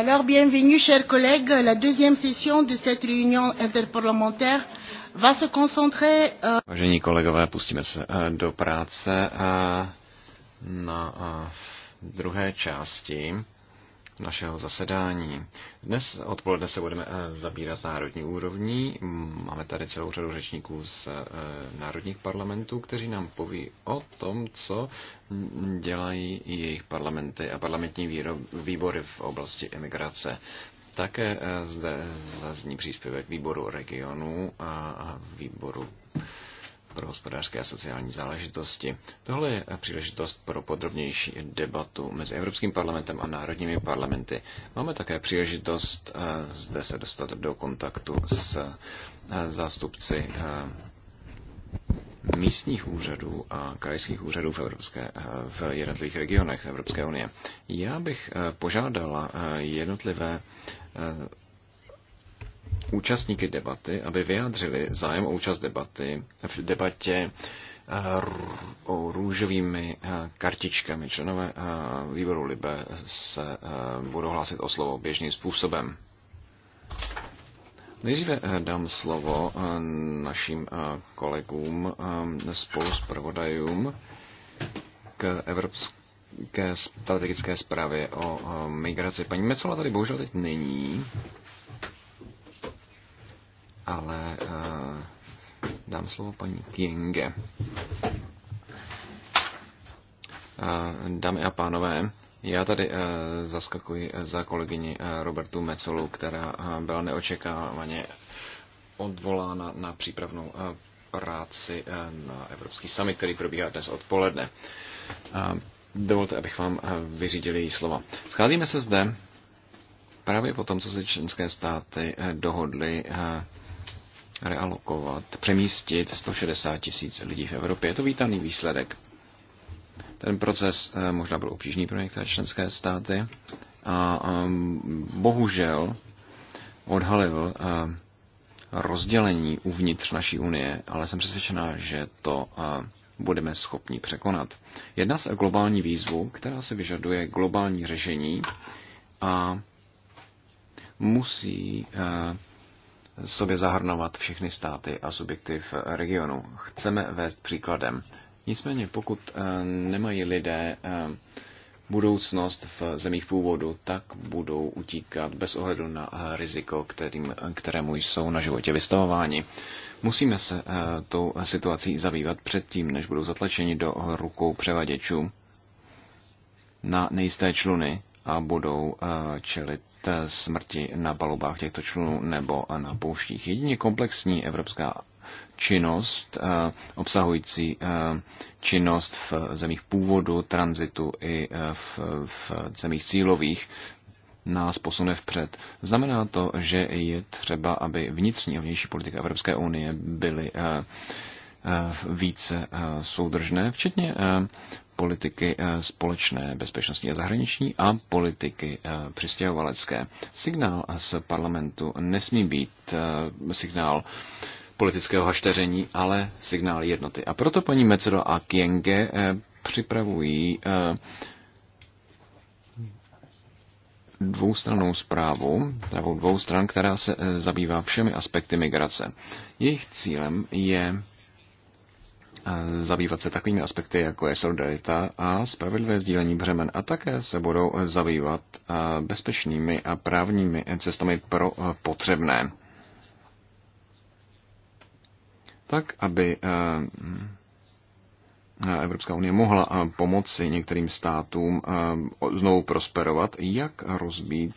Alors, bienvenue, chers collègues. La deuxième session de cette réunion interparlementaire va se concentrer... Uh... Vážení kolegové, pustíme se uh, do práce uh, na uh, druhé části našeho zasedání. Dnes odpoledne se budeme eh, zabírat národní úrovní. Máme tady celou řadu řečníků z eh, národních parlamentů, kteří nám poví o tom, co dělají jejich parlamenty a parlamentní výbory v oblasti emigrace. Také eh, zde zazní příspěvek výboru regionů a výboru pro hospodářské a sociální záležitosti. Tohle je příležitost pro podrobnější debatu mezi Evropským parlamentem a národními parlamenty. Máme také příležitost eh, zde se dostat do kontaktu s eh, zástupci eh, místních úřadů a krajských úřadů v, Evropské, v jednotlivých regionech Evropské unie. Já bych požádala jednotlivé účastníky debaty, aby vyjádřili zájem o účast debaty v debatě eh, o růžovými eh, kartičkami. Členové eh, výboru Libe se budou hlásit o slovo běžným způsobem. Nejdříve dám slovo našim kolegům spolu s pravodajům k evropské strategické zprávě o migraci. Paní Mecola tady bohužel teď není, ale eh, dám slovo paní Kienge. Eh, dámy a pánové, já tady eh, zaskakuji za kolegyni Robertu Mecolu, která byla neočekávaně odvolána na přípravnou práci na Evropský summit, který probíhá dnes odpoledne. Dovolte, abych vám vyřídil její slova. Scházíme se zde právě po tom, co se členské státy dohodly realokovat, přemístit 160 tisíc lidí v Evropě. Je to vítaný výsledek. Ten proces eh, možná byl obtížný pro některé členské státy a ehm, bohužel odhalil eh, rozdělení uvnitř naší unie, ale jsem přesvědčená, že to eh, budeme schopni překonat. Jedná se o globální výzvu, která se vyžaduje globální řešení a musí sobě zahrnovat všechny státy a subjekty v regionu. Chceme vést příkladem. Nicméně, pokud eh, nemají lidé eh, budoucnost v zemích původu, tak budou utíkat bez ohledu na eh, riziko, kterým, kterému jsou na životě vystavováni. Musíme se tou situací zabývat předtím, než budou zatlačeni do rukou převaděčů na nejisté čluny a budou čelit smrti na palubách těchto člunů nebo na pouštích. Jedině komplexní evropská činnost, eh, obsahující eh, činnost v zemích původu, tranzitu i eh, v, v zemích cílových, nás posune vpřed. Znamená to, že je třeba, aby vnitřní a vnější politika Evropské unie byly více soudržné, včetně politiky eh, společné bezpečnostní a zahraniční a politiky eh, přistěhovalecké. Signál z parlamentu nesmí být eh, signál politického hašteření, ale signál jednoty. A proto paní Mecedo a Kienge připravují dvoustrannou zprávu, zprávu dvou stran, která se zabývá všemi aspekty migrace. Jejich cílem je zabývat se takovými aspekty, jako je solidarita a spravedlivé sdílení břemen. A také se budou zabývat bezpečnými a právními cestami pro potřebné. Tak, aby Evropská unie mohla pomoci některým státům znovu prosperovat, jak rozbít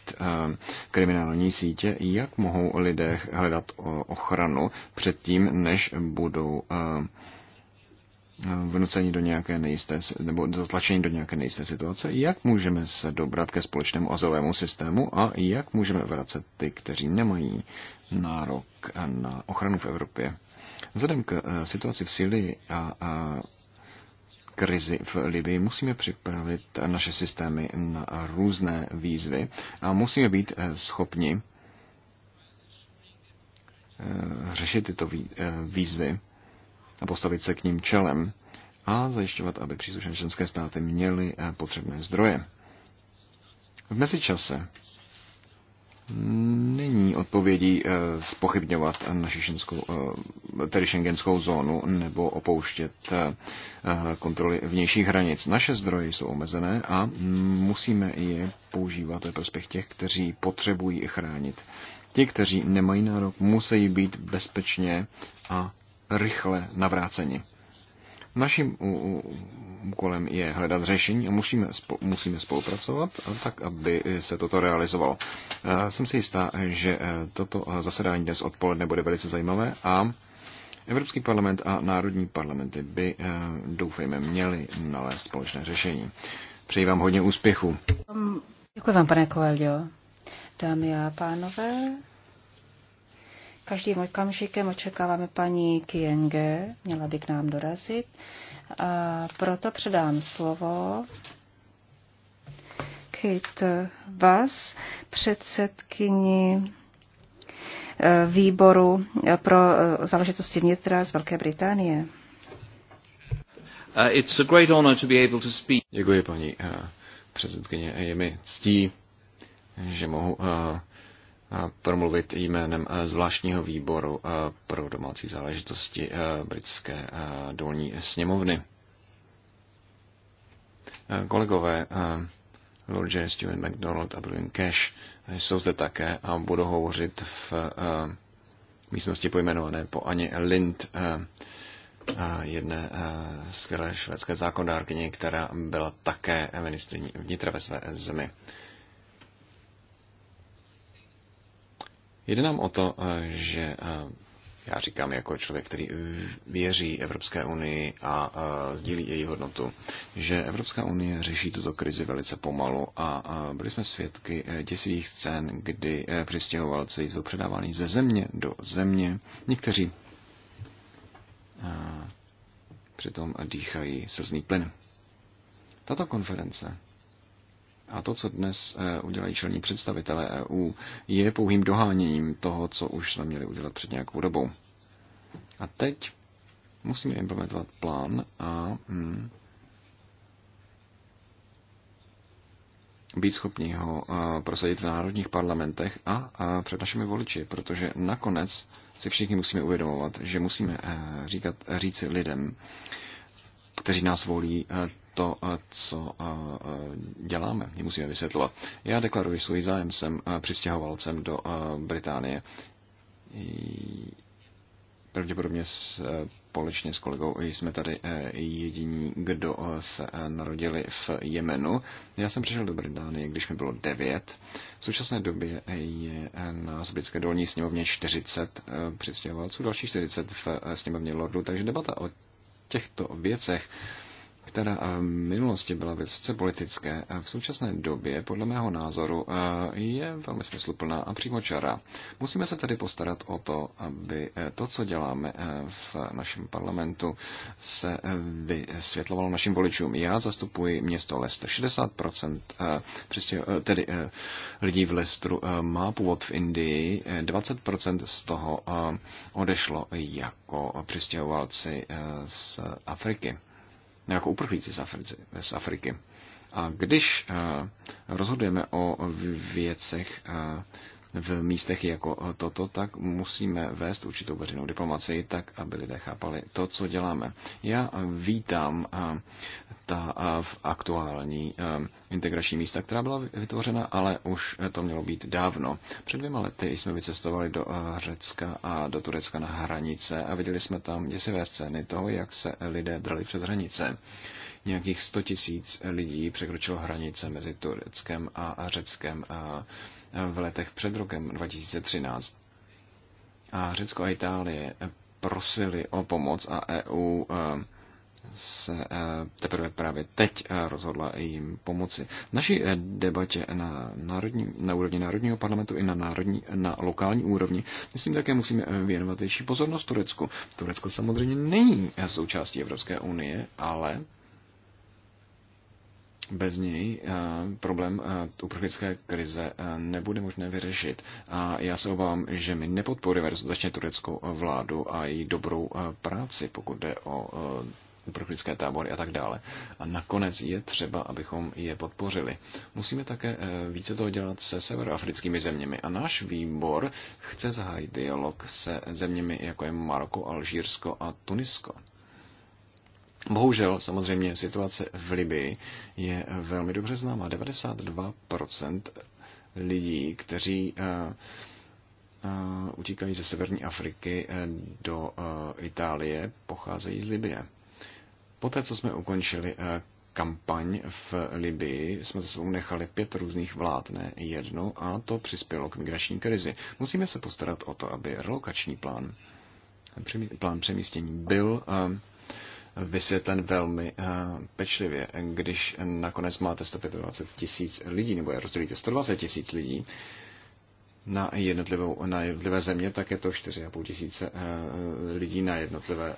kriminální sítě, jak mohou lidé hledat ochranu předtím, než budou vnucení do nějaké nejisté, nebo zatlačení do nějaké nejisté situace, jak můžeme se dobrat ke společnému azylovému systému a jak můžeme vracet ty, kteří nemají nárok na ochranu v Evropě. Vzhledem k eh, situaci v Syrii a, a krizi v Libii musíme připravit naše systémy na různé výzvy a musíme být eh, schopni eh, řešit tyto výzvy a postavit se k ním čelem a zajišťovat, aby příslušné členské státy měly eh, potřebné zdroje. V mezičase není odpovědí eh, spochybňovat naši šenskou, eh, tedy šengenskou zónu nebo opouštět kontroly vnějších hranic. Naše zdroje jsou omezené a musíme je používat ve prospěch těch, kteří potřebují chránit. Ti, kteří nemají nárok, musí být bezpečně a rychle navráceni. Naším úkolem je hledat řešení a musíme, musíme spolupracovat tak, aby se toto realizovalo. Jsem si jistá, že e, toto e, zasedání dnes odpoledne bude velice zajímavé a Evropský parlament a národní parlamenty by, e, doufejme, měli nalézt společné řešení. Přeji vám hodně úspěchu. Děkuji vám, pane Koelio. Dámy a pánové, Každým okamžikem očekáváme paní Kienge, měla by k nám dorazit. A proto předám slovo Kate Vás, předsedkyni eh, výboru eh, pro eh, záležitosti vnitra z Velké Británie. Uh, it's a great to be able to speak. Děkuji, paní předsedkyně. Je mi ctí, že mohu promluvit jménem eh, zvláštního výboru eh, pro domácí záležitosti eh, britské dolní sněmovny. Kolegové Lord J. Stewart MacDonald a Brian Cash jsou zde také a budou hovořit v místnosti pojmenované po Aně Lind, jedné skvělé švédské zákonodárkyně, která byla také ministriní vnitra ve své zemi. Jde nám o to, eh, že eh, já říkám jako člověk, který věří Evropské unii a eh, sdílí její hodnotu, že Evropská unie řeší tuto krizi velice pomalu a byli jsme svědky děsivých scén, kdy přistěhovalci jsou předávány ze země do země. Někteří přitom dýchají slzný plyn. Tato konference a to, co dnes eh, udělají čelní představitelé EU, je pouhým doháněním toho, co už jsme měli udělat před nějakou dobou. A teď musíme implementovat plán a hmm, být schopni ho eh, prosadit v národních parlamentech a před našimi voliči, protože nakonec si všichni musíme uvědomovat, že musíme eh, říkat, říci lidem, kteří nás volí, to, eh, co eh, eh, děláme, ji musíme vysvětlovat. Já deklaruji svůj zájem, jsem přistěhovalcem do Británie. Pravděpodobně společně s kolegou jsme tady jediní, kdo se narodili v Jemenu. Já jsem přišel do Británie, když mi bylo 9. V současné době je na britské dolní sněmovně 40 přistěhovalců, další 40 v sněmovně Lordu, takže debata o těchto věcech která eh, v minulosti byla vysoce politické, v současné době, podle mého názoru, eh, je velmi smysluplná a čará. Musíme se tedy postarat o to, aby eh, to, co děláme v našem parlamentu, se vysvětlovalo našim voličům. Já zastupuji město Lester. 60% tedy lidí v Lestru má původ v Indii, 20% z toho odešlo jako přistěhovalci z Afriky jako uprchlíci z, Africi, z Afriky. A když eh, rozhodujeme o věcech eh, v místech jako toto, tak musíme vést určitou veřejnou diplomacii tak, aby lidé chápali to, co děláme. Já vítám eh, ta eh, v aktuální eh, integrační místa, která byla vytvořena, ale už to mělo být dávno. Před dvěma lety jsme vycestovali do Řecka a do Turecka na hranice a viděli jsme tam děsivé scény toho, jak se lidé drali přes hranice nějakých 100 tisíc lidí překročilo hranice mezi Tureckem a Řeckem v letech před rokem 2013. A Řecko a Itálie prosili o pomoc a EU eh, se eh, teprve právě teď eh, rozhodla jim pomoci. V naší debatě na, národní, na úrovni Národního parlamentu i na, národní, na lokální úrovni, myslím, také musíme věnovat větší pozornost Turecku. Turecko samozřejmě není součástí Evropské unie, ale bez něj eh, problém eh, uprchlické krize eh, nebude možné vyřešit. A já se obávám, že my nepodporujeme dostatečně tureckou vládu a její dobrou práci, pokud jde o uprchlické tábory a tak dále. A nakonec je třeba, abychom je podpořili. Musíme také více toho dělat se severoafrickými zeměmi. A náš výbor chce zahájit dialog se zeměmi, jako je Maroko, Alžírsko a Tunisko. Bohužel, samozřejmě, situace v Libii je velmi dobře známá. 92% lidí, kteří eh, eh, utíkají ze severní Afriky eh, do Itálie, pocházejí z Libie. Poté, co jsme ukončili kampaň v Libii, jsme za sebou nechali pět různých vlád, ne jednu, a to přispělo k migrační krizi. Musíme se postarat o to, aby relokační plán, plán přemístění byl vysvětlen velmi eh, pečlivě. Když nakonec máte 125 tisíc lidí, nebo je rozdělíte 120 tisíc lidí, na, jednotlivou, na jednotlivé země, tak je to 4,5 tisíce eh, lidí na, jednotlivé,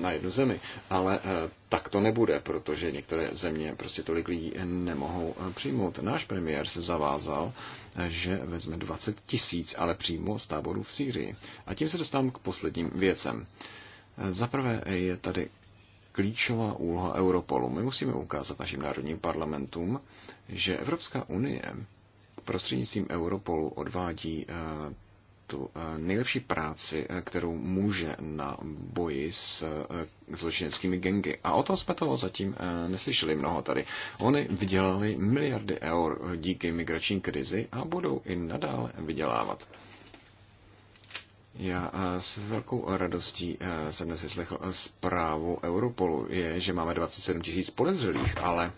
na jednu zemi. Ale eh, tak to nebude, protože některé země prostě tolik lidí nemohou přijmout. Náš premiér se zavázal, že vezme 20 tisíc, ale přímo z táboru v Sýrii. A tím se dostávám k posledním věcem. Za prvé je tady klíčová úloha Europolu. My musíme ukázat našim národním parlamentům, že Evropská unie prostřednictvím Europolu odvádí eh, tu eh, nejlepší práci, eh, kterou může na boji s zločineckými gengy. A o tom jsme toho zatím neslyšeli mnoho tady. Oni vydělali miliardy eur díky migrační krizi a budou i nadále vydělávat. Já eh, s velkou radostí eh, jsem dnes vyslechl eh, zprávu Europolu, je, že máme 27 tisíc podezřelých, ale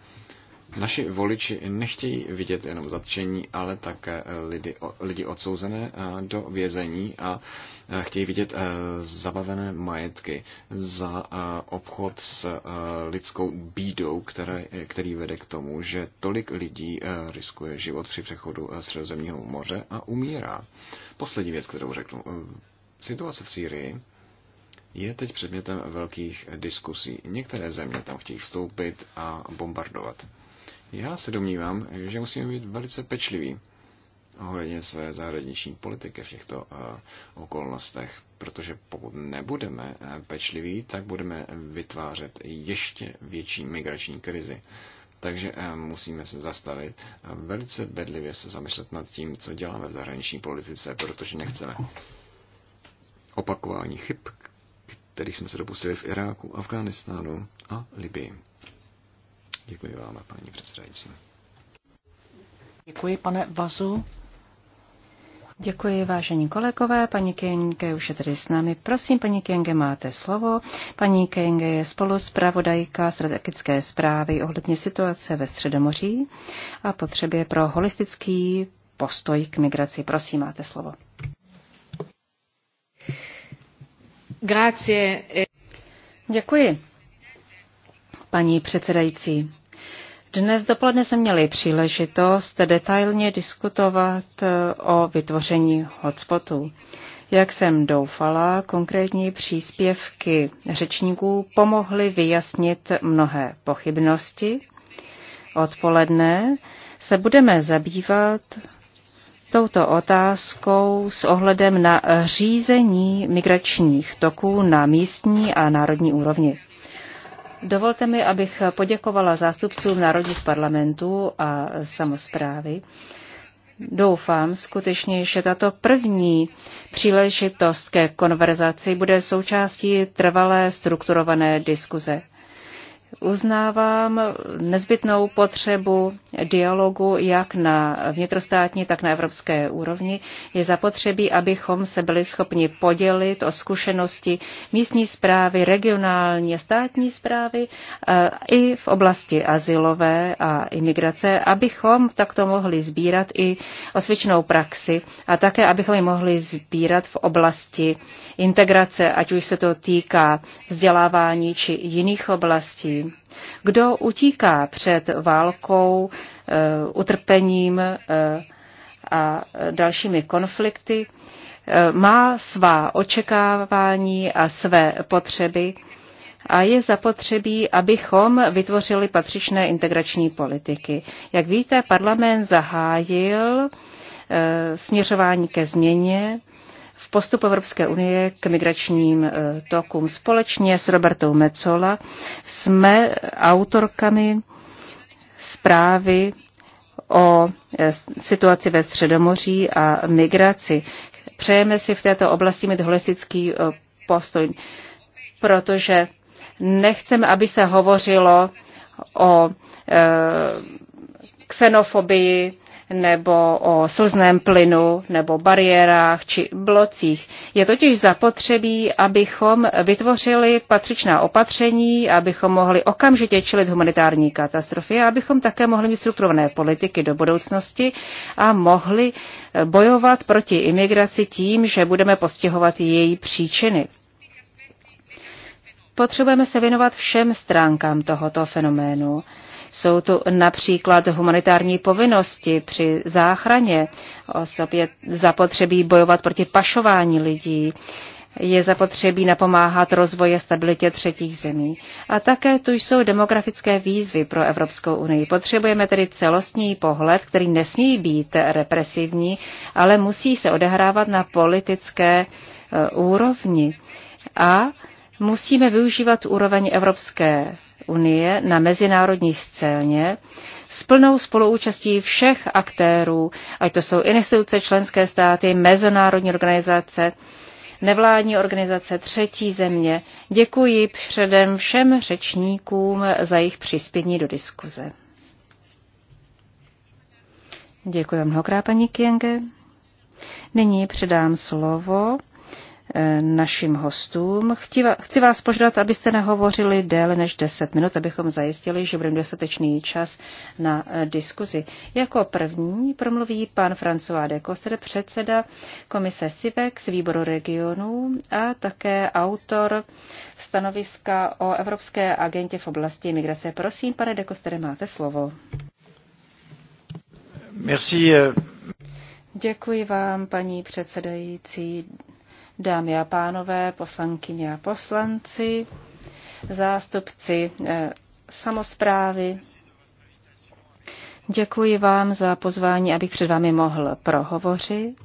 Naši voliči nechtějí vidět jenom zatčení, ale také lidi, lidi odsouzené eh, do vězení a eh, chtějí vidět eh, zabavené majetky za obchod s lidskou bídou, které, který vede k tomu, že tolik lidí riskuje život při přechodu Středozemního moře a umírá. Poslední věc, kterou řeknu. Situace v Sýrii je teď předmětem velkých diskusí. Některé země tam chtějí vstoupit a bombardovat. Já se domnívám, že musíme být velice pečliví ohledně své zahraniční politiky v těchto eh, okolnostech, protože pokud nebudeme eh, pečliví, tak budeme vytvářet ještě větší migrační krizi. Takže eh, musíme se zastavit a velice bedlivě se zamyslet nad tím, co děláme v zahraniční politice, protože nechceme opakování chyb, kterých jsme se dopustili v Iráku, Afghánistánu a Libii. Děkuji vám, paní předsedající. Děkuji, pane Vazu. Děkuji, vážení kolegové. Paní Kienge už je tady s námi. Prosím, paní Kienge, máte slovo. Paní Kienge je spolu zpravodajka strategické zprávy ohledně situace ve Středomoří a potřebě pro holistický postoj k migraci. Prosím, máte slovo. Grazie. Děkuji paní předsedající. Dnes dopoledne jsme měli příležitost detailně diskutovat e, o vytvoření hotspotu. Jak jsem doufala, konkrétní příspěvky řečníků pomohly vyjasnit mnohé pochybnosti. Odpoledne se budeme zabývat touto otázkou s ohledem na řízení migračních toků na místní a národní úrovni. Dovolte mi, abych poděkovala zástupcům národních parlamentů a samozprávy. Doufám skutečně, že tato první příležitost ke konverzaci bude součástí trvalé strukturované diskuze uznávám nezbytnou potřebu dialogu jak na vnitrostátní, tak na evropské úrovni. Je zapotřebí, abychom se byli schopni podělit o zkušenosti místní zprávy, regionální a státní zprávy eh, i v oblasti asilové a imigrace, abychom takto mohli sbírat i osvědčenou praxi a také, abychom ji mohli sbírat v oblasti integrace, ať už se to týká vzdělávání či jiných oblastí. Kdo utíká před válkou, eh, utrpením eh, a dalšími konflikty, eh, má svá očekávání a své potřeby a je zapotřebí, abychom vytvořili patřičné integrační politiky. Jak víte, parlament zahájil směřování ke změně v postupu Evropské unie k migračním eh, tokům. Společně s Robertou Mecola jsme autorkami zprávy o eh, situaci ve Středomoří a migraci. Přejeme si v této oblasti mít holistický eh, postoj, protože nechceme, aby se hovořilo o e, xenofobii, nebo o slzném plynu, nebo bariérách či blocích. Je totiž zapotřebí, abychom vytvořili patřičná opatření, abychom mohli okamžitě čelit humanitární katastrofy a abychom také mohli mít strukturované politiky do budoucnosti a mohli eh, bojovat proti imigraci tím, že budeme postihovat její příčiny. Potřebujeme se věnovat všem stránkám tohoto fenoménu jsou tu například humanitární povinnosti při záchraně osob, je zapotřebí bojovat proti pašování lidí, je zapotřebí napomáhat rozvoje stabilitě třetích zemí. A také tu jsou demografické výzvy pro Evropskou unii. Potřebujeme tedy celostní pohled, který nesmí být represivní, ale musí se odehrávat na politické e, úrovni. A musíme využívat úroveň Evropské unie na mezinárodní scéně s plnou spoluúčastí všech aktérů, ať to jsou instituce, členské státy, mezinárodní organizace, nevládní organizace, třetí země. Děkuji předem všem řečníkům za jejich přispění do diskuze. Děkuji mnohokrát, paní Kienge. Nyní předám slovo Eh, našim hostům. Chci vás požádat, abyste nehovořili déle než 10 minut, abychom zajistili, že budeme dostatečný čas na eh, diskuzi. Jako první promluví pan François de Koster, předseda komise Sivex, z výboru regionů a také autor stanoviska o Evropské agentě v oblasti migrace. Prosím, pane de Koster, máte slovo. Merci. Eh. Děkuji vám, paní předsedající, dámy a pánové, poslankyně a poslanci, zástupci eh, samozprávy. Děkuji vám za pozvání, abych před vámi mohl prohovořit.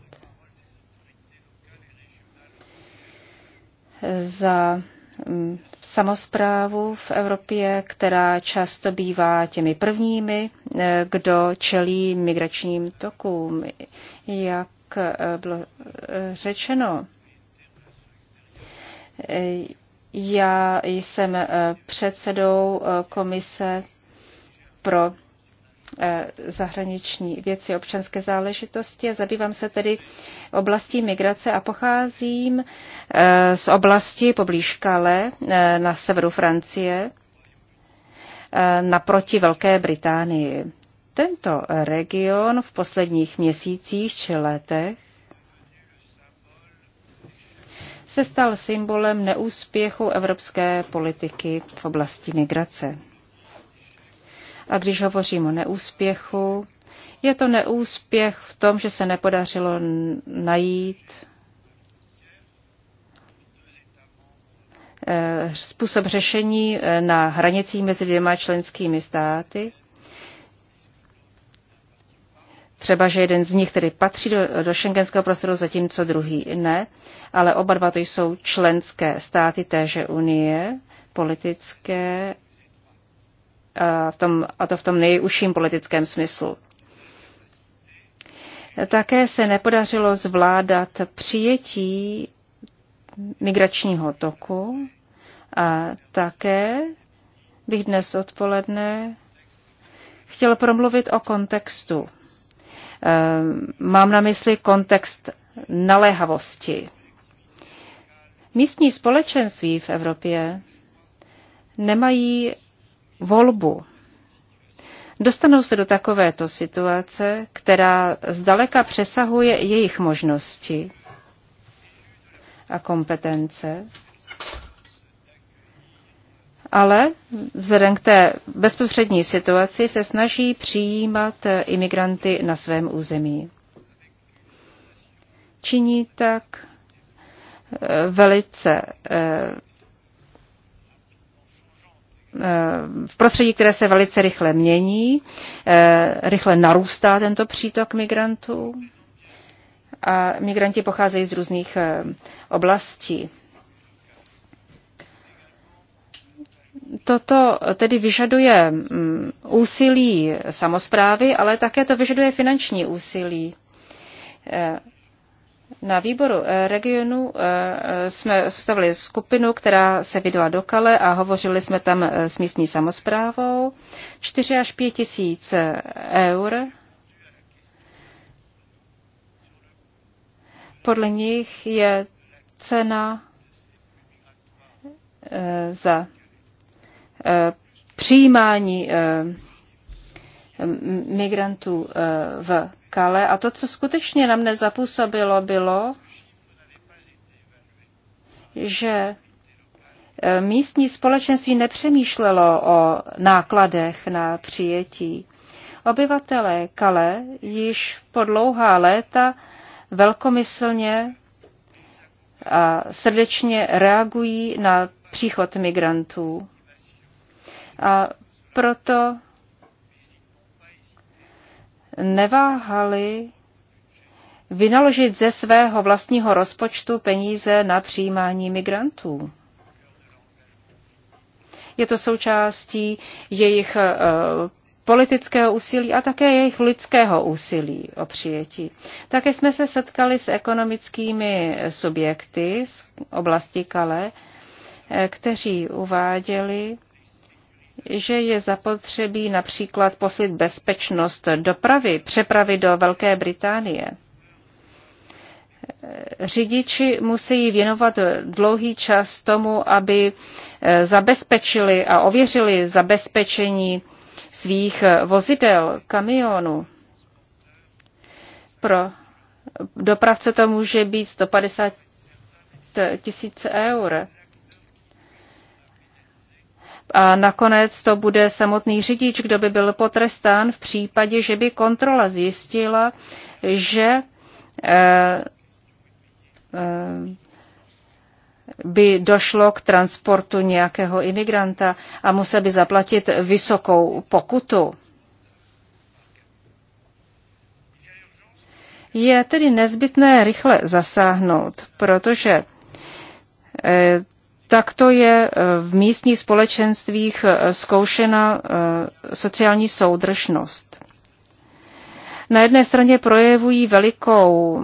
Za mm, samozprávu v Evropě, která často bývá těmi prvními, eh, kdo čelí migračním tokům. Jak eh, bylo řečeno, já jsem eh, předsedou eh, komise pro eh, zahraniční věci, občanské záležitosti. a Zabývám se tedy oblastí migrace a pocházím z oblasti poblíž Kale na severu Francie naproti Velké Británii. Tento region v posledních měsících či letech se stal symbolem neúspěchu evropské politiky v oblasti migrace. A když hovořím o neúspěchu, je to neúspěch v tom, že se nepodařilo najít eh, způsob řešení eh, na hranicích mezi dvěma členskými státy Třeba, že jeden z nich tedy patří do, do šengenského prostoru, zatímco druhý ne, ale oba dva to jsou členské státy téže unie, politické, a, v tom, a to v tom nejužším politickém smyslu. Také se nepodařilo zvládat přijetí migračního toku a také bych dnes odpoledne chtěl promluvit o kontextu Ehm, mám na mysli kontext naléhavosti. Místní společenství v Evropě nemají volbu. Dostanou se do takovéto situace, která zdaleka přesahuje jejich možnosti a kompetence ale vzhledem k té bezprostřední situaci se snaží přijímat imigranty na svém území. Činí tak eh, velice eh, eh, v prostředí, které se velice rychle mění, rychle narůstá tento přítok migrantů a migranti pocházejí z různých oblastí. Toto tedy vyžaduje mm, úsilí samozprávy, ale také to vyžaduje finanční úsilí. Eh, na výboru eh, regionu eh, jsme sestavili skupinu, která se vydala do Kale a hovořili jsme tam s místní samozprávou. 4 až 5 tisíc eur. Podle nich je cena za Eh, přijímání eh, migrantů eh, v Kale. A to, co skutečně na mne zapůsobilo, bylo, že místní společenství nepřemýšlelo o nákladech na přijetí. Obyvatelé Kale již po dlouhá léta velkomyslně a srdečně reagují na příchod migrantů. A proto neváhali vynaložit ze svého vlastního rozpočtu peníze na přijímání migrantů. Je to součástí jejich e, politického úsilí a také jejich lidského úsilí o přijetí. Také jsme se setkali s ekonomickými subjekty z oblasti Kale, e, kteří uváděli, že je zapotřebí například posílit bezpečnost dopravy, přepravy do Velké Británie. Řidiči musí věnovat dlouhý čas tomu, aby eh, zabezpečili a ověřili zabezpečení svých vozidel, kamionů. Pro dopravce to může být 150 tisíc eur. A nakonec to bude samotný řidič, kdo by byl potrestán v případě, že by kontrola zjistila, že eh, eh, by došlo k transportu nějakého imigranta a musel by zaplatit vysokou pokutu. Je tedy nezbytné rychle zasáhnout, protože eh, tak to je eh, v místních společenstvích eh, zkoušena eh, sociální soudržnost. Na jedné straně projevují velikou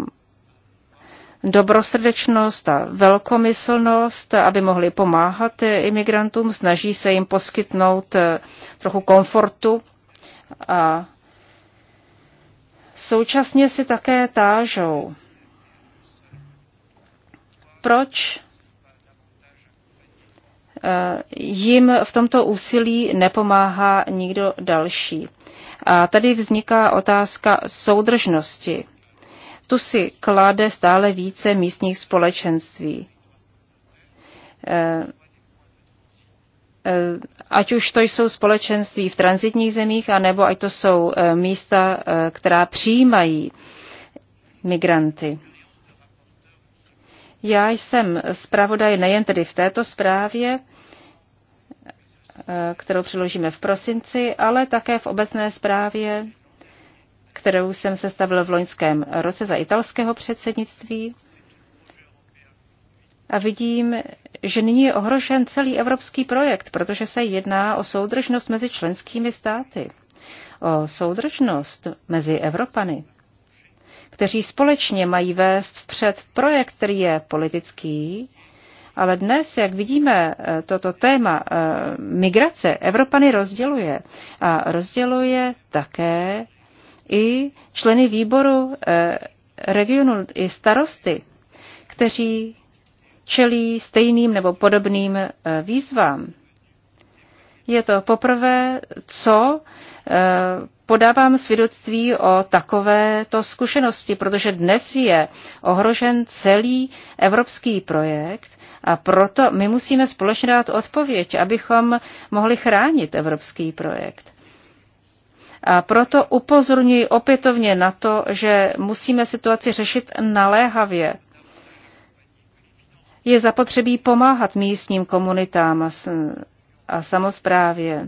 dobrosrdečnost a velkomyslnost, aby mohli pomáhat imigrantům, snaží se jim poskytnout trochu komfortu a současně si také tážou, proč jim v tomto úsilí nepomáhá nikdo další. A tady vzniká otázka soudržnosti. Tu si klade stále více místních společenství. Eh, eh, ať už to jsou společenství v transitních zemích, anebo ať to jsou eh, místa, která přijímají migranty. Já jsem zpravodaj nejen tedy v této zprávě, eh, kterou přiložíme v prosinci, ale také v obecné zprávě, kterou jsem sestavil v loňském roce za italského předsednictví. A vidím, že nyní je ohrožen celý evropský projekt, protože se jedná o soudržnost mezi členskými státy, o soudržnost mezi Evropany kteří společně mají vést vpřed projekt, který je politický, ale dnes, jak vidíme, eh, toto téma eh, migrace Evropany rozděluje. A rozděluje také i členy výboru eh, regionu, i starosty, kteří čelí stejným nebo podobným výzvám. Je to poprvé, co eh, podávám svědectví o takovéto zkušenosti, protože dnes je ohrožen celý evropský projekt a proto my musíme společně dát odpověď, abychom mohli chránit evropský projekt. A proto upozorňuji opětovně na to, že musíme situaci řešit naléhavě. Je zapotřebí pomáhat místním komunitám a samozprávě.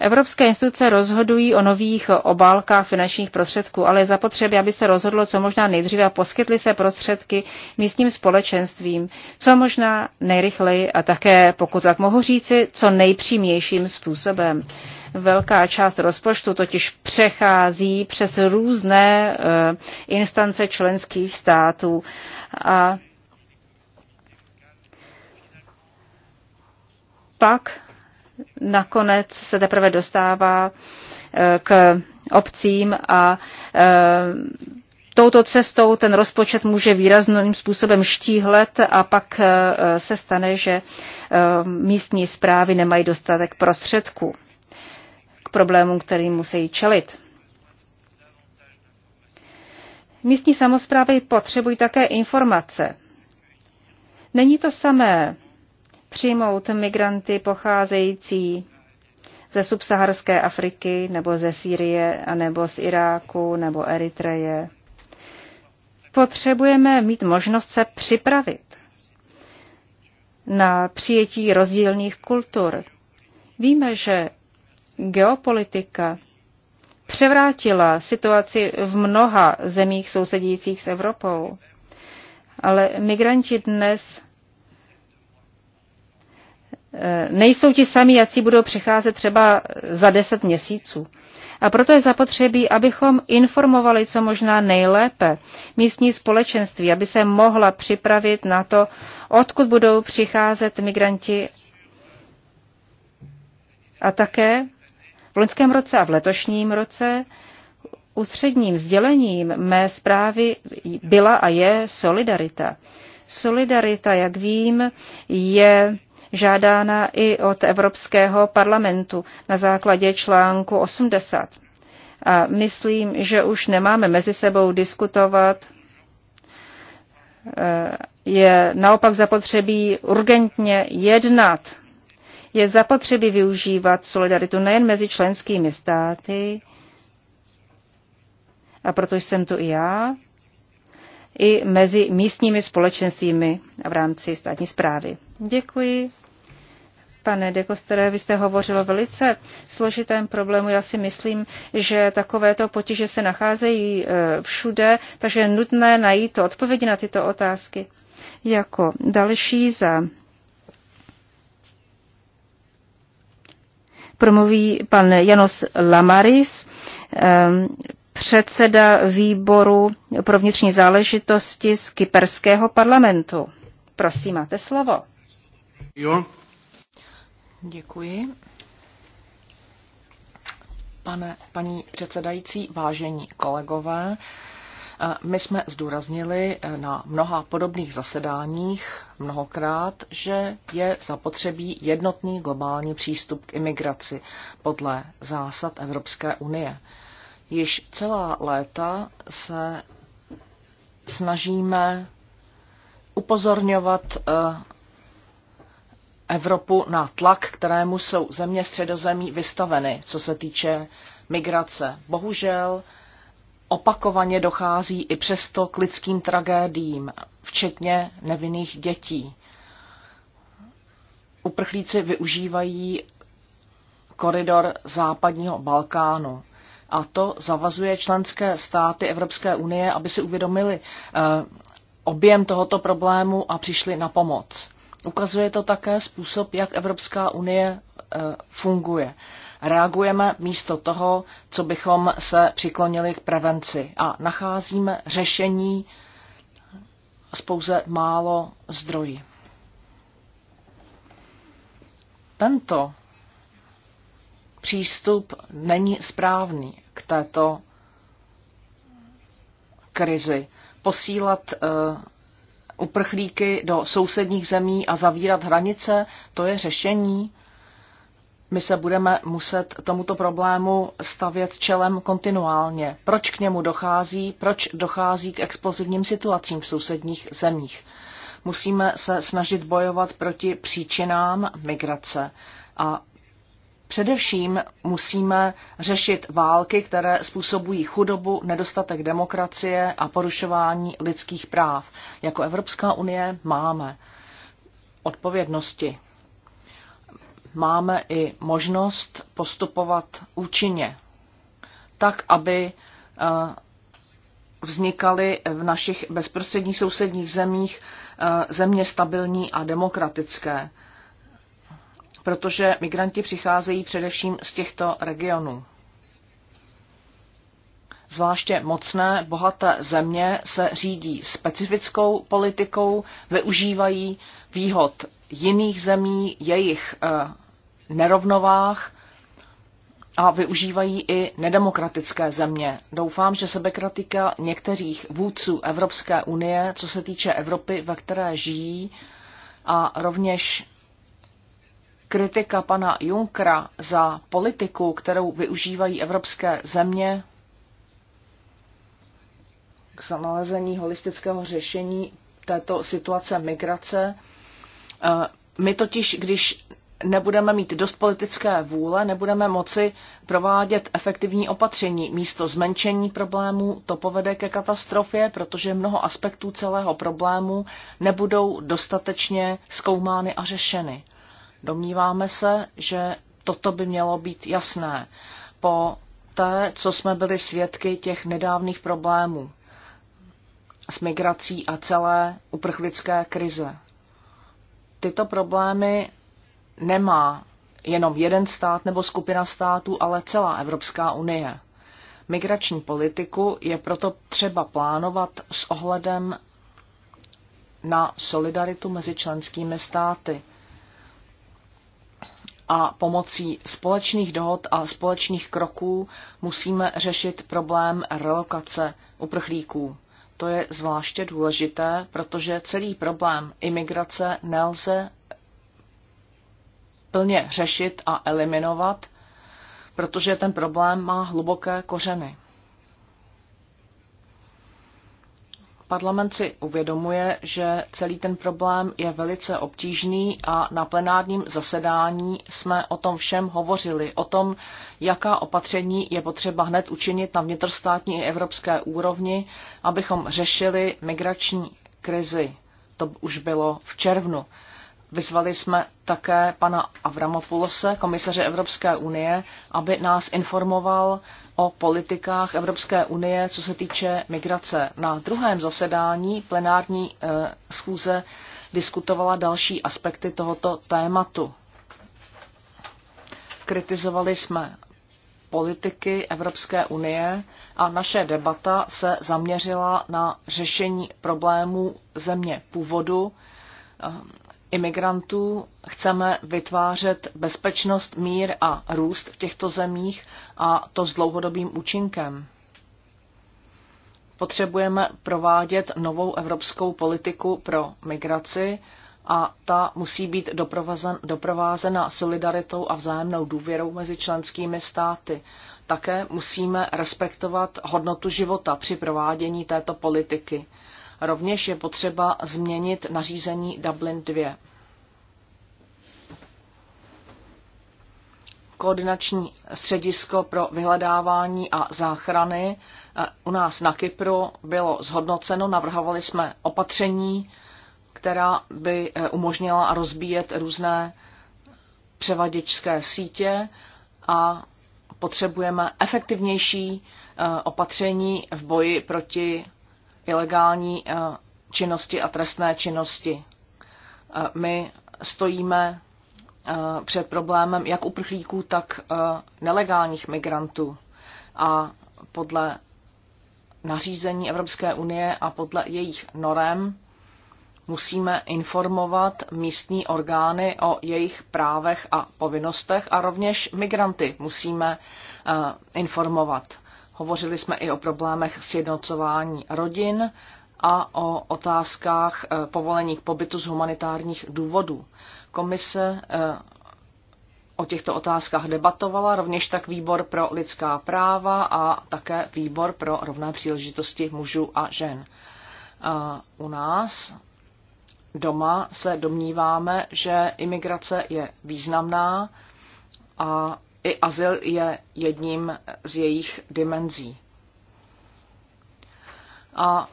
Evropské instituce rozhodují o nových obálkách finančních prostředků, ale je zapotřebí, aby se rozhodlo co možná nejdříve a poskytly se prostředky místním společenstvím, co možná nejrychleji a také, pokud tak mohu říci, co nejpřímějším způsobem. Velká část rozpočtu totiž přechází přes různé eh, instance členských států a pak nakonec se teprve dostává eh, k obcím a eh, touto cestou ten rozpočet může výrazným způsobem štíhlet a pak eh, se stane, že místní zprávy nemají dostatek prostředků k problémům, kterým musí čelit. Místní samozprávy potřebují také informace. Není to samé přijmout migranty pocházející ze subsaharské Afriky nebo ze Sýrie, nebo z Iráku, nebo Eritreje. Potřebujeme mít možnost se připravit na přijetí rozdílných kultur. Víme, že geopolitika převrátila situaci v mnoha zemích sousedících s Evropou, ale migranti dnes Eh, nejsou ti sami, jací budou přicházet třeba za deset měsíců. A proto je zapotřebí, abychom informovali co možná nejlépe místní společenství, aby se mohla připravit na to, odkud budou přicházet migranti. A také v loňském roce a v letošním roce ústředním sdělením mé zprávy byla a je solidarita. Solidarita, jak vím, je žádána i od Evropského parlamentu na základě článku 80. A myslím, že už nemáme mezi sebou diskutovat. Eh, je naopak zapotřebí urgentně jednat. Je zapotřebí využívat solidaritu nejen mezi členskými státy, a proto jsem tu i já, i mezi místními společenstvími v rámci státní zprávy. Děkuji. Pane de Kostere, vy jste hovořil o velice složitém problému. Já si myslím, že takovéto potíže se nacházejí e, všude, takže je nutné najít odpovědi na tyto otázky. Jako další za promluví pan Janos Lamaris, e, předseda výboru pro vnitřní záležitosti z kyperského parlamentu. Prosím, máte slovo. Jo. Děkuji. Pane, paní předsedající, vážení kolegové, eh, my jsme zdůraznili eh, na mnoha podobných zasedáních mnohokrát, že je zapotřebí jednotný globální přístup k imigraci podle zásad Evropské unie. Již celá léta se snažíme upozorňovat eh, Evropu na tlak, kterému jsou země středozemí vystaveny, co se týče migrace. Bohužel opakovaně dochází i přesto k lidským tragédiím, včetně nevinných dětí. Uprchlíci využívají koridor západního Balkánu. A to zavazuje členské státy Evropské unie, aby si uvědomili eh, objem tohoto problému a přišli na pomoc. Ukazuje to také způsob, jak Evropská unie eh, funguje. Reagujeme místo toho, co bychom se přiklonili k prevenci a nacházíme řešení z pouze málo zdrojí. Tento přístup není správný k této krizi. Posílat eh, uprchlíky do sousedních zemí a zavírat hranice, to je řešení. My se budeme muset tomuto problému stavět čelem kontinuálně. Proč k němu dochází, proč dochází k explozivním situacím v sousedních zemích. Musíme se snažit bojovat proti příčinám migrace a Především musíme řešit války, které způsobují chudobu, nedostatek demokracie a porušování lidských práv. Jako Evropská unie máme odpovědnosti. Máme i možnost postupovat účinně, tak aby eh, vznikaly v našich bezprostředních sousedních zemích eh, země stabilní a demokratické protože migranti přicházejí především z těchto regionů. Zvláště mocné, bohaté země se řídí specifickou politikou, využívají výhod jiných zemí, jejich eh, nerovnovách a využívají i nedemokratické země. Doufám, že sebekratika některých vůdců Evropské unie, co se týče Evropy, ve které žijí, a rovněž kritika pana Junkra za politiku, kterou využívají evropské země k zanalezení holistického řešení této situace migrace. Eh, my totiž, když nebudeme mít dost politické vůle, nebudeme moci provádět efektivní opatření. Místo zmenšení problémů to povede ke katastrofě, protože mnoho aspektů celého problému nebudou dostatečně zkoumány a řešeny. Domníváme se, že toto by mělo být jasné po té, co jsme byli svědky těch nedávných problémů s migrací a celé uprchlické krize. Tyto problémy nemá jenom jeden stát nebo skupina států, ale celá Evropská unie. Migrační politiku je proto třeba plánovat s ohledem na solidaritu mezi členskými státy a pomocí společných dohod a společných kroků musíme řešit problém relokace uprchlíků. To je zvláště důležité, protože celý problém imigrace nelze plně řešit a eliminovat, protože ten problém má hluboké kořeny. Parlament si uvědomuje, že celý ten problém je velice obtížný a na plenárním zasedání jsme o tom všem hovořili, o tom, jaká opatření je potřeba hned učinit na vnitrostátní i evropské úrovni, abychom řešili migrační krizi. To už bylo v červnu. Vyzvali jsme také pana Avramopulose, komisaře Evropské unie, aby nás informoval o politikách Evropské unie, co se týče migrace. Na druhém zasedání plenární eh, schůze diskutovala další aspekty tohoto tématu. Kritizovali jsme politiky Evropské unie a naše debata se zaměřila na řešení problémů země původu, eh, imigrantů, chceme vytvářet bezpečnost, mír a růst v těchto zemích a to s dlouhodobým účinkem. Potřebujeme provádět novou evropskou politiku pro migraci a ta musí být doprovázena solidaritou a vzájemnou důvěrou mezi členskými státy. Také musíme respektovat hodnotu života při provádění této politiky Rovněž je potřeba změnit nařízení Dublin 2. koordinační středisko pro vyhledávání a záchrany eh, u nás na Kypru bylo zhodnoceno. Navrhovali jsme opatření, která by eh, umožnila rozbíjet různé převaděčské sítě a potřebujeme efektivnější eh, opatření v boji proti ilegální eh, činnosti a trestné činnosti. Eh, my stojíme eh, před problémem jak uprchlíků, tak nelegálních migrantů. A podle nařízení Evropské unie a podle jejich norem musíme informovat místní orgány o jejich právech a povinnostech a rovněž migranty musíme informovat. Hovořili jsme i o problémech sjednocování rodin a o otázkách eh, povolení k pobytu z humanitárních důvodů. Komise eh, o těchto otázkách debatovala, rovněž tak výbor pro lidská práva a také výbor pro rovné příležitosti mužů a žen. Eh, u nás doma se domníváme, že imigrace je významná a i azyl je jedním z jejich dimenzí. A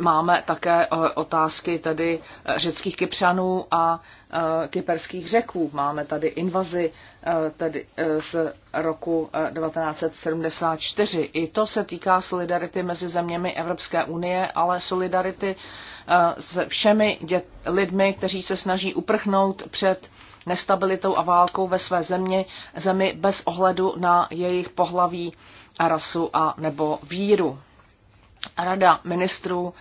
máme také otázky tedy eh, řeckých kypřanů a eh, kyperských řeků. Máme tady invazi eh, tedy z roku 1974. I to se týká solidarity mezi zeměmi Evropské unie, ale solidarity se všemi dět, lidmi, kteří se snaží uprchnout před nestabilitou a válkou ve své zemi, zemi bez ohledu na jejich pohlaví, rasu a nebo víru. Rada ministrů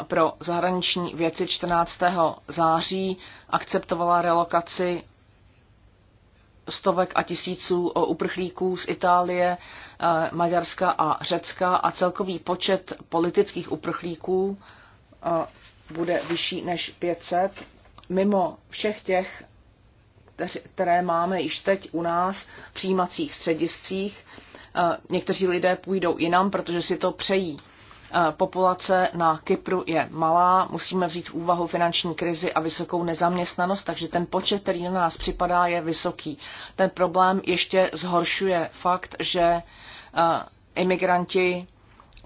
eh, pro zahraniční věci 14. září akceptovala relokaci stovek a tisíců uprchlíků z Itálie, eh, Maďarska a Řecka a celkový počet politických uprchlíků eh, bude vyšší než 500. Mimo všech těch které máme již teď u nás v přijímacích střediscích. Eh, někteří lidé půjdou jinam, protože si to přejí. Eh, populace na Kypru je malá, musíme vzít v úvahu finanční krizi a vysokou nezaměstnanost, takže ten počet, který na nás připadá, je vysoký. Ten problém ještě zhoršuje fakt, že eh, imigranti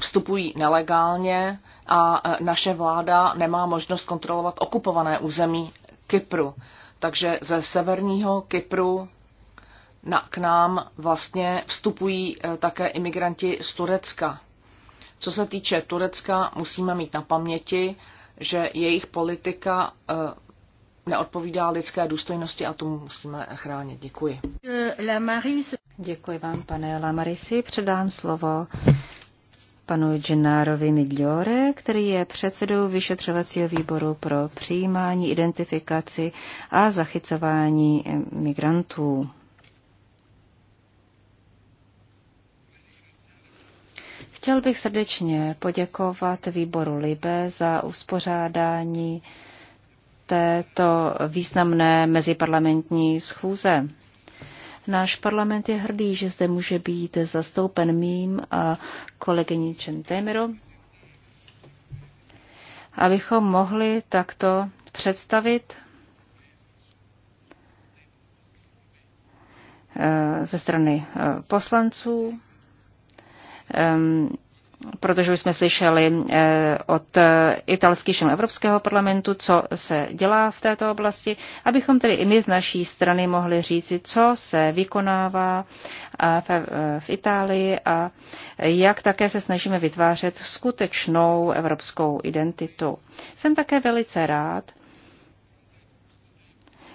vstupují nelegálně a naše vláda nemá možnost kontrolovat okupované území Kypru. Takže ze severního Kypru na, k nám vlastně vstupují eh, také imigranti z Turecka. Co se týče Turecka, musíme mít na paměti, že jejich politika eh, neodpovídá lidské důstojnosti a tomu musíme chránit. Děkuji. Euh, Děkuji vám, pane Lamarisi. Předám slovo panu Gennárovi Migliore, který je předsedou vyšetřovacího výboru pro přijímání, identifikaci a zachycování migrantů. Chtěl bych srdečně poděkovat výboru Libe za uspořádání této významné meziparlamentní schůze. Náš parlament je hrdý, že zde může být zastoupen mým a kolegyní Čentémiro, abychom mohli takto představit eh, ze strany eh, poslanců protože už jsme slyšeli eh, od eh, italských členů Evropského parlamentu, co se dělá v této oblasti, abychom tedy i my z naší strany mohli říci, co se vykonává eh, v Itálii a jak také se snažíme vytvářet skutečnou evropskou identitu. Jsem také velice rád,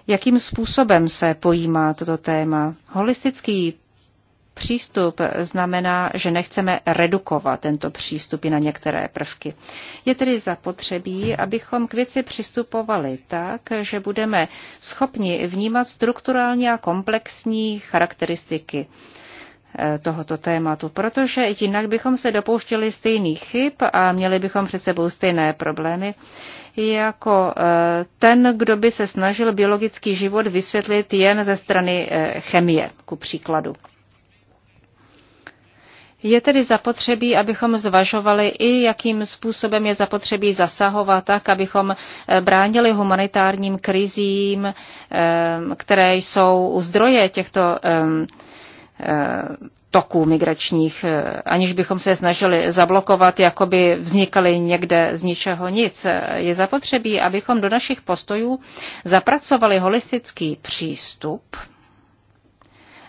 jakým způsobem se pojímá toto téma. Holistický přístup znamená, že nechceme redukovat tento přístup i na některé prvky. Je tedy zapotřebí, abychom k věci přistupovali tak, že budeme schopni vnímat strukturální a komplexní charakteristiky eh, tohoto tématu, protože jinak bychom se dopouštěli stejný chyb a měli bychom před sebou stejné problémy, jako eh, ten, kdo by se snažil biologický život vysvětlit jen ze strany eh, chemie, ku příkladu. Je tedy zapotřebí, abychom zvažovali i, jakým způsobem je zapotřebí zasahovat tak, abychom eh, bránili humanitárním krizím, eh, které jsou u zdroje těchto eh, toků migračních, aniž bychom se snažili zablokovat, jako by vznikaly někde z ničeho nic. Je zapotřebí, abychom do našich postojů zapracovali holistický přístup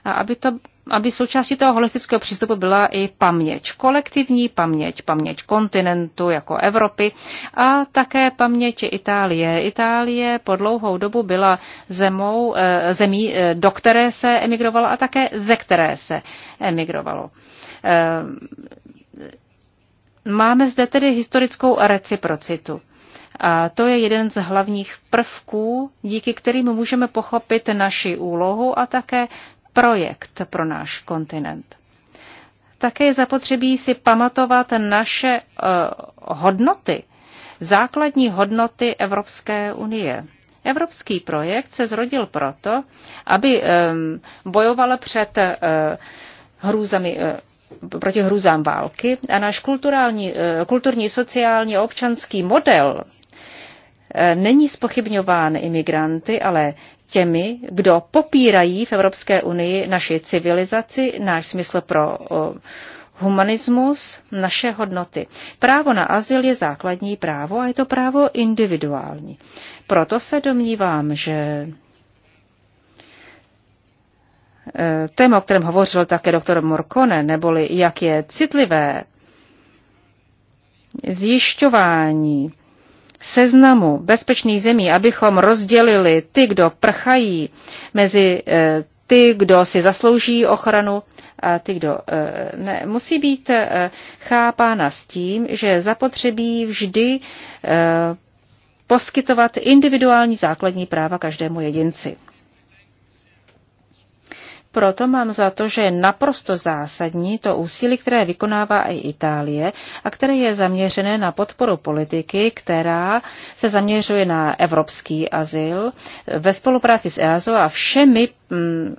a aby to aby součástí toho holistického přístupu byla i paměť, kolektivní paměť, paměť kontinentu jako Evropy a také paměť Itálie. Itálie po dlouhou dobu byla zemou, eh, zemí, eh, do které se emigrovalo a také ze které se emigrovalo. Eh, máme zde tedy historickou reciprocitu. A to je jeden z hlavních prvků, díky kterým můžeme pochopit naši úlohu a také projekt pro náš kontinent. Také je zapotřebí si pamatovat naše uh, hodnoty, základní hodnoty Evropské unie. Evropský projekt se zrodil proto, aby um, bojoval před uh, hrůzami, uh, proti hrůzám války a náš kulturální, kulturní, sociální a občanský model není spochybňován imigranty, ale těmi, kdo popírají v Evropské unii naši civilizaci, náš smysl pro humanismus, naše hodnoty. Právo na azyl je základní právo a je to právo individuální. Proto se domnívám, že e, téma, o kterém hovořil také doktor Morkone, neboli jak je citlivé zjišťování seznamu bezpečných zemí, abychom rozdělili ty, kdo prchají mezi eh, ty, kdo si zaslouží ochranu a ty, kdo eh, ne, musí být eh, chápána s tím, že zapotřebí vždy poskytovat individuální základní práva každému jedinci. Proto mám za to, že je naprosto zásadní to úsilí, které vykonává i Itálie a které je zaměřené na podporu politiky, která se zaměřuje na evropský azyl ve spolupráci s EASO a všemi mm,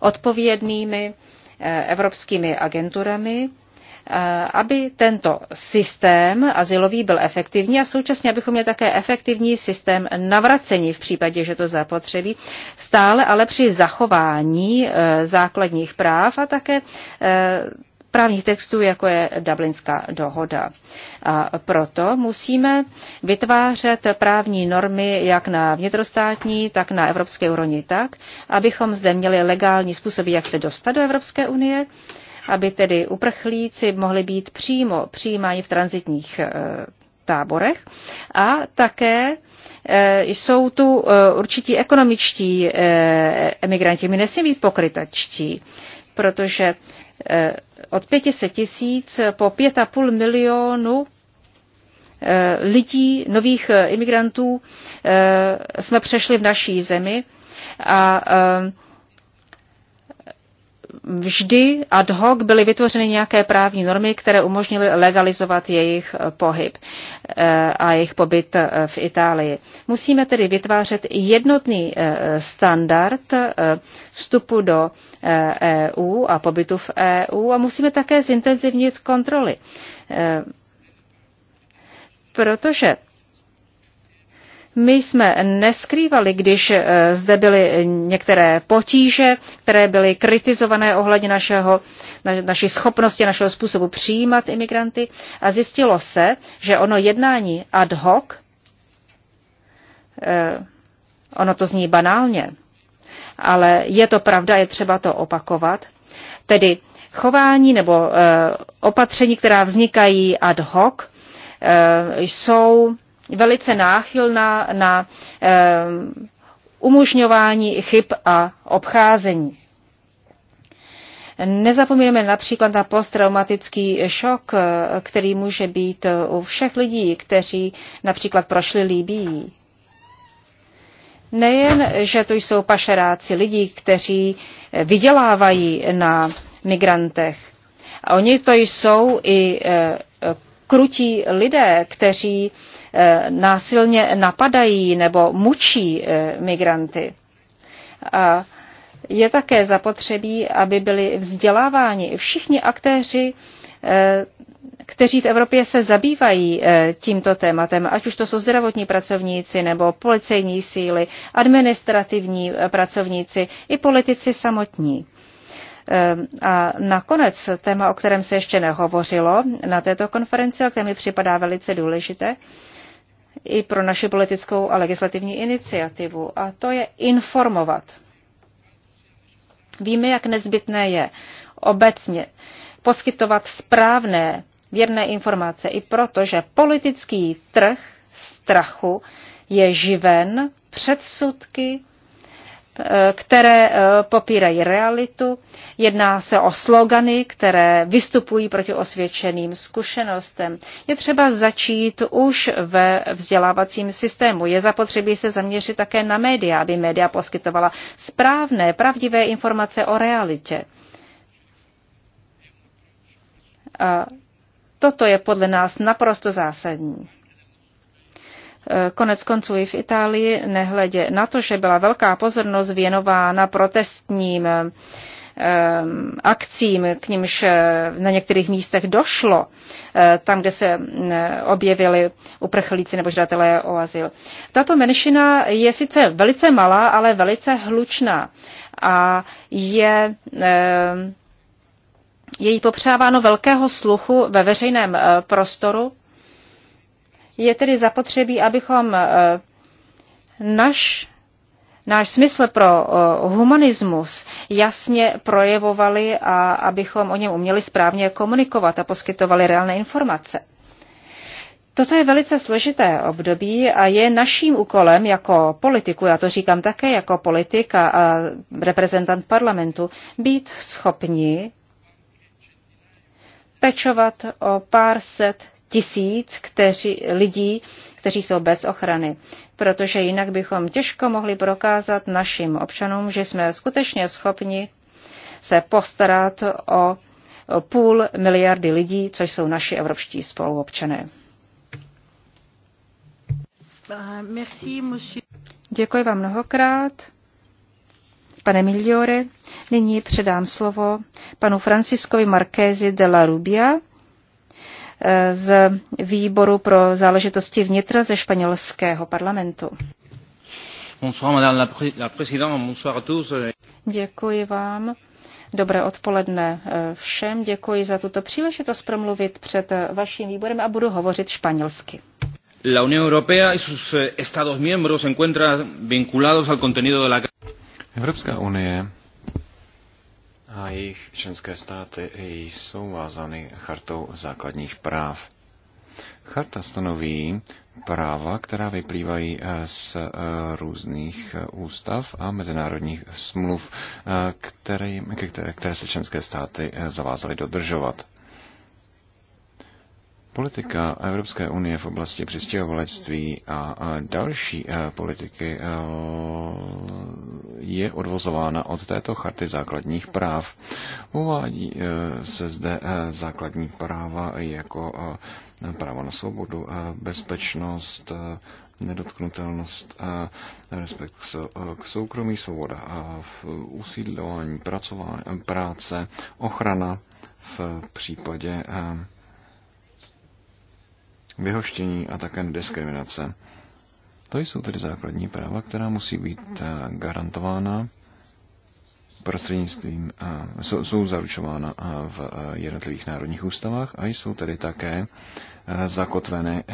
odpovědnými eh, evropskými agenturami Eh, aby tento systém asilový byl efektivní a současně, abychom měli také efektivní systém navracení v případě, že to zapotřebí, stále ale při zachování eh, základních práv a také eh, právních textů, jako je Dublinská dohoda. A proto musíme vytvářet právní normy jak na vnitrostátní, tak na evropské úrovni tak, abychom zde měli legální způsoby, jak se dostat do Evropské unie aby tedy uprchlíci mohli být přímo přijímáni v transitních eh, táborech. A také eh, jsou tu eh, určití ekonomičtí emigranti. My nesmí být pokrytačtí, protože od 500 tisíc po 5,5 milionu lidí, nových imigrantů jsme přešli v naší zemi a vždy ad hoc byly vytvořeny nějaké právní normy, které umožnily legalizovat jejich eh, pohyb eh, a jejich pobyt eh, v Itálii. Musíme tedy vytvářet jednotný standard vstupu do EU e a pobytu v EU a musíme také zintenzivnit kontroly. Protože my jsme neskrývali, když eh, zde byly některé potíže, které byly kritizované ohledně našeho, na, naší schopnosti, našeho způsobu přijímat imigranty a zjistilo se, že ono jednání ad hoc, eh, ono to zní banálně, ale je to pravda, je třeba to opakovat, tedy chování nebo eh, opatření, která vznikají ad hoc, jsou velice náchylná na eh, umožňování chyb a obcházení. Nezapomínáme například na posttraumatický šok, eh, který může být eh, u všech lidí, kteří například prošli Líbí. Nejen, že to jsou pašeráci lidí, kteří vydělávají na migrantech. Oni to jsou i krutí lidé, kteří Eh, násilně napadají nebo mučí eh, migranty. A je také zapotřebí, aby byli vzděláváni všichni aktéři, eh, kteří v Evropě se zabývají tímto tématem, ať už to jsou zdravotní pracovníci nebo policejní síly, administrativní pracovníci i politici samotní. A nakonec téma, o kterém se ještě nehovořilo na této konferenci, ale které mi připadá velice důležité, i pro naši politickou a legislativní iniciativu, a to je informovat. Víme, jak nezbytné je obecně poskytovat správné věrné informace i proto, že politický trh strachu je živen předsudky Eh, které eh, popírají realitu. Jedná se o slogany, které vystupují proti osvědčeným zkušenostem. Je třeba začít už ve vzdělávacím systému. Je zapotřebí se zaměřit také na média, aby média poskytovala správné, pravdivé informace o realitě. A toto je podle nás naprosto zásadní. Eh, konec konců i v Itálii, nehledě na to, že byla velká pozornost věnována protestním eh, akcím, k nímž eh, na některých místech došlo, tam, kde se mm, objevili uprchlíci nebo žadatelé o azyl. Tato menšina je sice velice malá, ale velice hlučná a je její popřáváno velkého sluchu ve veřejném prostoru je tedy zapotřebí, abychom eh, naš, náš smysl pro eh, humanismus jasně projevovali a abychom o něm uměli správně komunikovat a poskytovali reálné informace. Toto je velice složité období a je naším úkolem jako politiku, já to říkám také jako politik a, reprezentant parlamentu, být schopni pečovat o pár set tisíc kteří, lidí, kteří jsou bez ochrany, protože jinak bychom těžko mohli prokázat našim občanům, že jsme skutečně schopni se postarat o půl miliardy lidí, což jsou naši evropští spoluobčané. Děkuji vám mnohokrát. Pane Miliore, nyní předám slovo panu Franciskovi Markézi de la Rubia, z výboru pro záležitosti vnitra ze španělského parlamentu. Děkuji vám. Dobré odpoledne eh, všem. Děkuji za tuto příležitost promluvit před eh, vaším výborem a budu hovořit španělsky. La Unión Europea y sus eh, Estados miembros se encuentran vinculados al contenido de la Evropská unie a jejich členské státy jsou vázány chartou základních práv. Charta stanoví práva, která vyplývají eh, z eh, různých eh, ústav a mezinárodních smluv, které, které, které se členské státy zavázaly dodržovat. Politika Evropské unie v oblasti přistěhovalectví a další e, politiky e, je odvozována od této charty základních práv. Uvádí e, se zde základní práva jako právo na svobodu, bezpečnost, nedotknutelnost, respekt k soukromí, svoboda, v usídlování, práce, ochrana v případě vyhoštění a také diskriminace. To jsou tedy základní práva, která musí být eh, garantována prostřednictvím, eh, jsou, jsou zaručována eh, v jednotlivých národních ústavách a jsou tedy také zakotveny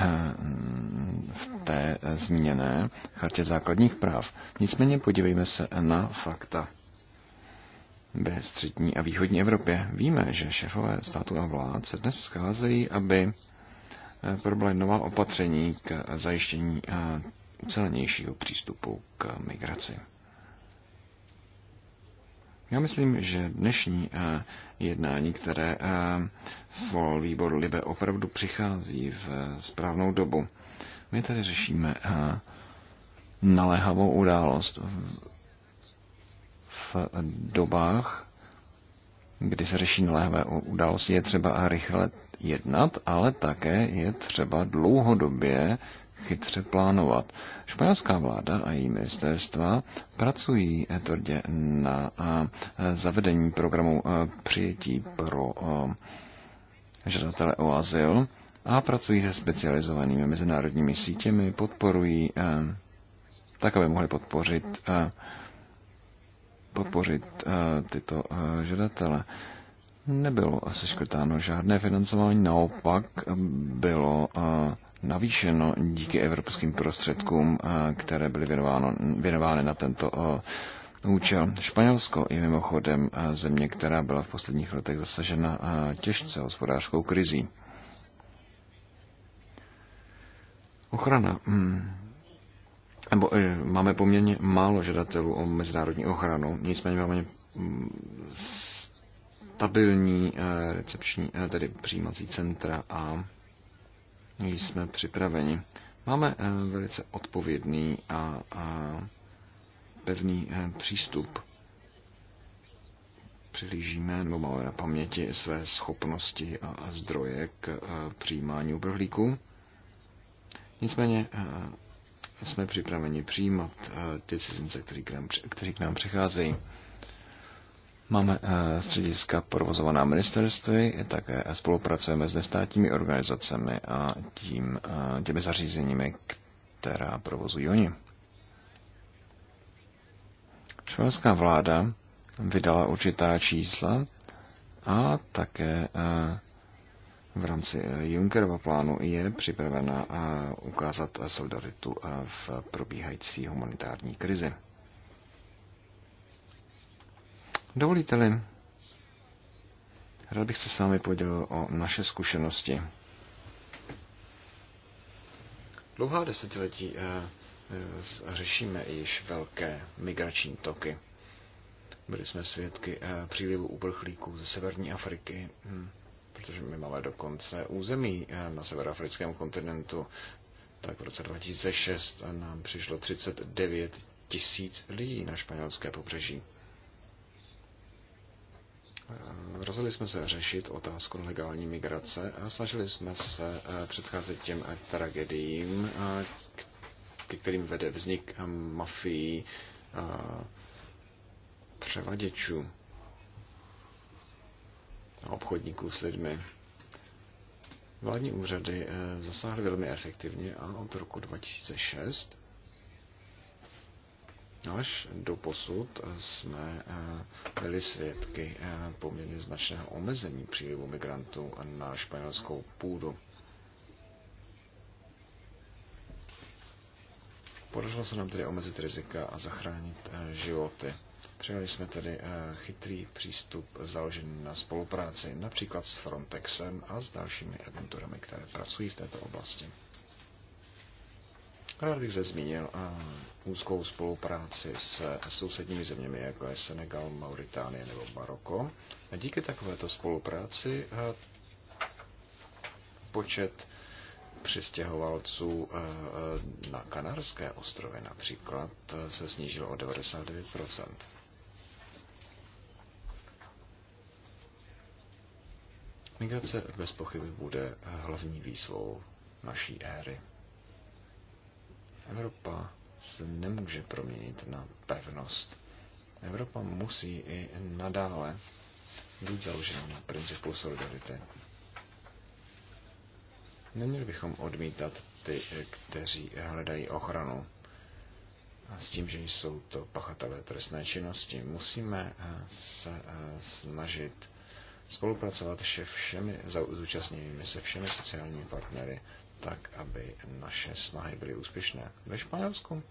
v té zmíněné chartě základních práv. Nicméně podívejme se na fakta. Ve střední a východní Evropě víme, že šéfové států a vlád se dnes scházejí, aby probila nová opatření k zajištění eh, ucelenějšího přístupu k migraci. Já myslím, že dnešní eh, jednání, které eh, svolal výbor Libe, opravdu přichází v správnou dobu. My tady řešíme naléhavou událost v dobách, kdy se řeší naléhavé události, je třeba a rychle jednat, ale také je třeba dlouhodobě chytře plánovat. Španělská vláda a její ministerstva pracují eh, tvrdě na eh, zavedení programu eh, přijetí pro žadatele o azyl a pracují se specializovanými mezinárodními sítěmi, podporují tak, aby mohli podpořit podpořit eh, tyto eh, žadatele. Nebylo seškrtáno žádné financování, naopak eh, bylo navýšeno díky evropským prostředkům, které byly věnováno, věnovány na tento účel. Španělsko je mimochodem země, která byla v posledních letech zasažena těžce hospodářskou krizí. Ochrana hm, nebo, eh, máme poměrně málo žadatelů o mezinárodní ochranu, nicméně máme mm, stabilní eh, recepční, eh, tedy přijímací centra a jsme připraveni. Máme velice odpovědný a, a pevný přístup. Přihlížíme nebo máme na paměti své schopnosti a zdroje k přijímání uprchlíků. Nicméně jsme připraveni přijímat eh, ty cizince, kteří k nám, kteří k nám přicházejí. Máme eh, střediska provozovaná ministerství, také spolupracujeme s nestátními organizacemi a tím, eh, těmi zařízeními, která provozují oni. Švédská vláda vydala určitá čísla a také v rámci eh, Junckerova plánu je připravena eh, ukázat eh, solidaritu v probíhající humanitární krizi. Dovolíte-li, rád bych se s vámi podělil o naše zkušenosti. Dlouhá desetiletí řešíme již velké migrační toky. Byli jsme svědky přílivu uprchlíků ze severní Afriky, hm, protože my máme dokonce území eh, na severoafrickém kontinentu, tak v roce 2006 nám přišlo 39 tisíc lidí na španělské pobřeží. Eh, rozhodli jsme se řešit otázku legální migrace a snažili jsme se eh, předcházet těm tragediím, ke kterým vede vznik mafií převaděčů obchodníků s lidmi. Vládní úřady eh, zasáhly velmi efektivně a od roku 2006 až do posud jsme eh, byli svědky eh, poměrně značného omezení přílivu migrantů na španělskou půdu. Podařilo se nám tedy omezit rizika a zachránit životy. Přijali jsme tedy eh, chytrý přístup založený na spolupráci například s Frontexem a s dalšími agenturami, které pracují v této oblasti. Rád bych se zmínil eh, úzkou spolupráci s eh, sousedními zeměmi, jako je Senegal, Mauritánie nebo Maroko. A díky takovéto spolupráci počet přistěhovalců na Kanarské ostrovy například se snížil o 99 Migrace bez pochyby bude hlavní výzvou naší éry. Evropa se nemůže proměnit na pevnost. Evropa musí i nadále být založena na principu solidarity. Neměli bychom odmítat ty, kteří hledají ochranu a s tím, že jsou to pachatelé trestné činnosti. Musíme se eh, snažit spolupracovat se všemi zúčastněnými, se všemi sociálními partnery, tak, aby naše snahy byly úspěšné. Ve Španělsku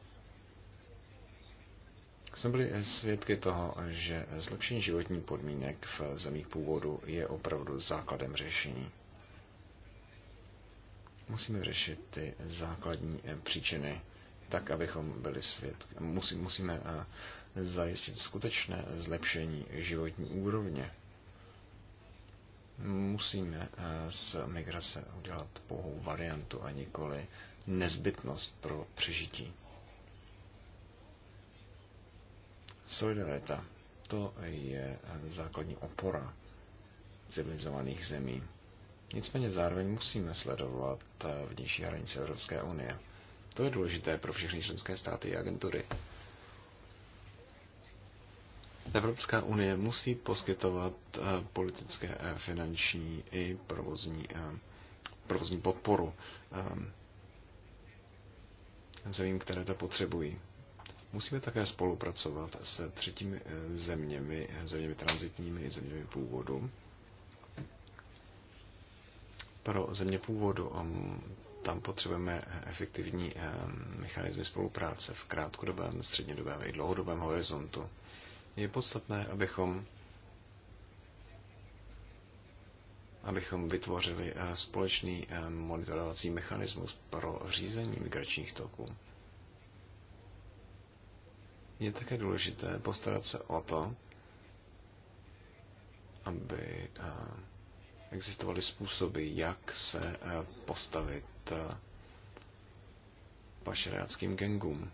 jsme byli svědky toho, že zlepšení životních podmínek v zemích původu je opravdu základem řešení. Musíme řešit ty základní eh, příčiny, tak abychom byli svědky. Musí, musíme eh, zajistit skutečné zlepšení životní úrovně musíme eh, z migrace udělat pouhou variantu a nikoli nezbytnost pro přežití. Solidarita to je eh, základní opora civilizovaných zemí. Nicméně zároveň musíme sledovat eh, vnější hranice Evropské unie. To je důležité pro všechny členské státy a agentury. Evropská unie musí poskytovat eh, politické, eh, finanční i provozní, eh, provozní podporu zemím, které to potřebují. Musíme také spolupracovat se třetími zeměmi, zeměmi transitními i zeměmi původu. Pro země původu tam potřebujeme efektivní mechanizmy spolupráce v krátkodobém, střednědobém i dlouhodobém horizontu je podstatné, abychom abychom vytvořili eh, společný eh, monitorovací mechanismus pro řízení migračních toků. Je také důležité postarat se o to, aby eh, existovaly způsoby, jak se postavit pašeráckým gengům.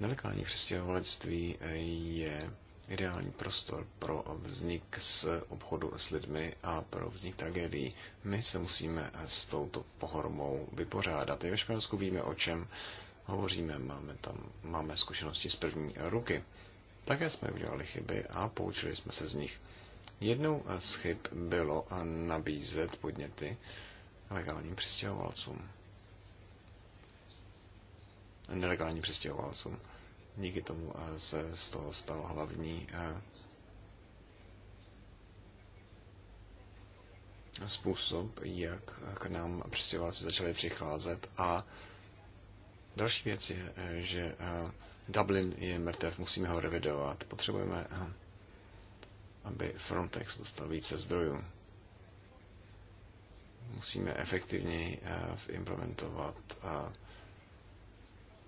Nelegální přistěhovalectví eh, je ideální prostor pro vznik z obchodu s lidmi a pro vznik tragédií. My se musíme s touto pohormou vypořádat. Je ve Španělsku víme, o čem hovoříme, máme tam máme zkušenosti z první ruky. Také jsme udělali chyby a poučili jsme se z nich. Jednou z chyb bylo nabízet podněty legálním přistěhovalcům nelegálním přestěhovalcům. Díky tomu eh, se z toho stal hlavní eh, způsob, jak eh, k nám přestěhovalci začali přicházet. A další věc je, že Dublin je mrtev, musíme ho revidovat. Potřebujeme, aby Frontex dostal více zdrojů. Musíme efektivněji implementovat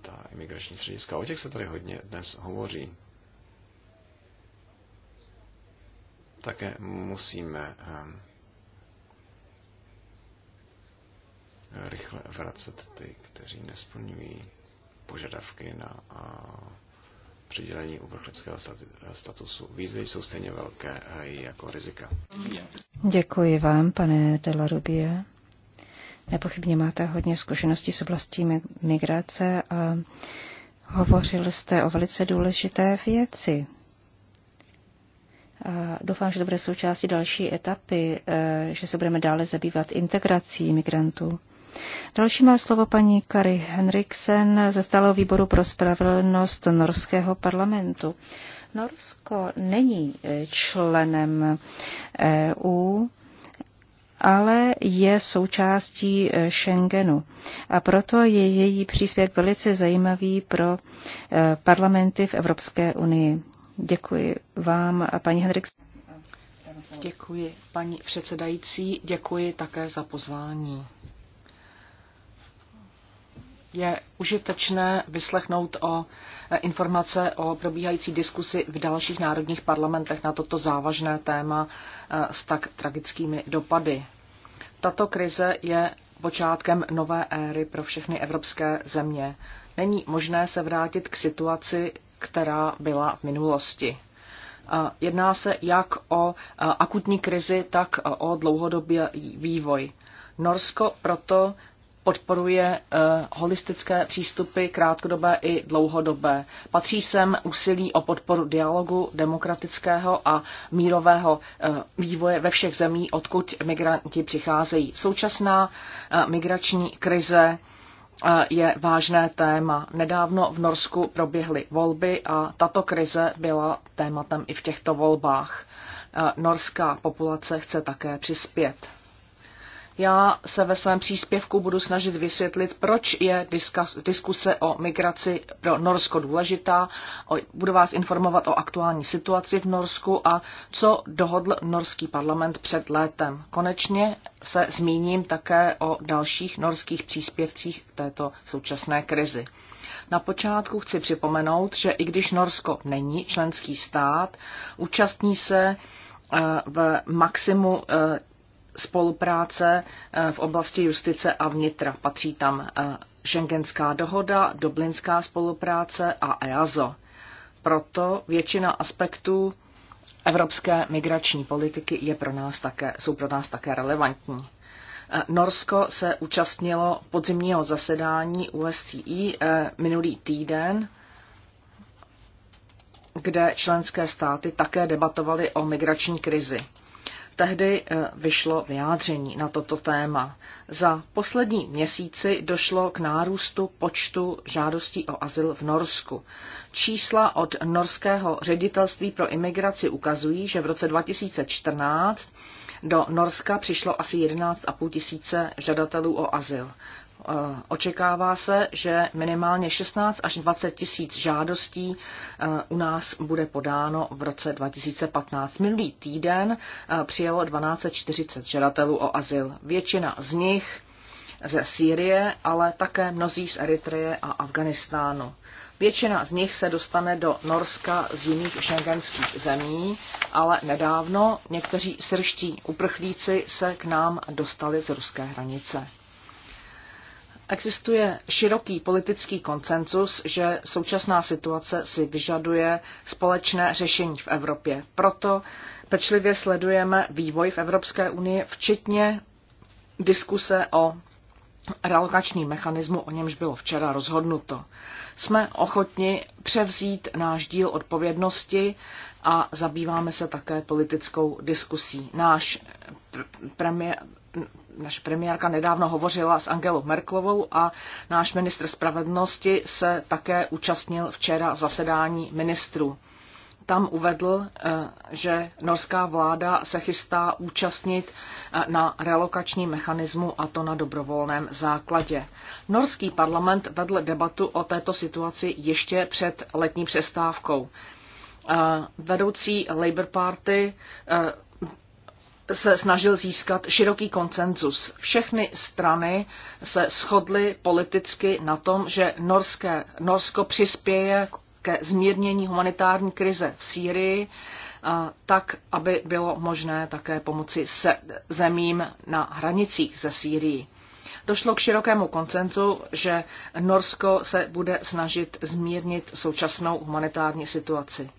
ta imigrační střediska. O těch se tady hodně dnes hovoří. Také musíme ehm, rychle vracet ty, kteří nesplňují požadavky na přidělení uprchlického statusu. Výzvy jsou stejně velké eh, jako rizika. Děkuji vám, pane Delarubie. Nepochybně máte hodně zkušeností s oblastí migrace a hovořil jste o velice důležité věci. A doufám, že to bude součástí další etapy, e, že se budeme dále zabývat integrací migrantů. Další má slovo paní Kari Henriksen ze stálého výboru pro spravedlnost norského parlamentu. Norsko není e, členem EU, ale je součástí eh, Schengenu. A proto je její příspěvek velice zajímavý pro eh, parlamenty v Evropské unii. Děkuji vám, paní Hendricks. Děkuji, paní předsedající. Děkuji také za pozvání. Je užitečné vyslechnout o eh, informace o probíhající diskusi v dalších národních parlamentech na toto závažné téma s tak tragickými dopady. Tato krize je počátkem nové éry pro všechny evropské země. Není možné se vrátit k situaci, která byla v minulosti. Jedná se jak o akutní krizi, tak o dlouhodobý vývoj. Norsko proto podporuje eh, holistické přístupy krátkodobé i dlouhodobé. Patří sem úsilí o podporu dialogu demokratického a mírového eh, vývoje ve všech zemí, odkud migranti přicházejí. Současná eh, migrační krize je vážné téma. Nedávno v Norsku proběhly volby a tato krize byla tématem i v těchto volbách. Norská populace chce také přispět. Já se ve svém příspěvku budu snažit vysvětlit, proč je diskuse o migraci pro Norsko důležitá. Budu vás informovat o aktuální situaci v Norsku a co dohodl norský parlament před létem. Konečně se zmíním také o dalších norských příspěvcích k této současné krizi. Na počátku chci připomenout, že i když Norsko není členský stát, účastní se eh, v maximu eh, spolupráce eh, v oblasti justice a vnitra. Patří tam eh, Schengenská dohoda, Dublinská spolupráce a EASO. Proto většina aspektů evropské migrační politiky je pro nás také, jsou pro nás také relevantní. Eh, Norsko se účastnilo podzimního zasedání USCI e, minulý týden, kde členské státy také debatovaly o migrační krizi. Tehdy eh, vyšlo vyjádření na toto téma. Za poslední měsíci došlo k nárůstu počtu žádostí o azyl v Norsku. Čísla od Norského ředitelství pro imigraci ukazují, že v roce 2014 do Norska přišlo asi 11,5 tisíce žadatelů o azyl. Eh, očekává se, že minimálně 16 až 20 tisíc žádostí eh, u nás bude podáno v roce 2015. Minulý týden eh, přijelo 1240 žadatelů o azyl. Většina z nich ze Sýrie, ale také mnozí z Eritreje a Afganistánu. Většina z nich se dostane do Norska z jiných šengenských zemí, ale nedávno někteří srští uprchlíci se k nám dostali z ruské hranice. Existuje široký politický koncensus, že současná situace si vyžaduje společné řešení v Evropě. Proto pečlivě sledujeme vývoj v Evropské unii, včetně diskuse o relokační mechanismu, o němž bylo včera rozhodnuto. Jsme ochotni převzít náš díl odpovědnosti a zabýváme se také politickou diskusí. Náš premiér, naše premiérka nedávno hovořila s Angelou Merklovou a náš ministr spravedlnosti se také účastnil včera zasedání ministrů. Tam uvedl, eh, že norská vláda se chystá účastnit eh, na relokační mechanismu a to na dobrovolném základě. Norský parlament vedl debatu o této situaci ještě před letní přestávkou eh, vedoucí Labour Party se snažil získat široký koncenzus. Všechny strany se shodly politicky na tom, že norské, Norsko přispěje ke zmírnění humanitární krize v Sýrii, tak, aby bylo možné také pomoci se zemím na hranicích ze Sýrií. Došlo k širokému koncenzu, že Norsko se bude snažit zmírnit současnou humanitární situaci.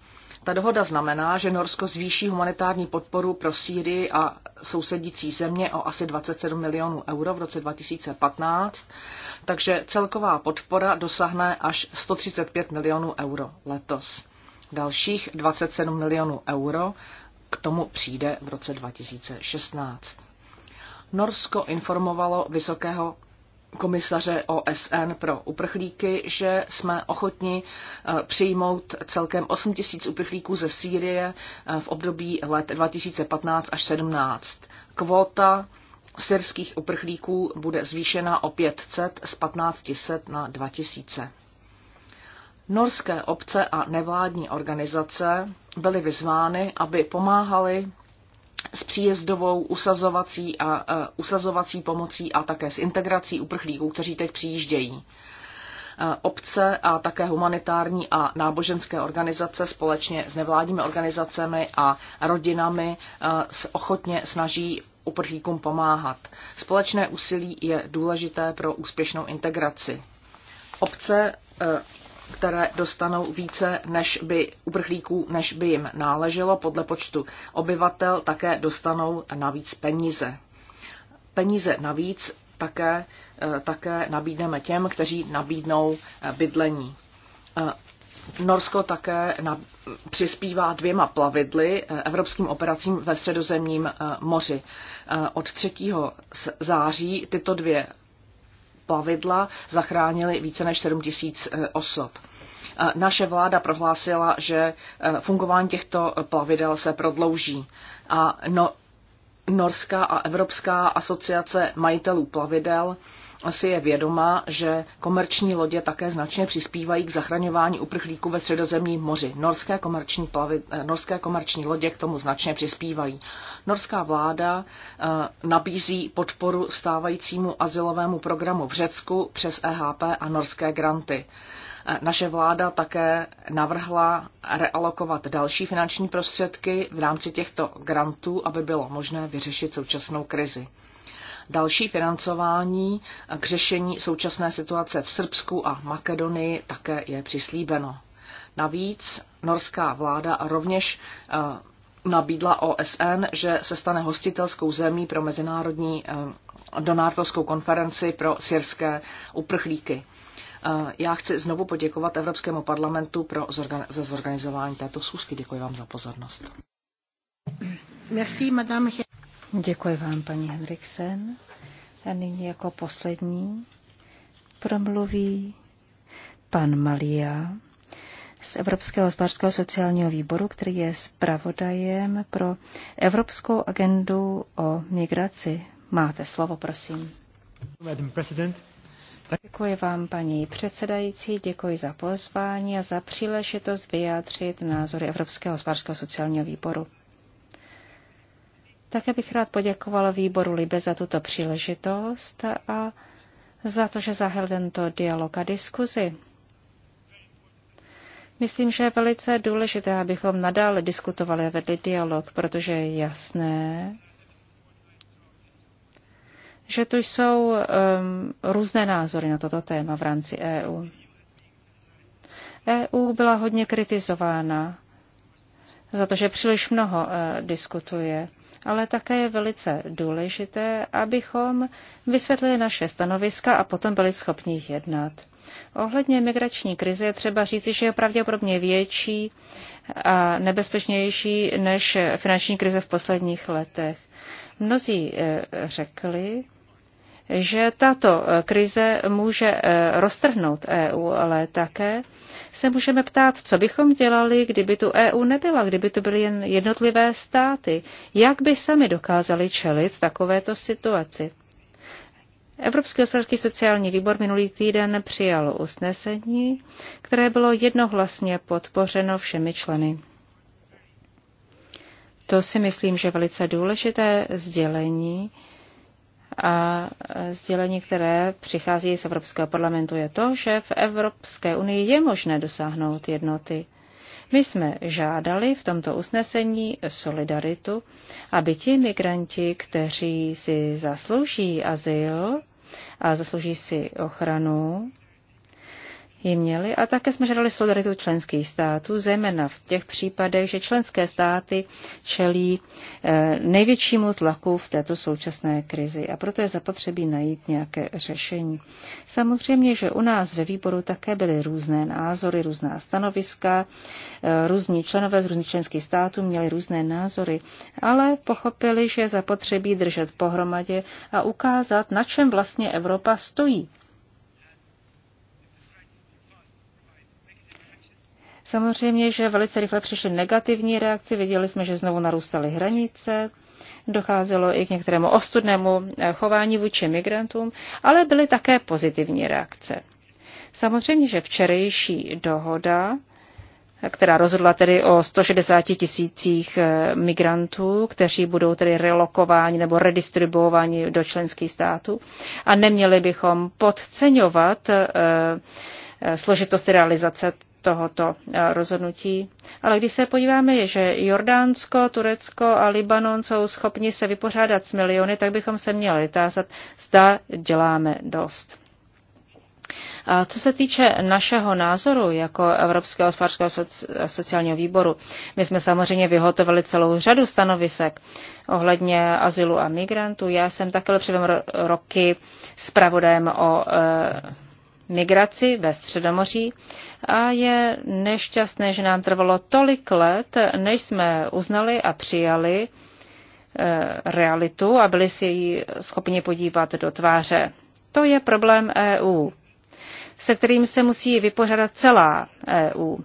Ta dohoda znamená, že Norsko zvýší humanitární podporu pro Sýrii a sousedící země o asi 27 milionů euro v roce 2015, takže celková podpora dosáhne až 135 milionů euro letos. Dalších 27 milionů euro k tomu přijde v roce 2016. Norsko informovalo vysokého komisaře OSN pro uprchlíky, že jsme ochotni eh, přijmout celkem 8 tisíc uprchlíků ze Sýrie eh, v období let 2015 až 17. Kvota syrských uprchlíků bude zvýšena o 500 z 1500 na 2000. Norské obce a nevládní organizace byly vyzvány, aby pomáhali s příjezdovou usazovací, a, uh, usazovací pomocí a také s integrací uprchlíků, kteří teď přijíždějí. E, obce a také humanitární a náboženské organizace společně s nevládními organizacemi a rodinami e, ochotně snaží uprchlíkům pomáhat. Společné úsilí je důležité pro úspěšnou integraci. Obce které dostanou více než by uprchlíků, než by jim náleželo podle počtu obyvatel, také dostanou navíc peníze. Peníze navíc také, eh, také nabídneme těm, kteří nabídnou eh, bydlení. Eh, Norsko také na, přispívá dvěma plavidly evropským operacím ve středozemním moři. Od 3. září tyto dvě plavidla zachránili více než 7 tisíc e, osob. E, naše vláda prohlásila, že e, fungování těchto plavidel se prodlouží. A no, Norská a Evropská asociace majitelů plavidel si je vědomá, že komerční lodě také značně přispívají k zachraňování uprchlíků ve středozemním moři. Norské komerční, plavy, eh, norské komerční lodě k tomu značně přispívají. Norská vláda eh, nabízí podporu stávajícímu asilovému programu v Řecku přes EHP a norské granty. Eh, naše vláda také navrhla realokovat další finanční prostředky v rámci těchto grantů, aby bylo možné vyřešit současnou krizi další financování k řešení současné situace v Srbsku a Makedonii také je přislíbeno. Navíc norská vláda rovněž eh, nabídla OSN, že se stane hostitelskou zemí pro mezinárodní eh, donátorskou konferenci pro syrské uprchlíky. Eh, já chci znovu poděkovat Evropskému parlamentu pro za zorganizování této schůzky. Děkuji vám za pozornost. Merci, madame. Děkuji vám, paní Henriksen. A nyní jako poslední promluví pan Malia z Evropského hospodářského sociálního výboru, který je zpravodajem pro Evropskou agendu o migraci. Máte slovo, prosím. Děkuji vám, paní předsedající, děkuji za pozvání a za příležitost vyjádřit názory Evropského hospodářského sociálního výboru. Také bych rád poděkoval výboru Libe za tuto příležitost a za to, že zahel tento dialog a diskuzi. Myslím, že je velice důležité, abychom nadále diskutovali a vedli dialog, protože je jasné, že tu jsou um, různé názory na toto téma v rámci EU. EU byla hodně kritizována za to, že příliš mnoho eh, diskutuje, ale také je velice důležité, abychom vysvětlili naše stanoviska a potom byli schopni jednat. Ohledně migrační krize je třeba říci, že je pravděpodobně větší a nebezpečnější než finanční krize v posledních letech. Mnozí eh, řekli, že tato eh, krize může eh, roztrhnout EU, ale také se můžeme ptát, co bychom dělali, kdyby tu EU nebyla, kdyby tu byly jen jednotlivé státy. Jak by sami dokázali čelit takovéto situaci? Evropský hospodářský sociální výbor minulý týden přijal usnesení, které bylo jednohlasně podpořeno všemi členy. To si myslím, že velice důležité sdělení, a sdělení, které přichází z Evropského parlamentu, je to, že v Evropské unii je možné dosáhnout jednoty. My jsme žádali v tomto usnesení solidaritu, aby ti migranti, kteří si zaslouží azyl a zaslouží si ochranu, ji měli a také jsme žádali solidaritu členských států, zejména v těch případech, že členské státy čelí eh, největšímu tlaku v této současné krizi a proto je zapotřebí najít nějaké řešení. Samozřejmě, že u nás ve výboru také byly různé názory, různá stanoviska, eh, různí členové z různých členských států měli různé názory, ale pochopili, že je zapotřebí držet pohromadě a ukázat, na čem vlastně Evropa stojí Samozřejmě, že velice rychle přišly negativní reakce, viděli jsme, že znovu narůstaly hranice, docházelo i k některému ostudnému eh, chování vůči migrantům, ale byly také pozitivní reakce. Samozřejmě, že včerejší dohoda, která rozhodla tedy o 160 tisících eh, migrantů, kteří budou tedy relokováni nebo redistribuováni do členských států. A neměli bychom podceňovat eh, složitost realizace tohoto eh, rozhodnutí. Ale když se podíváme, je, že Jordánsko, Turecko a Libanon jsou schopni se vypořádat s miliony, tak bychom se měli tázat, zda děláme dost. A co se týče našeho názoru jako Evropského hospodářského sociálního výboru, my jsme samozřejmě vyhotovili celou řadu stanovisek ohledně azylu a migrantů. Já jsem také před roky zpravodajem o e, migraci ve Středomoří a je nešťastné, že nám trvalo tolik let, než jsme uznali a přijali eh, realitu a byli si ji schopni podívat do tváře. To je problém EU, se kterým se musí vypořádat celá EU.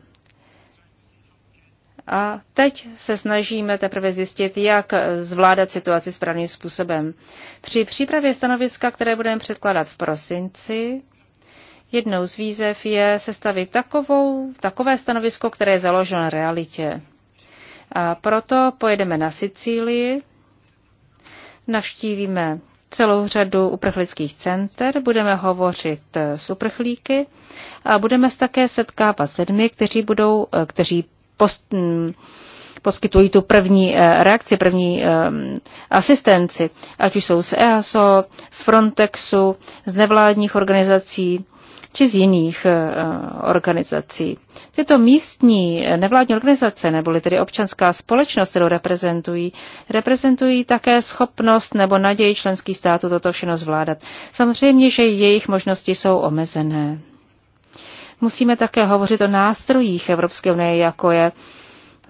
A teď se snažíme teprve zjistit, jak zvládat situaci správným způsobem. Při přípravě stanoviska, které budeme předkládat v prosinci, Jednou z výzev je sestavit takovou, takové stanovisko, které je založeno na realitě. A proto pojedeme na Sicílii, navštívíme celou řadu uprchlických center, budeme hovořit s uprchlíky a budeme se také setkávat s lidmi, kteří, budou, eh, kteří post, mm, poskytují tu první eh, reakci, první ehm, asistenci, ať už jsou z EASO, z Frontexu, z nevládních organizací, či z jiných eh, organizací. Tyto místní eh, nevládní organizace, neboli tedy občanská společnost, kterou reprezentují, reprezentují také schopnost nebo naději členských států toto všechno zvládat. Samozřejmě, že jejich možnosti jsou omezené. Musíme také hovořit o nástrojích Evropské unie, jako je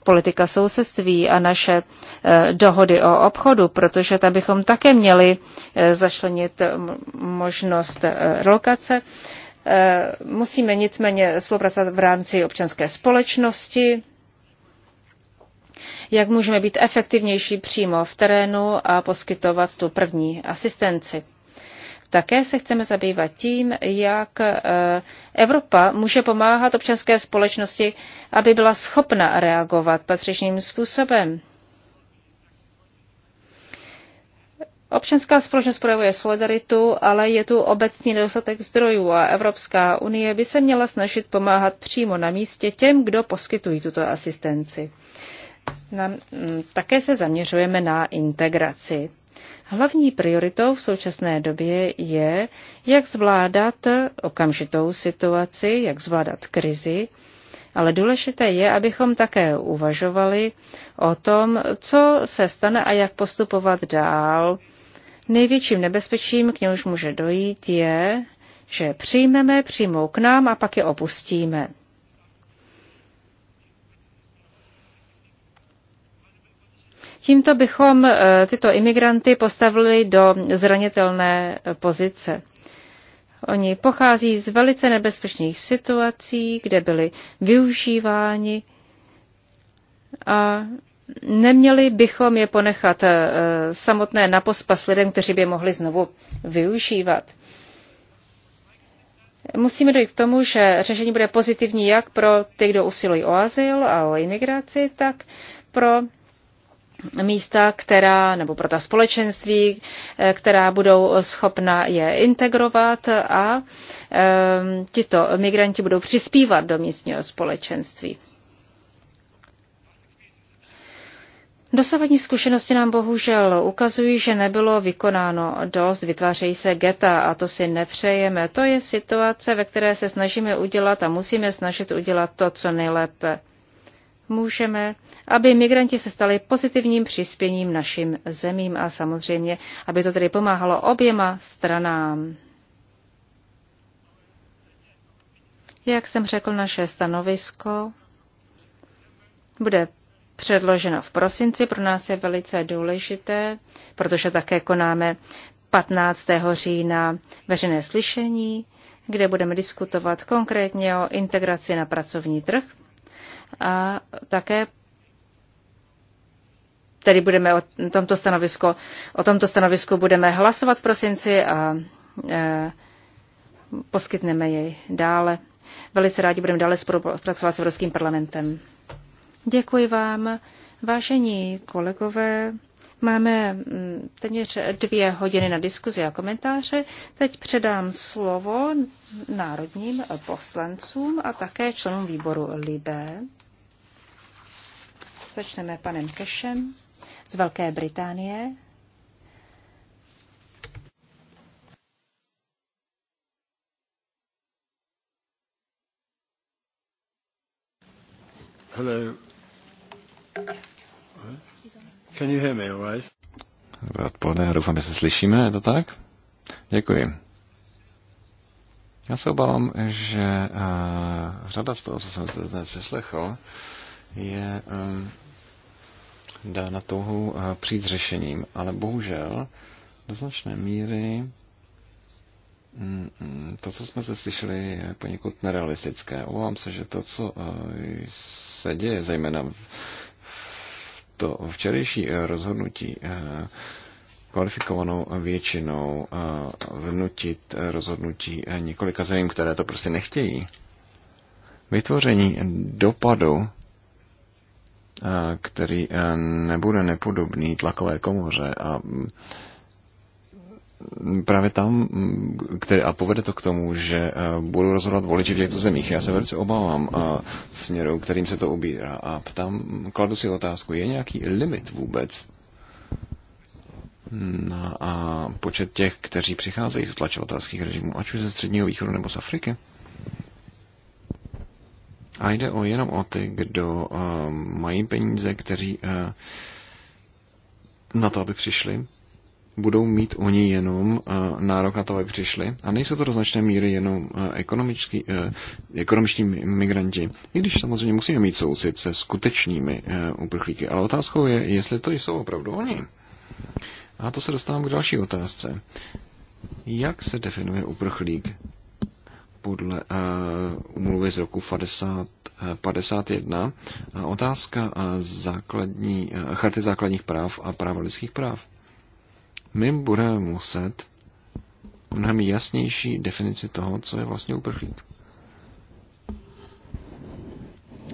politika sousedství a naše eh, dohody o obchodu, protože tam bychom také měli zašlenit možnost relokace. Eh, musíme nicméně spolupracovat v rámci občanské společnosti, jak můžeme být efektivnější přímo v terénu a poskytovat tu první asistenci. Také se chceme zabývat tím, jak eh, Evropa může pomáhat občanské společnosti, aby byla schopna reagovat patřičným způsobem. Občanská společnost projevuje solidaritu, ale je tu obecný nedostatek zdrojů a Evropská unie by se měla snažit pomáhat přímo na místě těm, kdo poskytují tuto asistenci. Na, mm, také se zaměřujeme na integraci. Hlavní prioritou v současné době je, jak zvládat okamžitou situaci, jak zvládat krizi, ale důležité je, abychom také uvažovali o tom, co se stane a jak postupovat dál Největším nebezpečím, k němuž může dojít, je, že přijmeme, přijmou k nám a pak je opustíme. Tímto bychom eh, tyto imigranty postavili do zranitelné pozice. Oni pochází z velice nebezpečných situací, kde byli využíváni a Neměli bychom je ponechat eh, samotné na pospas lidem, kteří by je mohli znovu využívat. Musíme dojít k tomu, že řešení bude pozitivní jak pro ty, kdo usilují o azyl a o imigraci, tak pro místa, která, nebo pro ta společenství, eh, která budou schopna je integrovat a e, tito migranti budou přispívat do místního společenství. Dosavadní zkušenosti nám bohužel ukazují, že nebylo vykonáno dost, vytvářejí se geta a to si nepřejeme. To je situace, ve které se snažíme udělat a musíme snažit udělat to, co nejlépe můžeme, aby migranti se stali pozitivním přispěním našim zemím a samozřejmě, aby to tedy pomáhalo oběma stranám. Jak jsem řekl, naše stanovisko bude předloženo v prosinci. Pro nás je velice důležité, protože také konáme 15. října veřejné slyšení, kde budeme diskutovat konkrétně o integraci na pracovní trh a také tedy budeme o tomto stanovisku, o tomto stanovisku budeme hlasovat v prosinci a e, poskytneme jej dále. Velice rádi budeme dále spolupracovat s Evropským parlamentem. Děkuji vám, vážení kolegové. Máme mm, téměř dvě hodiny na diskuzi a komentáře. Teď předám slovo národním poslancům a také členům výboru Libé. Začneme panem Kešem z Velké Británie. Hello, Can you hear me, all right? Dobré odpoledne, já doufám, že se slyšíme, je to tak? Děkuji. Já se obávám, že uh, řada z toho, co jsem zde přeslechl, je um, eh, dána touhu uh, přijít s řešením, ale bohužel do značné míry mm, mm, to, co jsme se slyšeli, je poněkud nerealistické. Obávám se, že to, co se děje, zejména v, to včerejší eh, rozhodnutí eh, kvalifikovanou většinou eh, vnutit rozhodnutí několika zemím, které to prostě nechtějí. Vytvoření dopadu, který nebude nepodobný tlakové komoře a mm, právě tam, který, a povede to k tomu, že eh, budou rozhodovat voliči v těchto zemích. Já se mhm. velice obávám a eh, směru, kterým se to ubírá. A tam kladu si otázku, je nějaký limit vůbec na a počet těch, kteří přicházejí z tlačovatelských režimů, ať už ze Středního východu nebo z Afriky? A jde o jenom o ty, kdo uh, mají peníze, kteří uh, na to, aby přišli, budou mít oni jenom eh, nárok na to, aby přišli. A nejsou to do značné míry jenom eh, ekonomičtí, eh, ekonomičtí migranti. I když samozřejmě musíme mít soucit se skutečnými uprchlíky. Ale otázkou je, jestli to jsou opravdu oni. A to se dostávám k další otázce. Jak se definuje uprchlík podle uh, umluvy z roku 50, uh, 51? Uh, otázka uh, základní, uh, charty základních práv a práva lidských práv. My budeme muset mnohem jasnější definici toho, co je vlastně uprchlík.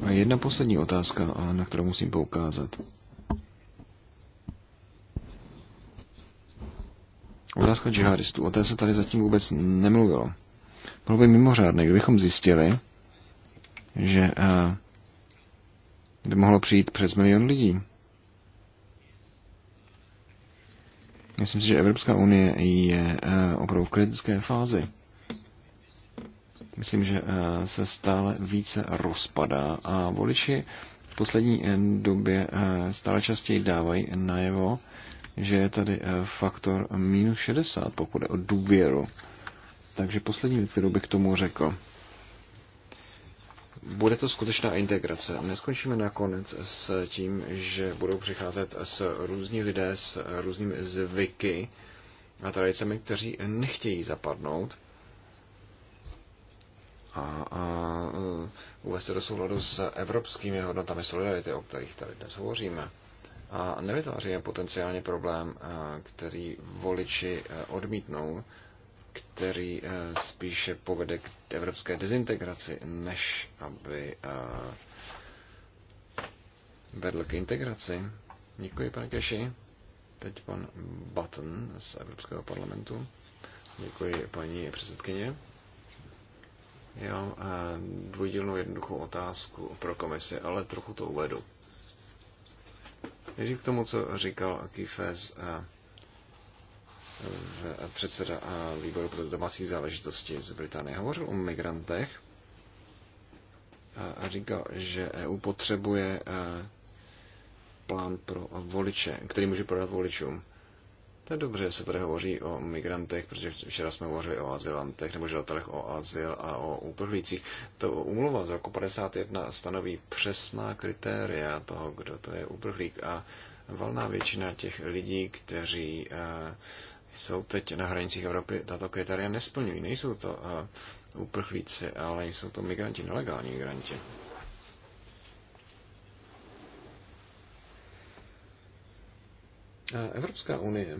A jedna poslední otázka, na kterou musím poukázat. Otázka džihadistů. O té se tady zatím vůbec nemluvilo. Bylo by mimořádné, kdybychom zjistili, že eh, by mohlo přijít přes milion lidí Myslím si, že Evropská unie je eh, opravdu v kritické fázi. Myslím, že eh, se stále více rozpadá a voliči v poslední eh, době stále častěji dávají najevo, že je tady faktor minus 60, pokud je o důvěru. Takže poslední věc, kterou bych k tomu řekl bude to skutečná integrace. Neskončíme nakonec s tím, že budou přicházet s různí lidé s různými zvyky a tradicemi, kteří nechtějí zapadnout a, a uh, uvést se do souladu s evropskými hodnotami solidarity, o kterých tady dnes hovoříme. A nevytváříme potenciálně problém, uh, který voliči uh, odmítnou, který eh, spíše povede k evropské dezintegraci, než aby eh, vedl k integraci. Děkuji, pane Keši. Teď pan Button z Evropského parlamentu. Děkuji, paní předsedkyně. Já eh, dvojdílnou jednoduchou otázku pro komisi, ale trochu to uvedu. Ježí k tomu, co říkal Kifes, předseda výboru pro domácí záležitosti z Británie hovořil o migrantech a říkal, že EU potřebuje plán pro voliče, který může prodat voličům. To je dobře, že se tady hovoří o migrantech, protože včera jsme hovořili o azylantech nebo žadatelech o azyl a o uprchlících. To úmluva z roku 51 stanoví přesná kritéria toho, kdo to je uprchlík a valná většina těch lidí, kteří jsou teď na hranicích Evropy, tato kritéria nesplňují. Nejsou to uh, uprchlíci, ale jsou to migranti, nelegální migranti. Eh, Evropská unie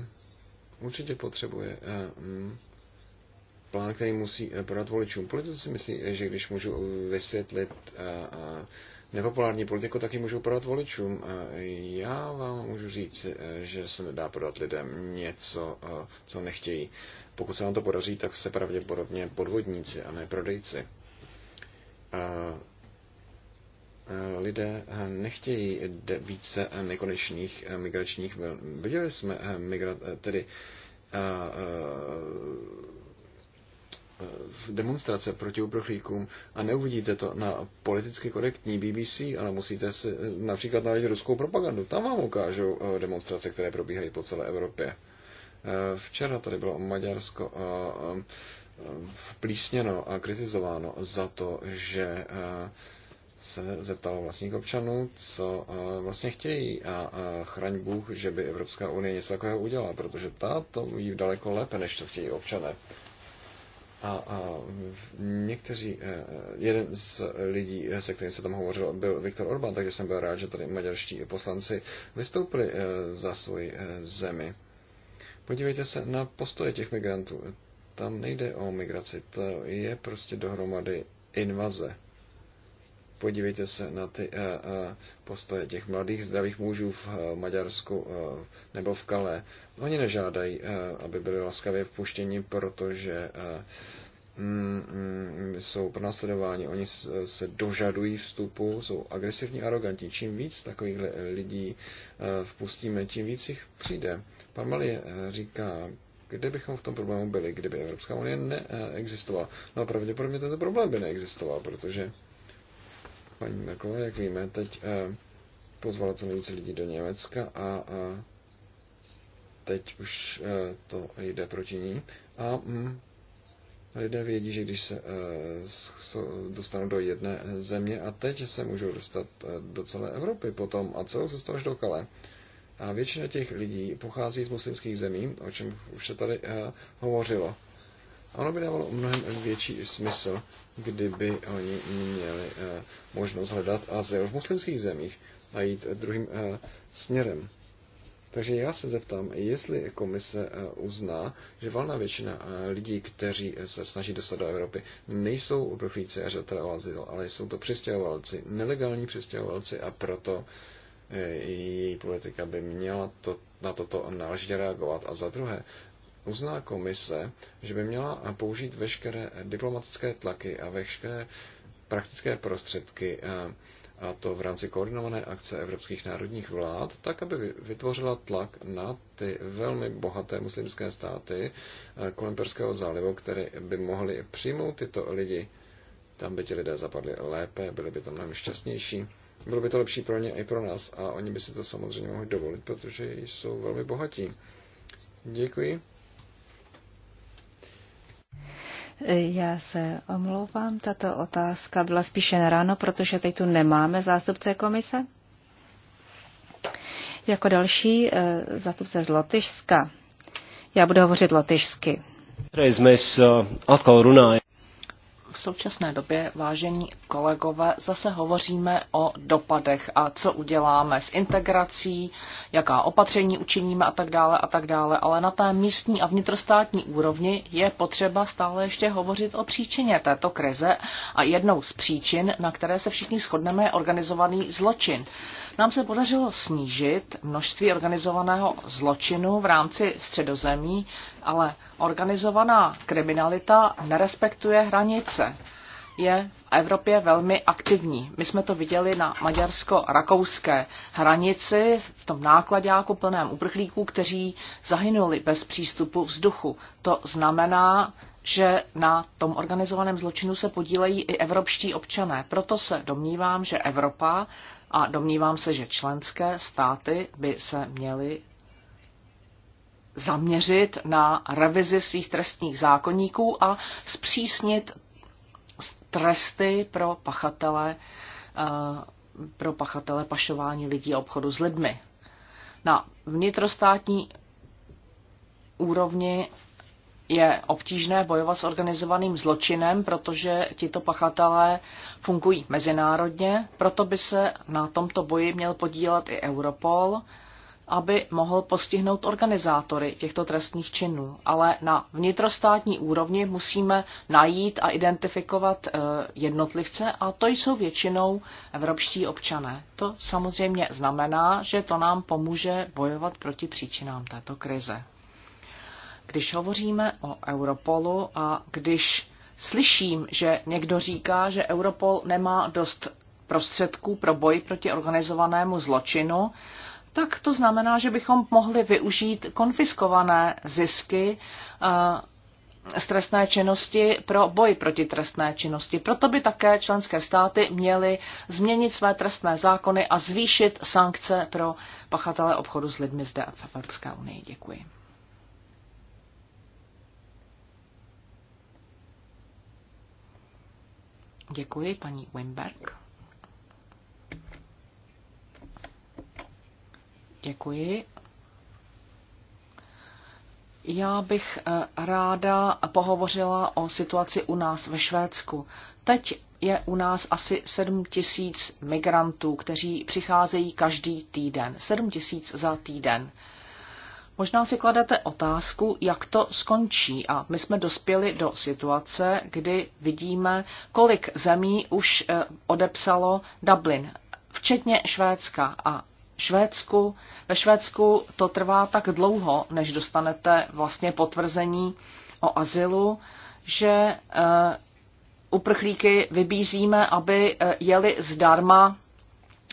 určitě potřebuje eh, mm, plán, který musí prodat voličům. Politici si myslí, že když můžu vysvětlit nepopulární politiku taky můžou prodat voličům. Já vám můžu říct, že se nedá prodat lidem něco, eh, co nechtějí. Pokud se vám to podaří, tak se pravděpodobně podvodníci a ne prodejci. Eh, lidé nechtějí více nekonečných eh, migračních vln. Viděli jsme migra- tedy demonstrace proti uprchlíkům a neuvidíte to na politicky korektní BBC, ale musíte si eh, například najít ruskou propagandu. Tam vám ukážou eh, demonstrace, které probíhají po celé Evropě. Eh, včera tady bylo Maďarsko plísněno a kritizováno za to, že se zeptalo vlastních občanů, co vlastně chtějí a chraň Bůh, že by Evropská unie něco takového udělala, protože ta to ví daleko lépe, než co chtějí občané. A, a někteří, e, e, jeden z lidí, e, se kterým se tam hovořil, byl Viktor Orbán, takže jsem byl rád, že tady maďarští poslanci vystoupili za svoji zemi. Podívejte se na postoje těch migrantů. Tam nejde o migraci, to je prostě dohromady invaze. Podívejte se na ty eh, eh, postoje těch mladých zdravých mužů v eh, Maďarsku nebo v Kale. Oni nežádají, aby byli laskavě vpuštěni, protože mm, mm, jsou pronásledováni, oni se dožadují vstupu, jsou agresivní, arrogantní. Čím víc takových lidí vpustíme, tím víc jich přijde. Pan Malie říká, kde bychom v tom problému byli, kdyby Evropská unie neexistovala. No a pravděpodobně tento problém by neexistoval, protože paní Merkelové, jak víme, teď eh, pozvala co nejvíce lidí do Německa a teď už eh, to jde proti ní. A mm, lidé vědí, že když se eh, dostanou do jedné země a teď se můžou dostat do celé Evropy potom a celou cestou až do Kale. A většina těch lidí pochází z muslimských zemí, o čem už se tady hovořilo. Ono by dávalo mnohem větší smysl, kdyby oni měli eh, možnost hledat azyl v muslimských zemích a jít druhým eh, směrem. Takže já se zeptám, jestli komise eh, uzná, že valná většina lidí, kteří se snaží dostat do Evropy, nejsou uprchlíci a žadatelé o azyl, ale jsou to přistěhovalci, nelegální přistěhovalci a proto její politika by měla to, na toto náležitě reagovat. A za druhé, uzná komise, že by měla použít veškeré diplomatické tlaky a veškeré praktické prostředky, eh, a to v rámci koordinované akce evropských národních vlád, tak, aby vytvořila tlak na ty velmi bohaté muslimské státy eh, kolem Perského zálivu, které by mohly přijmout tyto lidi. Tam by ti lidé zapadli lépe, byli by tam mnohem šťastnější. Bylo by to lepší pro ně i pro nás a oni by si to samozřejmě mohli dovolit, protože jsou velmi bohatí. Děkuji. Já se omlouvám, tato otázka byla spíše na ráno, protože teď tu nemáme zástupce komise. Jako další eh, zástupce z Lotyšska. Já budu hovořit lotyšsky. Reiz eh, atkal runājam v současné době, vážení kolegové, zase hovoříme o dopadech a co uděláme s integrací, jaká opatření učiníme a tak dále a tak dále, ale na té místní a vnitrostátní úrovni je potřeba stále ještě hovořit o příčině této krize a jednou z příčin, na které se všichni shodneme, je organizovaný zločin. Nám se podařilo snížit množství organizovaného zločinu v rámci středozemí ale organizovaná kriminalita nerespektuje hranice. Je v Evropě velmi aktivní. My jsme to viděli na maďarsko-rakouské hranici v tom nákladáku plném uprchlíků, kteří zahynuli bez přístupu vzduchu. To znamená, že na tom organizovaném zločinu se podílejí i evropští občané. Proto se domnívám, že Evropa a domnívám se, že členské státy by se měly zaměřit na revizi svých trestních zákonníků a zpřísnit tresty pro pachatele, eh, pro pachatele pašování lidí a obchodu s lidmi. Na vnitrostátní úrovni je obtížné bojovat s organizovaným zločinem, protože tito pachatelé fungují mezinárodně, proto by se na tomto boji měl podílet i Europol, aby mohl postihnout organizátory těchto trestných činů. Ale na vnitrostátní úrovni musíme najít a identifikovat eh, jednotlivce a to jsou většinou evropští občané. To samozřejmě znamená, že to nám pomůže bojovat proti příčinám této krize. Když hovoříme o Europolu a když slyším, že někdo říká, že Europol nemá dost prostředků pro boj proti organizovanému zločinu, tak to znamená, že bychom mohli využít konfiskované zisky z eh, trestné činnosti pro boj proti trestné činnosti. Proto by také členské státy měly změnit své trestné zákony a zvýšit sankce pro pachatele obchodu s lidmi zde v Evropské unii. Děkuji. Děkuji, paní Wimberg. Děkuji. Já bych eh, ráda pohovořila o situaci u nás ve Švédsku. Teď je u nás asi 7 tisíc migrantů, kteří přicházejí každý týden. 7 tisíc za týden. Možná si kladete otázku, jak to skončí a my jsme dospěli do situace, kdy vidíme, kolik zemí už eh, odepsalo Dublin, včetně Švédska a Švédsku, ve Švédsku to trvá tak dlouho, než dostanete vlastně potvrzení o azylu, že eh, uprchlíky vybízíme, aby eh, jeli zdarma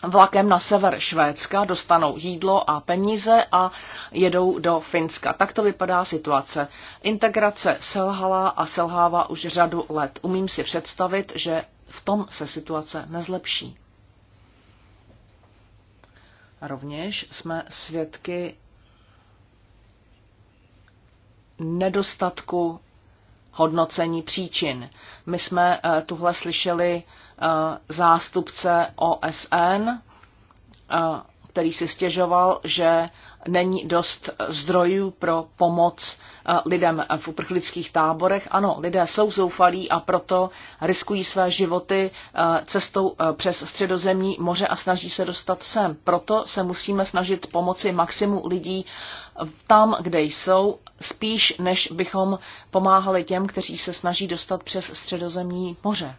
vlakem na sever Švédska, dostanou jídlo a peníze a jedou do Finska. Tak to vypadá situace. Integrace selhala a selhává už řadu let. Umím si představit, že v tom se situace nezlepší. Rovněž jsme svědky nedostatku hodnocení příčin. My jsme eh, tuhle slyšeli eh, zástupce OSN, eh, který si stěžoval, že není dost zdrojů pro pomoc eh, lidem v uprchlických táborech. Ano, lidé jsou zoufalí a proto riskují své životy eh, cestou eh, přes středozemní moře a snaží se dostat sem. Proto se musíme snažit pomoci maximu lidí tam, kde jsou, spíš než bychom pomáhali těm, kteří se snaží dostat přes středozemní moře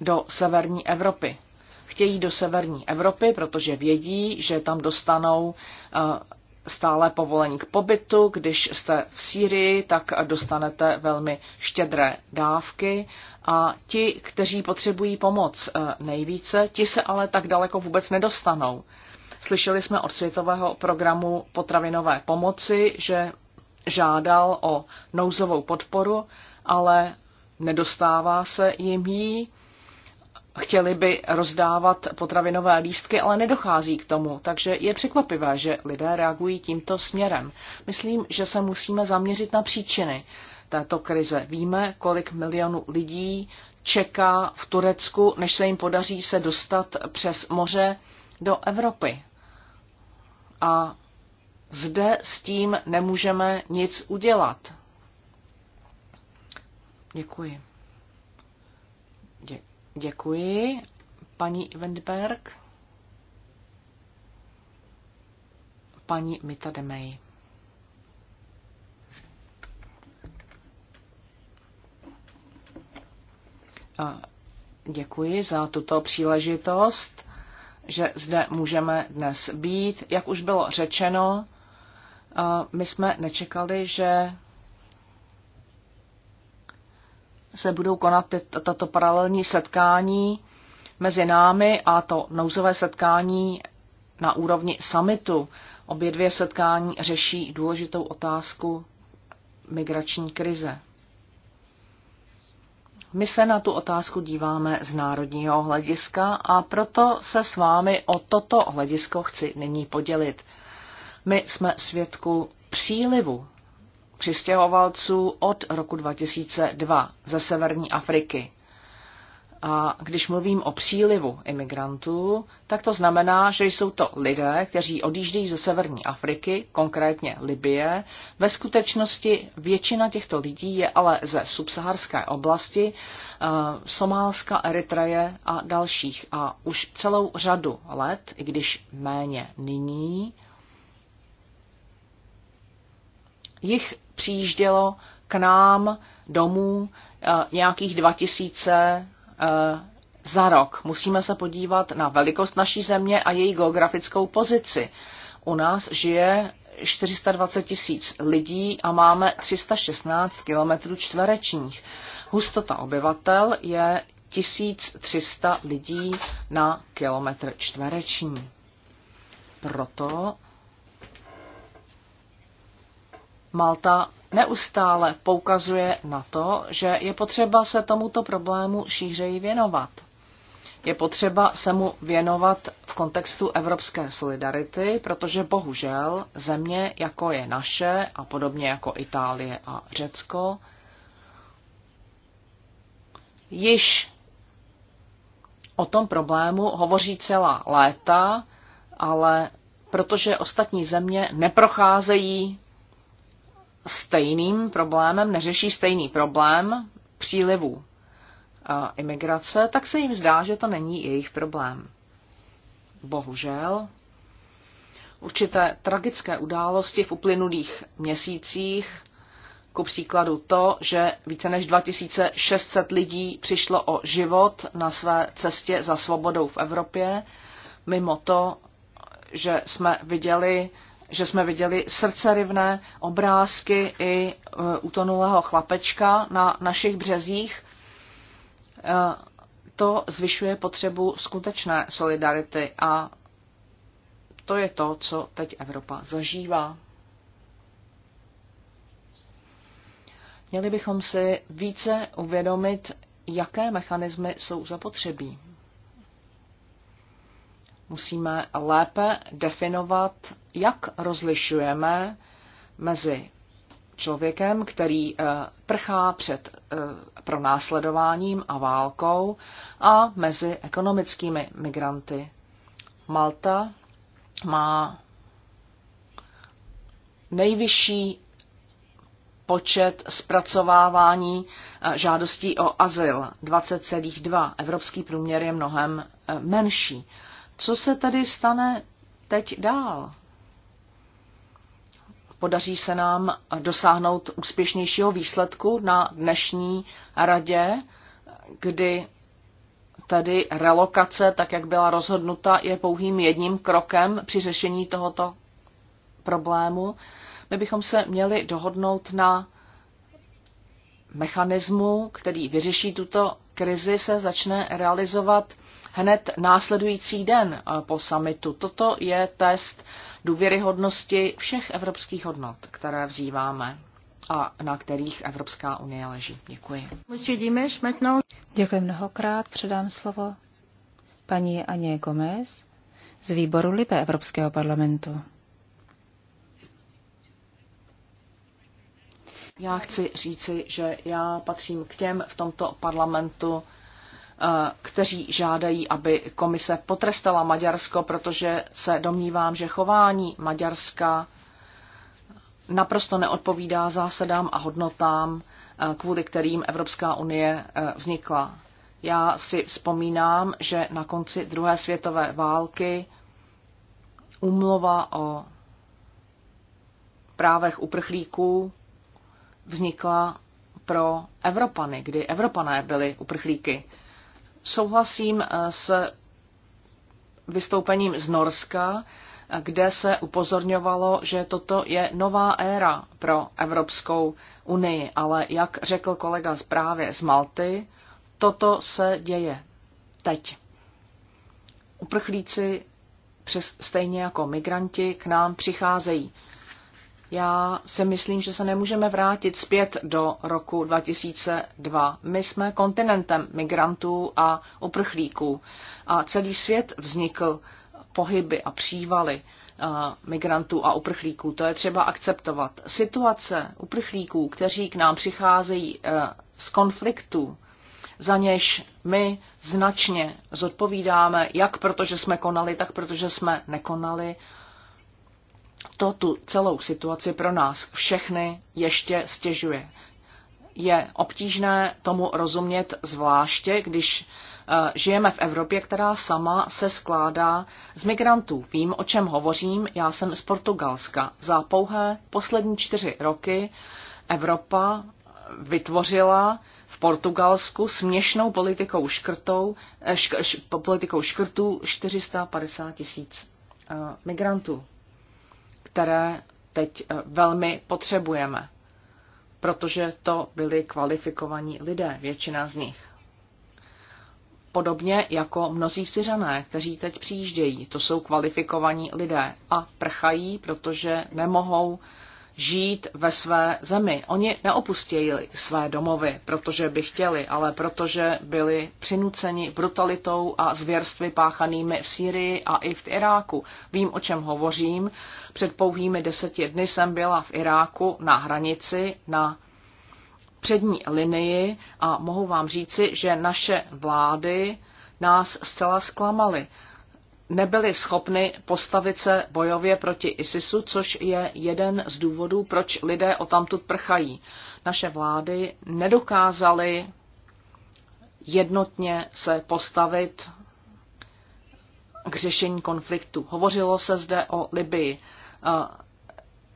do severní Evropy chtějí do severní Evropy, protože vědí, že tam dostanou eh, stále povolení k pobytu. Když jste v Sýrii, tak dostanete velmi štědré dávky a ti, kteří potřebují pomoc eh, nejvíce, ti se ale tak daleko vůbec nedostanou. Slyšeli jsme od Světového programu potravinové pomoci, že žádal o nouzovou podporu, ale nedostává se jim jí chtěli by rozdávat potravinové lístky, ale nedochází k tomu, takže je překvapivé, že lidé reagují tímto směrem. Myslím, že se musíme zaměřit na příčiny této krize. Víme, kolik milionů lidí čeká v Turecku, než se jim podaří se dostat přes moře do Evropy. A zde s tím nemůžeme nic udělat. Děkuji. Děkuji. Děkuji. Paní Wendberg. Paní Mita Demey. Děkuji za tuto příležitost, že zde můžeme dnes být. Jak už bylo řečeno, my jsme nečekali, že se budou konat tato paralelní setkání mezi námi a to nouzové setkání na úrovni summitu. Obě dvě setkání řeší důležitou otázku migrační krize. My se na tu otázku díváme z národního hlediska a proto se s vámi o toto hledisko chci nyní podělit. My jsme svědku přílivu přistěhovalců od roku 2002 ze severní Afriky. A když mluvím o přílivu imigrantů, tak to znamená, že jsou to lidé, kteří odjíždějí ze severní Afriky, konkrétně Libie. Ve skutečnosti většina těchto lidí je ale ze subsaharské oblasti, eh, Somálska, Eritreje a dalších. A už celou řadu let, i když méně nyní, jich přijíždělo k nám domů eh, nějakých 2000 eh, za rok. Musíme se podívat na velikost naší země a její geografickou pozici. U nás žije 420 tisíc lidí a máme 316 km čtverečních. Hustota obyvatel je 1300 lidí na kilometr čtvereční. Proto Malta neustále poukazuje na to, že je potřeba se tomuto problému šířeji věnovat. Je potřeba se mu věnovat v kontextu evropské solidarity, protože bohužel země jako je naše a podobně jako Itálie a Řecko již o tom problému hovoří celá léta, ale protože ostatní země neprocházejí stejným problémem, neřeší stejný problém přílivu uh, imigrace, tak se jim zdá, že to není jejich problém. Bohužel, určité tragické události v uplynulých měsících, ku příkladu to, že více než 2600 lidí přišlo o život na své cestě za svobodou v Evropě, mimo to, že jsme viděli že jsme viděli srdcerivné obrázky i e, utonulého chlapečka na našich březích. E, to zvyšuje potřebu skutečné solidarity a to je to, co teď Evropa zažívá. Měli bychom si více uvědomit, jaké mechanismy jsou zapotřebí. Musíme lépe definovat jak rozlišujeme mezi člověkem, který eh, prchá před eh, pronásledováním a válkou a mezi ekonomickými migranty. Malta má nejvyšší počet zpracovávání eh, žádostí o azyl 20,2. Evropský průměr je mnohem menší. Co se tedy stane teď dál? Podaří se nám dosáhnout úspěšnějšího výsledku na dnešní radě, kdy tedy relokace, tak jak byla rozhodnuta, je pouhým jedním krokem při řešení tohoto problému. My bychom se měli dohodnout na mechanismu, který vyřeší tuto krizi, se začne realizovat hned následující den eh, po samitu. Toto je test důvěryhodnosti všech evropských hodnot, které vzýváme a na kterých Evropská unie leží. Děkuji. Děkuji mnohokrát. Předám slovo paní Aně Gomez z výboru Libe Evropského parlamentu. Já chci říci, že já patřím k těm v tomto parlamentu, Eh, kteří žádají, aby komise potrestala Maďarsko, protože se domnívám, že chování Maďarska naprosto neodpovídá zásadám a hodnotám, eh, kvůli kterým Evropská unie eh, vznikla. Já si vzpomínám, že na konci druhé světové války umlova o právech uprchlíků vznikla pro Evropany, kdy Evropané byli uprchlíky. Souhlasím eh, s vystoupením z Norska, eh, kde se upozorňovalo, že toto je nová éra pro Evropskou unii, ale jak řekl kolega zprávě z Malty, toto se děje teď. Uprchlíci přes, stejně jako migranti k nám přicházejí já si myslím, že se nemůžeme vrátit zpět do roku 2002. My jsme kontinentem migrantů a uprchlíků a celý svět vznikl pohyby a přívaly eh, migrantů a uprchlíků. To je třeba akceptovat. Situace uprchlíků, kteří k nám přicházejí eh, z konfliktů, za něž my značně zodpovídáme, jak protože jsme konali, tak protože jsme nekonali, to tu celou situaci pro nás všechny ještě stěžuje. Je obtížné tomu rozumět zvláště, když eh, žijeme v Evropě, která sama se skládá z migrantů. Vím, o čem hovořím, já jsem z Portugalska. Za pouhé poslední čtyři roky Evropa vytvořila v Portugalsku směšnou politikou, škrtou, eh, šk, š, politikou škrtů 450 tisíc eh, migrantů které teď eh, velmi potřebujeme, protože to byli kvalifikovaní lidé, většina z nich. Podobně jako mnozí syřané, kteří teď přijíždějí, to jsou kvalifikovaní lidé a prchají, protože nemohou žít ve své zemi. Oni neopustili své domovy, protože by chtěli, ale protože byli přinuceni brutalitou a zvěrstvy páchanými v Sýrii a i v Iráku. Vím, o čem hovořím. Před pouhými deseti dny jsem byla v Iráku na hranici, na přední linii a mohu vám říci, že naše vlády nás zcela zklamaly nebyly schopny postavit se bojově proti ISISu, což je jeden z důvodů, proč lidé o tamtud prchají. Naše vlády nedokázaly jednotně se postavit k řešení konfliktu. Hovořilo se zde o Libii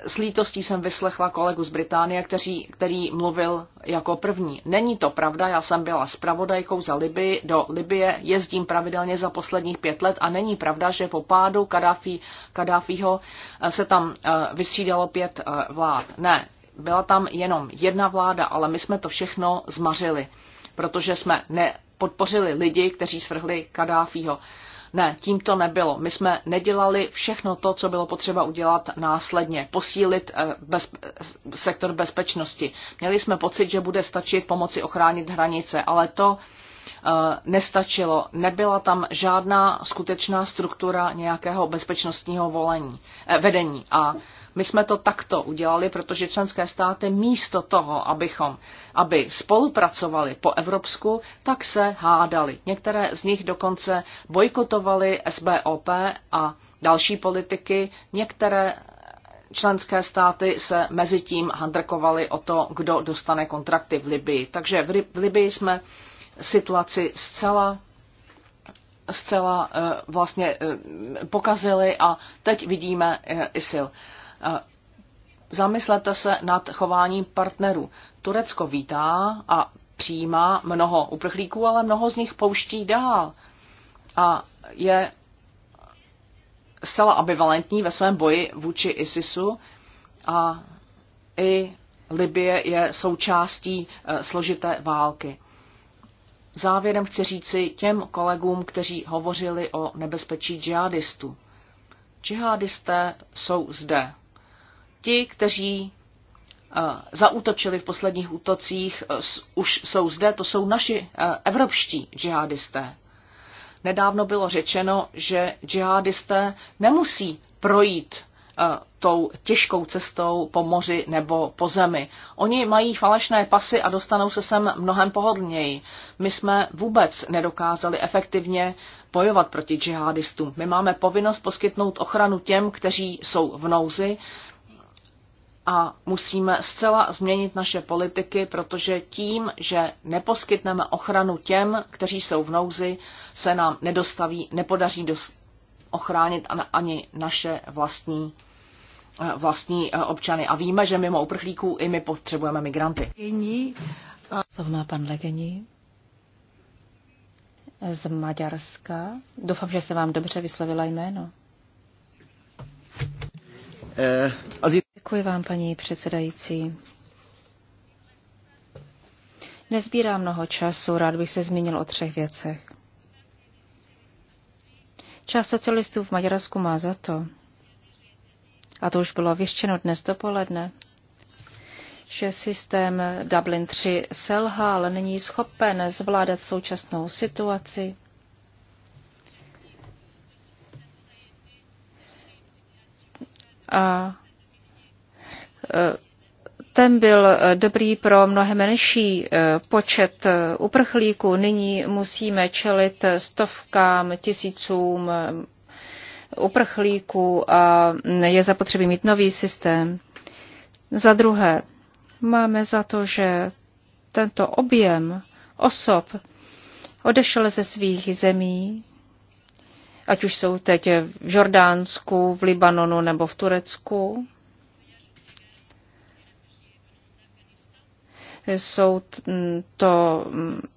s lítostí jsem vyslechla kolegu z Británie, kteří, který mluvil jako první. Není to pravda, já jsem byla spravodajkou za Libii, do Libie jezdím pravidelně za posledních pět let a není pravda, že po pádu Kadáfí, Kadáfího eh, se tam eh, vystřídalo pět eh, vlád. Ne, byla tam jenom jedna vláda, ale my jsme to všechno zmařili, protože jsme nepodpořili lidi, kteří svrhli Kadáfího. Ne, tím to nebylo. My jsme nedělali všechno to, co bylo potřeba udělat následně. Posílit eh, bez, eh, sektor bezpečnosti. Měli jsme pocit, že bude stačit pomoci ochránit hranice, ale to eh, nestačilo. Nebyla tam žádná skutečná struktura nějakého bezpečnostního volení, vedení. A my jsme to takto udělali, protože členské státy místo toho, abychom, aby spolupracovali po Evropsku, tak se hádali. Některé z nich dokonce bojkotovali SBOP a další politiky, některé členské státy se mezi tím handrkovaly o to, kdo dostane kontrakty v Libii. Takže v Libii jsme situaci zcela zcela eh, vlastně eh, pokazili a teď vidíme eh, ISIL. Zamyslete se nad chováním partnerů. Turecko vítá a přijímá mnoho uprchlíků, ale mnoho z nich pouští dál. A je zcela ambivalentní ve svém boji vůči ISISu a i Libie je součástí eh, složité války. Závěrem chci říci těm kolegům, kteří hovořili o nebezpečí džihadistů. Džihadisté jsou zde Ti, kteří eh, zautočili v posledních útocích, eh, už jsou zde, to jsou naši eh, evropští džihadisté. Nedávno bylo řečeno, že džihadisté nemusí projít tou těžkou cestou po moři nebo po zemi. Oni mají falešné pasy a dostanou se sem mnohem pohodlněji. My jsme vůbec nedokázali efektivně bojovat proti džihadistům. My máme povinnost poskytnout ochranu těm, kteří jsou v nouzi a musíme zcela změnit naše politiky, protože tím, že neposkytneme ochranu těm, kteří jsou v nouzi, se nám nedostaví, nepodaří dost ochránit ani naše vlastní eh, vlastní eh, občany. A víme, že mimo uprchlíků i my potřebujeme migranty. Slovo má pan Legení z Maďarska. Doufám, že se vám dobře vyslovila jméno. Eh, Děkuji vám, paní předsedající. Nezbírá mnoho času, rád bych se zmínil o třech věcech. Část socialistů v Maďarsku má za to, a to už bylo vyštěno dnes dopoledne, že systém Dublin 3 selhal, není schopen zvládat současnou situaci. A Eh, ten byl eh, dobrý pro mnohem menší eh, počet uprchlíků. Nyní musíme čelit stovkám, tisícům uprchlíků a je zapotřebí mít nový systém. Za druhé, máme za to, že tento objem osob odešel ze svých zemí, ať už jsou teď v Jordánsku, v Libanonu nebo v Turecku, Jsou to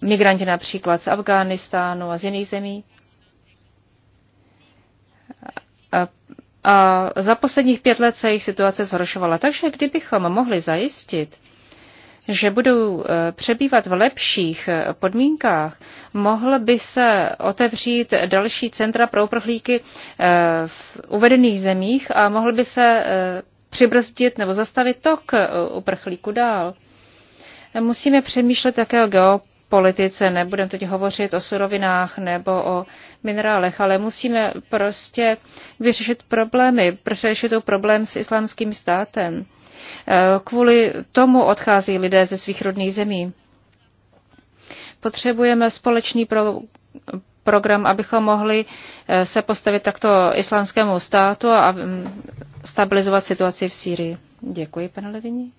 migranti například z Afghánistánu a z jiných zemí. A za posledních pět let se jejich situace zhoršovala. Takže kdybychom mohli zajistit, že budou eh, přebývat v lepších eh, podmínkách, mohl by se otevřít další centra pro uprchlíky eh, v uvedených zemích a mohl by se přibrzdit nebo zastavit tok uprchlíku dál. Musíme přemýšlet také o geopolitice, nebudeme teď hovořit o surovinách nebo o minerálech, ale musíme prostě vyřešit problémy, protože to problém s islámským státem. Eh, kvůli tomu odchází lidé ze svých rodných zemí. Potřebujeme společný pro, program, abychom mohli eh, se postavit takto islámskému státu a mm, stabilizovat situaci v Sýrii. Děkuji, pane Levini.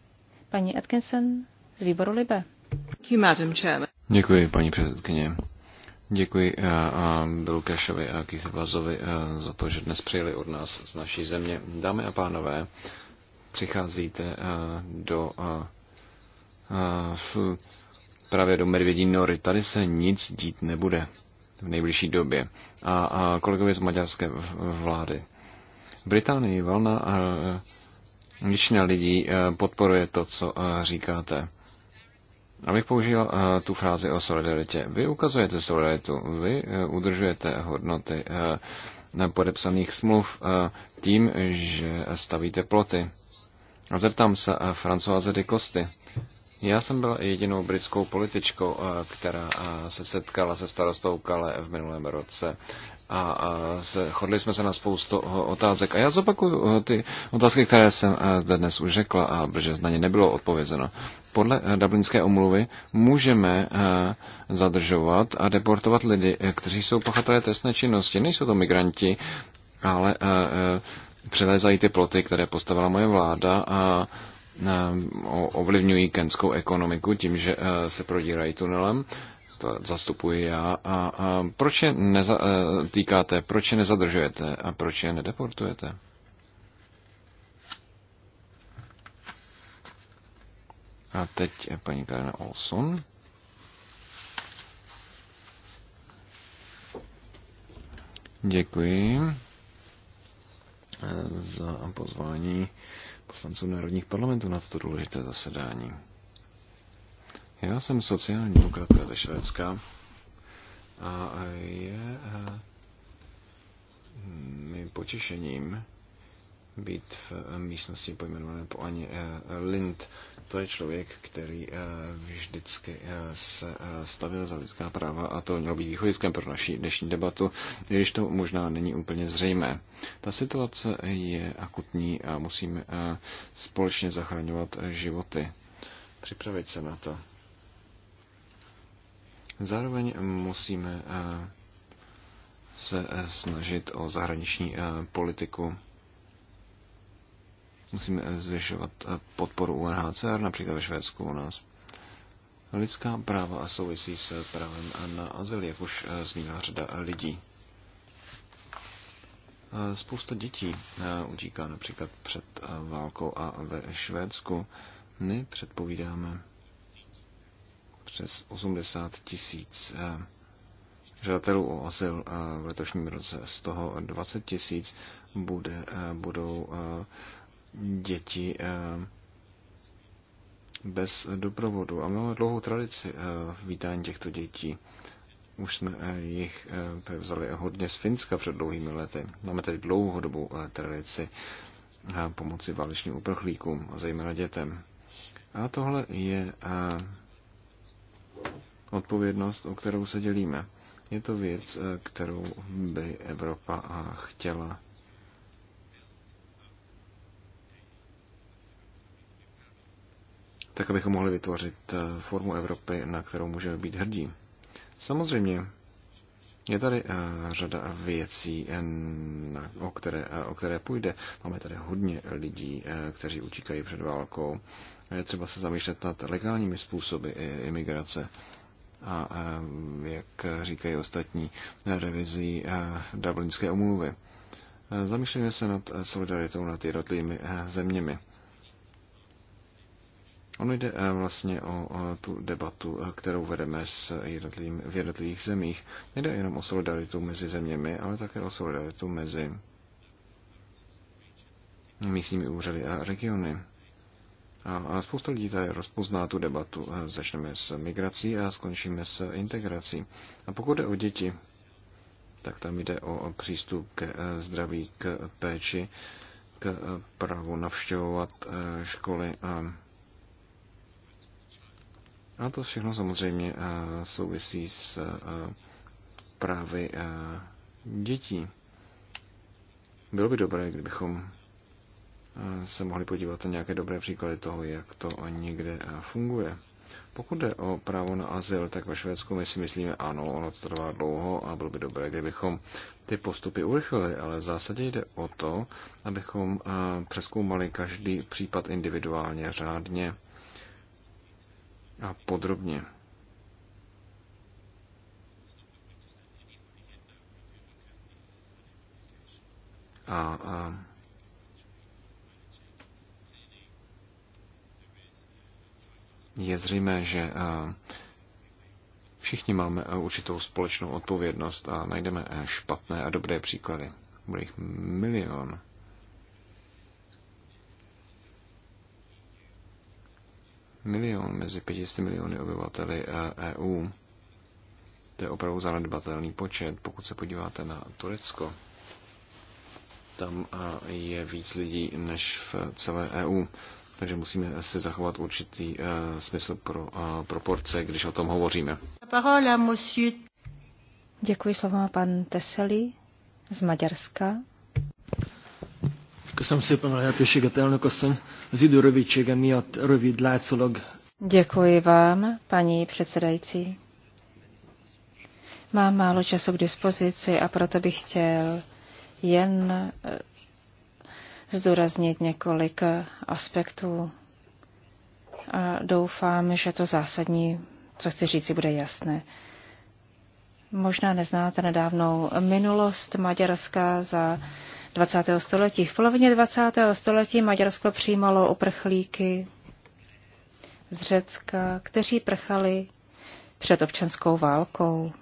Paní Atkinson z výboru Libe. Děkuji, paní předsedkyně. Děkuji a eh, eh, Lukášovi a Kivazovi eh, za to, že dnes přijeli od nás z naší země. Dámy a pánové, přicházíte do právě do Medvědí nory. Tady se nic dít nebude v nejbližší době. A, a kolegové z maďarské vlády. V Británii valna většina lidí podporuje to, co říkáte. Abych použil uh, tu frázi o solidaritě. Vy ukazujete solidaritu, vy uh, udržujete hodnoty uh, podepsaných smluv uh, tím, že stavíte ploty. A zeptám se uh, Francoise de Kosty. Já jsem byl jedinou britskou političkou, která se setkala se starostou Kale v minulém roce a, a chodili jsme se na spoustu otázek. A já zopakuju ty otázky, které jsem e, zde dnes už řekla, a protože na ně nebylo odpovězeno. Podle e, Dublinské omluvy můžeme e, zadržovat a deportovat lidi, kteří jsou pachatelé trestné činnosti. Nejsou to migranti, ale přelezají ty ploty, které postavila moje vláda a ovlivňují kenskou ekonomiku tím, že se prodírají tunelem to zastupuji já. A, a proč je neza, e, týkáte, proč je nezadržujete a proč je nedeportujete? A teď paní Karina Olson. Děkuji e, za pozvání poslanců národních parlamentů na toto důležité zasedání. Já jsem sociální demokratka ze Švédska a je eh, mi potěšením být v eh, místnosti pojmenované po Ani eh, Lind. To je člověk, který vždycky se stavil za lidská práva a to mělo být východiskem pro naši dnešní debatu, i když to možná není úplně zřejmé. Ta situace je akutní a musíme společně zachraňovat životy. Připravit se na to. Zároveň musíme eh, se eh, snažit o zahraniční eh, politiku. Musíme zvyšovat podporu UNHCR, například ve Švédsku u nás. Lidská práva a souvisí s právem na azyl, jak už zmínila řada lidí. Spousta dětí utíká například před válkou a ve Švédsku my předpovídáme přes 80 tisíc eh, žadatelů o azyl eh, v letošním roce. Z toho 20 tisíc bude, eh, budou děti bez doprovodu. A máme dlouhou tradici vítání těchto dětí. Už jsme jich převzali hodně z Finska před dlouhými lety. Máme tady dlouhodobou tradici pomoci válečným uprchlíkům, a zejména dětem. A tohle je odpovědnost, o kterou se dělíme. Je to věc, eh, kterou by Evropa eh, chtěla tak abychom mohli vytvořit eh, formu Evropy, na kterou můžeme být hrdí. Samozřejmě je tady řada věcí, o které, o které půjde. Máme tady hodně lidí, kteří utíkají před válkou. Je třeba se zamýšlet nad legálními způsoby imigrace a jak říkají ostatní, revizí Dublinské umluvy. Zamýšlíme se nad solidaritou nad jednotlivými zeměmi. Ono jde vlastně o tu debatu, kterou vedeme s jednotlivým, v jednotlivých zemích. Nejde jenom o solidaritu mezi zeměmi, ale také o solidaritu mezi místními úřady a regiony. A spousta lidí tady rozpozná tu debatu. Eh, Začneme s migrací a skončíme s integrací. A pokud jde o děti, tak tam jde o přístup k eh, zdraví, k péči, k eh, právu navštěvovat školy. A to všechno samozřejmě souvisí s právy dětí. Bylo by dobré, kdybychom se mohli podívat na nějaké dobré příklady toho, jak to někde eh, funguje. Pokud jde o právo na azyl, tak ve Švédsku my si myslíme, ano, ono to trvá dlouho a bylo by dobré, kdybychom ty postupy urychlili, ale v zásadě jde o to, abychom eh, přeskoumali každý případ individuálně, řádně a podrobně. A, a je zřejmé, že eh, všichni máme eh, určitou společnou odpovědnost a najdeme eh, špatné a dobré příklady. Bude jich milion. Milion mezi 500 miliony obyvateli EU. E to je opravdu zanedbatelný počet. Pokud se podíváte na Turecko, tam je víc lidí než v celé EU. Takže musíme si zachovat určitý eh, smysl pro eh, proporce, když o tom hovoříme. Děkuji slovo pan Teseli z Maďarska. Köszönöm szépen a lehetőséget, elnök asszony. Az idő rövidsége miatt rövid látszólag. Děkuji vám, paní předsedající. Mám málo času k dispozici a proto bych chtěl jen eh, zdůraznit několik eh, aspektů a doufám, že to zásadní, co chci říci, bude jasné. Možná neznáte nedávnou minulost Maďarska za 20. století. V polovině 20. století Maďarsko přijímalo uprchlíky z Řecka, kteří prchali před občanskou válkou.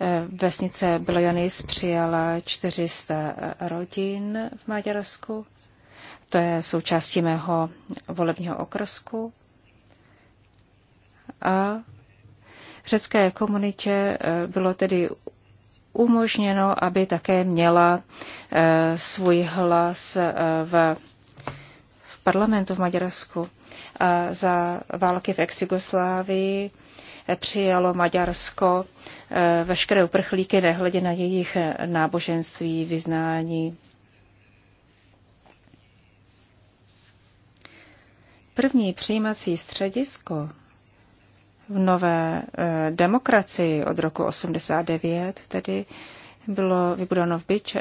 Eh, vesnice Bilojanis přijala 400 eh, rodin v Maďarsku. To je součástí mého volebního okrsku. A řecké komunitě eh, bylo tedy umožněno, aby také měla svůj hlas v, v parlamentu v Maďarsku. A za války v ex-Jugoslávii přijalo Maďarsko eh, veškeré uprchlíky, nehledě na jejich eh, náboženství, vyznání. První přijímací středisko v nové eh, demokracii od roku 89 tedy bylo vybudováno v Byč,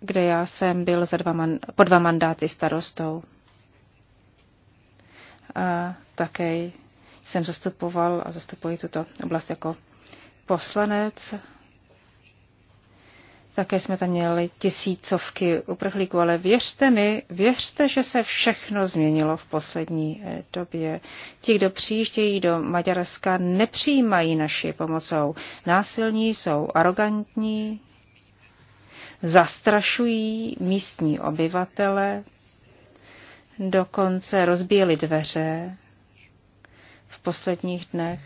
kde já jsem byl za dva man, po dva mandáty starostou. A také jsem zastupoval a zastupuji tuto oblast jako poslanec. Také jsme tam měli tisícovky uprchlíků, ale věřte mi, věřte, že se všechno změnilo v poslední eh, době. Ti, kdo přijíždějí do Maďarska, nepřijímají naši pomocou. Násilní jsou arrogantní, zastrašují místní obyvatele, dokonce rozbíjeli dveře posledních dnech.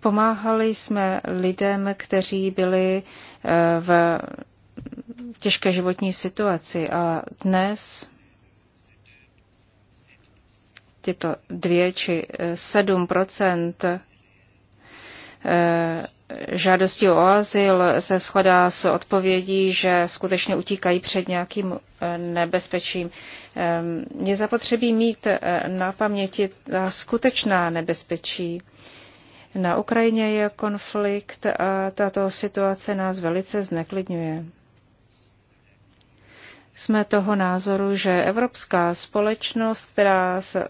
Pomáhali jsme lidem, kteří byli eh, v těžké životní situaci a dnes tyto dvě či eh, sedm procent eh, žádosti o azyl se shledá s odpovědí, že skutečně utíkají před nějakým eh, nebezpečím. Ehm, je zapotřebí mít eh, na paměti ta skutečná nebezpečí. Na Ukrajině je konflikt a tato situace nás velice zneklidňuje. Jsme toho názoru, že evropská společnost, která, se,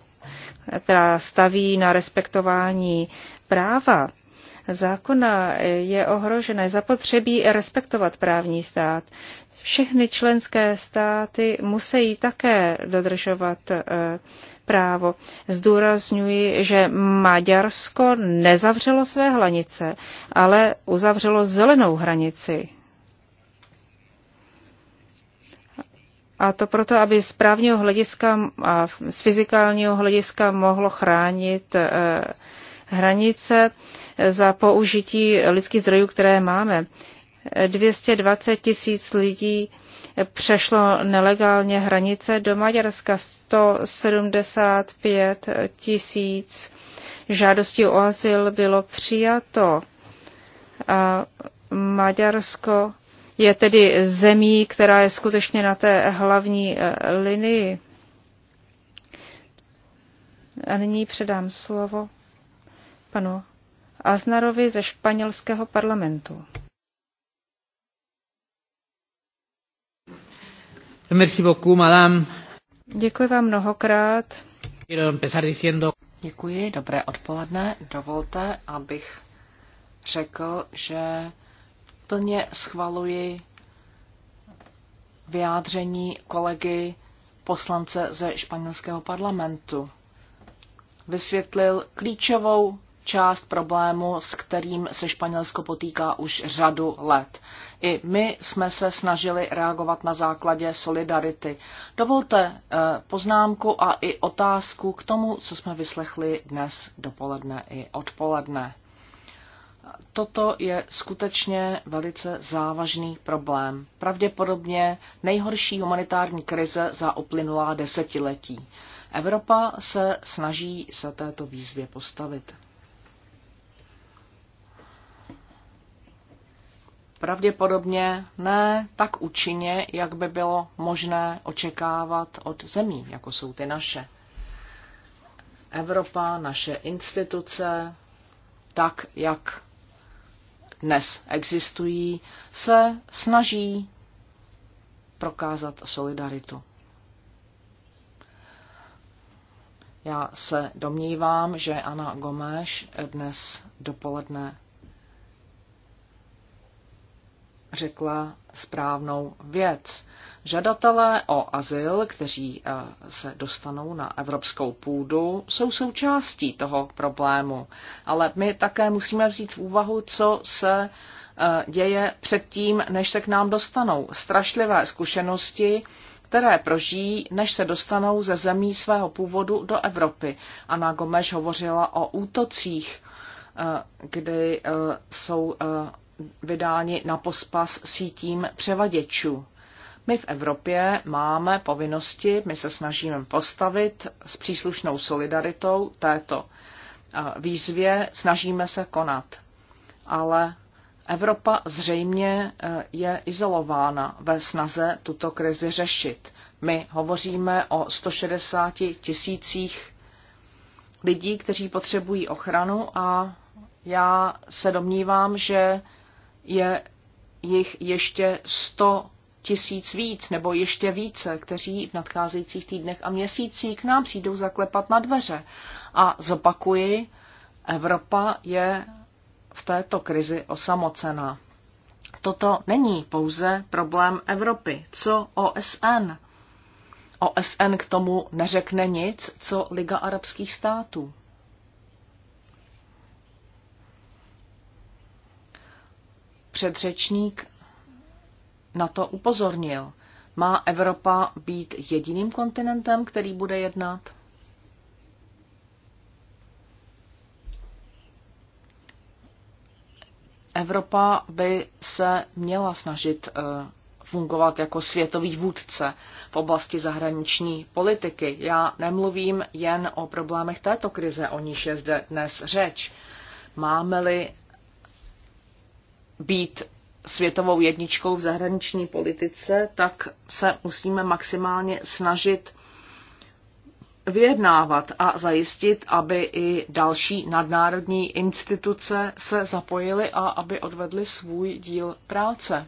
která staví na respektování práva, zákona je ohrožené, zapotřebí respektovat právní stát. Všechny členské státy musí také dodržovat eh, právo. Zdůrazňuji, že Maďarsko nezavřelo své hranice, ale uzavřelo zelenou hranici. A to proto, aby z právního hlediska a z fyzikálního hlediska mohlo chránit eh, hranice eh, za použití lidských zdrojů, které máme. 220 eh, tisíc lidí eh, přešlo nelegálně hranice do Maďarska, 175 tisíc žádostí o azyl bylo přijato. A Maďarsko je tedy zemí, která je skutečně na té hlavní linii. A nyní předám slovo panu Aznarovi ze španělského parlamentu. Merci beaucoup, madame. Děkuji vám mnohokrát. diciendo... Děkuji, dobré odpoledne. Dovolte, abych řekl, že plně schvaluji vyjádření kolegy poslance ze španělského parlamentu. Vysvětlil klíčovou část problému, s kterým se Španělsko potýká už řadu let. I my jsme se snažili reagovat na základě solidarity. Dovolte eh, poznámku a i otázku k tomu, co jsme vyslechli dnes dopoledne i odpoledne. Toto je skutečně velice závažný problém. Pravděpodobně nejhorší humanitární krize za uplynulá desetiletí. Evropa se snaží se této výzvě postavit. pravděpodobně ne tak účinně, jak by bylo možné očekávat od zemí, jako jsou ty naše. Evropa, naše instituce, tak jak dnes existují, se snaží prokázat solidaritu. Já se domnívám, že Ana Gomeš dnes dopoledne řekla správnou věc. Žadatelé o azyl, kteří eh, se dostanou na evropskou půdu, jsou součástí toho problému. Ale my také musíme vzít v úvahu, co se eh, děje předtím, než se k nám dostanou. Strašlivé zkušenosti, které prožijí, než se dostanou ze zemí svého původu do Evropy. Anna Gomeš hovořila o útocích, eh, kdy jsou vydáni na pospas sítím převaděčů. My v Evropě máme povinnosti, my se snažíme postavit s příslušnou solidaritou této eh, výzvě, snažíme se konat. Ale Evropa zřejmě eh, je izolována ve snaze tuto krizi řešit. My hovoříme o 160 tisících lidí, kteří potřebují ochranu a já se domnívám, že je jich ještě 100 tisíc víc nebo ještě více, kteří v nadcházejících týdnech a měsících k nám přijdou zaklepat na dveře. A zopakuji, Evropa je v této krizi osamocená. Toto není pouze problém Evropy. Co OSN? OSN k tomu neřekne nic, co Liga arabských států. předřečník na to upozornil. Má Evropa být jediným kontinentem, který bude jednat? Evropa by se měla snažit eh, fungovat jako světový vůdce v oblasti zahraniční politiky. Já nemluvím jen o problémech této krize, o níž je zde dnes řeč. Máme-li být světovou jedničkou v zahraniční politice, tak se musíme maximálně snažit vyjednávat a zajistit, aby i další nadnárodní instituce se zapojily a aby odvedly svůj díl práce.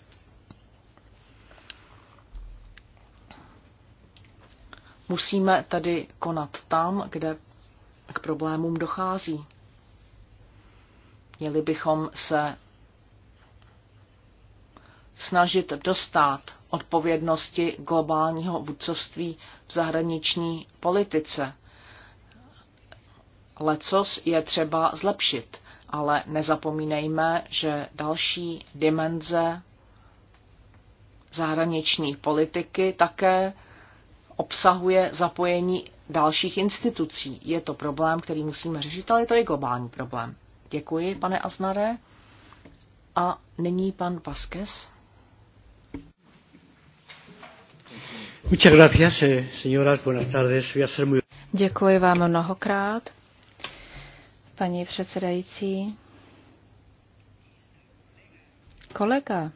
Musíme tedy konat tam, kde k problémům dochází. Měli bychom se snažit dostat odpovědnosti globálního vůdcovství v zahraniční politice. Lecos je třeba zlepšit, ale nezapomínejme, že další dimenze zahraniční politiky také obsahuje zapojení dalších institucí. Je to problém, který musíme řešit, ale je to i globální problém. Děkuji, pane Aznare. A nyní pan Vaskes. Muchas gracias, eh, señoras. Buenas tardes. Voy a ser muy... Děkuji vám mnohokrát, paní předsedající. Kolega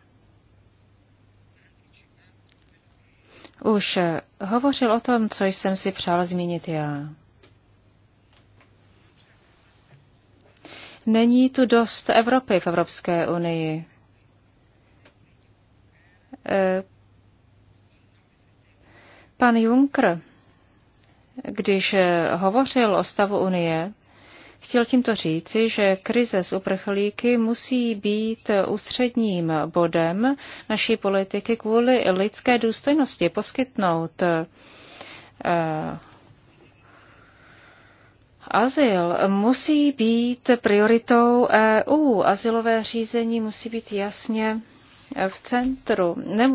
už eh, hovořil o tom, co jsem si přál zmínit já. Není tu dost Evropy v Evropské unii. Eh, Pan Juncker, když hovořil o stavu Unie, chtěl tímto říci, že krize s uprchlíky musí být ústředním bodem naší politiky kvůli lidské důstojnosti, poskytnout eh, Azyl musí být prioritou EU. Azylové řízení musí být jasně v centru. Ne,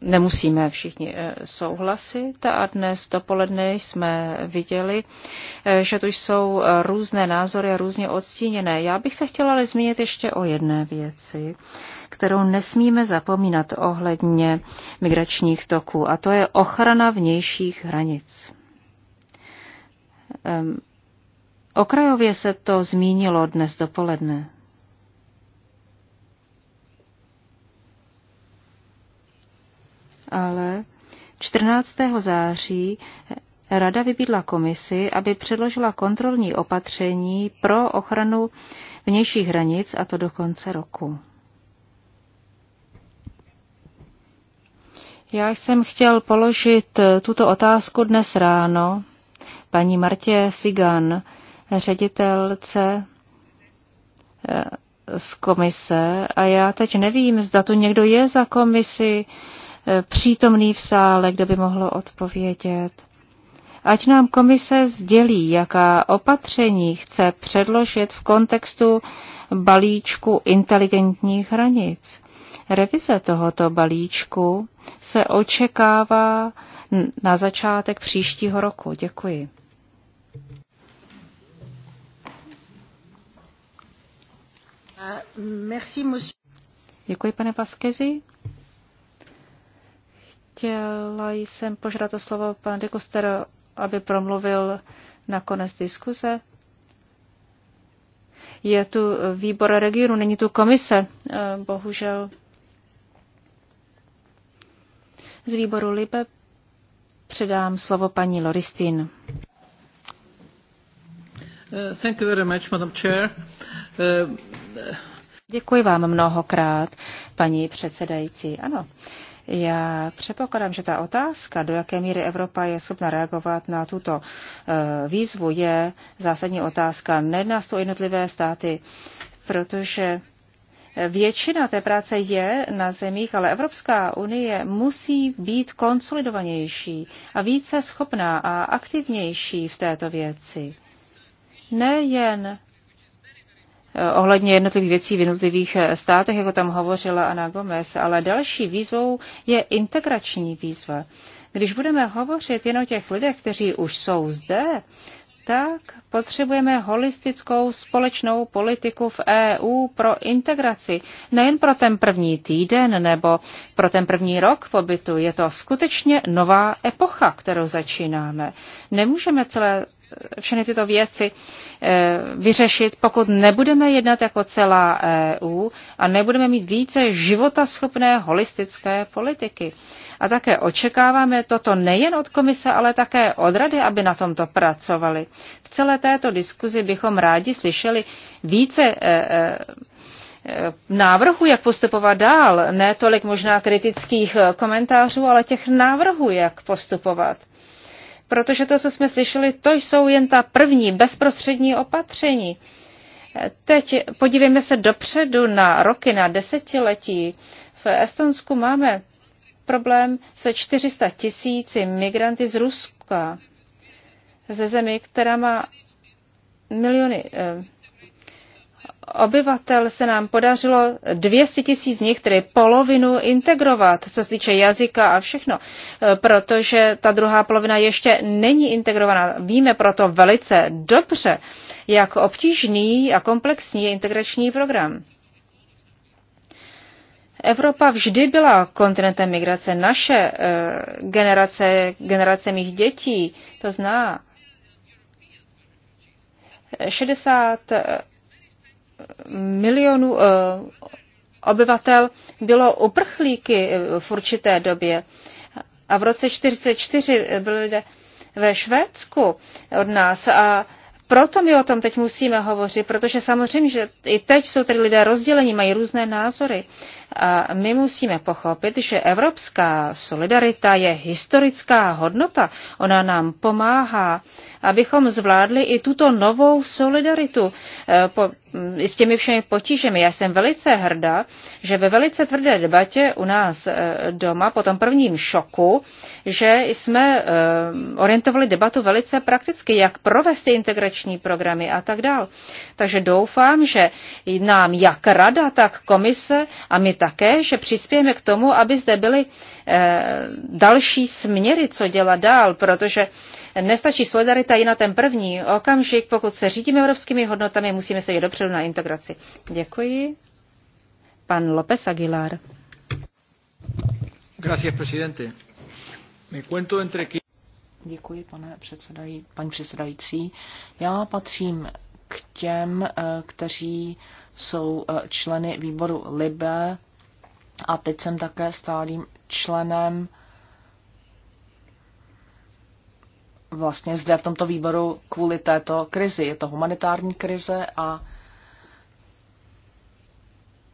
nemusíme všichni eh, souhlasit a dnes dopoledne jsme viděli, eh, že tu jsou eh, různé názory a různě odstíněné. Já bych se chtěla ale zmínit ještě o jedné věci, kterou nesmíme zapomínat ohledně migračních toků a to je ochrana vnějších hranic. Ehm, okrajově se to zmínilo dnes dopoledne. ale 14. září Rada vybídla komisi, aby předložila kontrolní opatření pro ochranu vnějších hranic, a to do konce roku. Já jsem chtěl položit eh, tuto otázku dnes ráno paní Martě Sigan, ředitelce eh, z komise. A já teď nevím, zda tu někdo je za komisi, přítomný v sále, kdo by mohl odpovědět. Ať nám komise sdělí, jaká opatření chce předložit v kontextu balíčku inteligentních hranic. Revize tohoto balíčku se očekává na začátek příštího roku. Děkuji. Euh, Děkuji, pane Paskezi. Chtěla jsem požádat o slovo pan de Koster, aby promluvil na konec diskuze. Je tu výbor regionu, není tu komise, eh, bohužel. Z výboru Libe předám slovo paní Loristin. Eh, thank you very much, Madam Chair. Eh, Děkuji vám mnohokrát, paní předsedající. Ano, já předpokládám, že ta otázka, do jaké míry Evropa je schopna reagovat na tuto eh, výzvu, je zásadní otázka. Nejedná to jednotlivé státy, protože eh, Většina té práce je na zemích, ale Evropská unie musí být konsolidovanější a více schopná a aktivnější v této věci. Nejen Eh, ohledně jednotlivých věcí v jednotlivých eh, státech, jako tam hovořila Ana Gomez, ale další výzvou je integrační výzva. Když budeme hovořit jen o těch lidech, kteří už jsou zde, tak potřebujeme holistickou společnou politiku v EU pro integraci. Nejen pro ten první týden nebo pro ten první rok pobytu. Je to skutečně nová epocha, kterou začínáme. Nemůžeme celé všechny tyto věci eh, vyřešit, pokud nebudeme jednat jako celá EU a nebudeme mít více životaschopné holistické politiky. A také očekáváme toto nejen od komise, ale také od rady, aby na tomto pracovali. V celé této diskuzi bychom rádi slyšeli více eh, eh, návrhů, jak postupovat dál, ne tolik možná kritických komentářů, ale těch návrhů, jak postupovat protože to, co jsme slyšeli, to jsou jen ta první bezprostřední opatření. Teď podívejme se dopředu na roky, na desetiletí. V Estonsku máme problém se 400 tisíci migranty z Ruska, ze zemi, která má miliony eh, obyvatel se nám podařilo 200 tisíc z nich, tedy polovinu integrovat, co se týče jazyka a všechno, e, protože ta druhá polovina ještě není integrovaná. Víme proto velice dobře, jak obtížný a komplexní je integrační program. Evropa vždy byla kontinentem migrace. Naše e, generace, generace mých dětí to zná. 60 milionů eh, obyvatel bylo uprchlíky eh, v určité době. A v roce 1944 byli lidé ve Švédsku od nás a proto my o tom teď musíme hovořit, protože samozřejmě, že i teď jsou tady lidé rozdělení, mají různé názory. A my musíme pochopit, že evropská solidarita je historická hodnota. Ona nám pomáhá, abychom zvládli i tuto novou solidaritu e, po, s těmi všemi potížemi. Já jsem velice hrdá, že ve velice tvrdé debatě u nás e, doma po tom prvním šoku, že jsme e, orientovali debatu velice prakticky, jak provést ty integrační programy a tak dál. Takže doufám, že nám jak rada, tak komise a my také, že přispějeme k tomu, aby zde byly eh, další směry, co dělat dál, protože nestačí solidarita i na ten první okamžik. Pokud se řídíme evropskými hodnotami, musíme se jít dopředu na integraci. Děkuji. Pan López Aguilar. Gracias, presidente. Me cuento entre... Děkuji, pane předsedaj... paní předsedající. Já patřím k těm, eh, kteří jsou eh, členy výboru LIBE, a teď jsem také stálým členem vlastně zde v tomto výboru kvůli této krizi. Je to humanitární krize a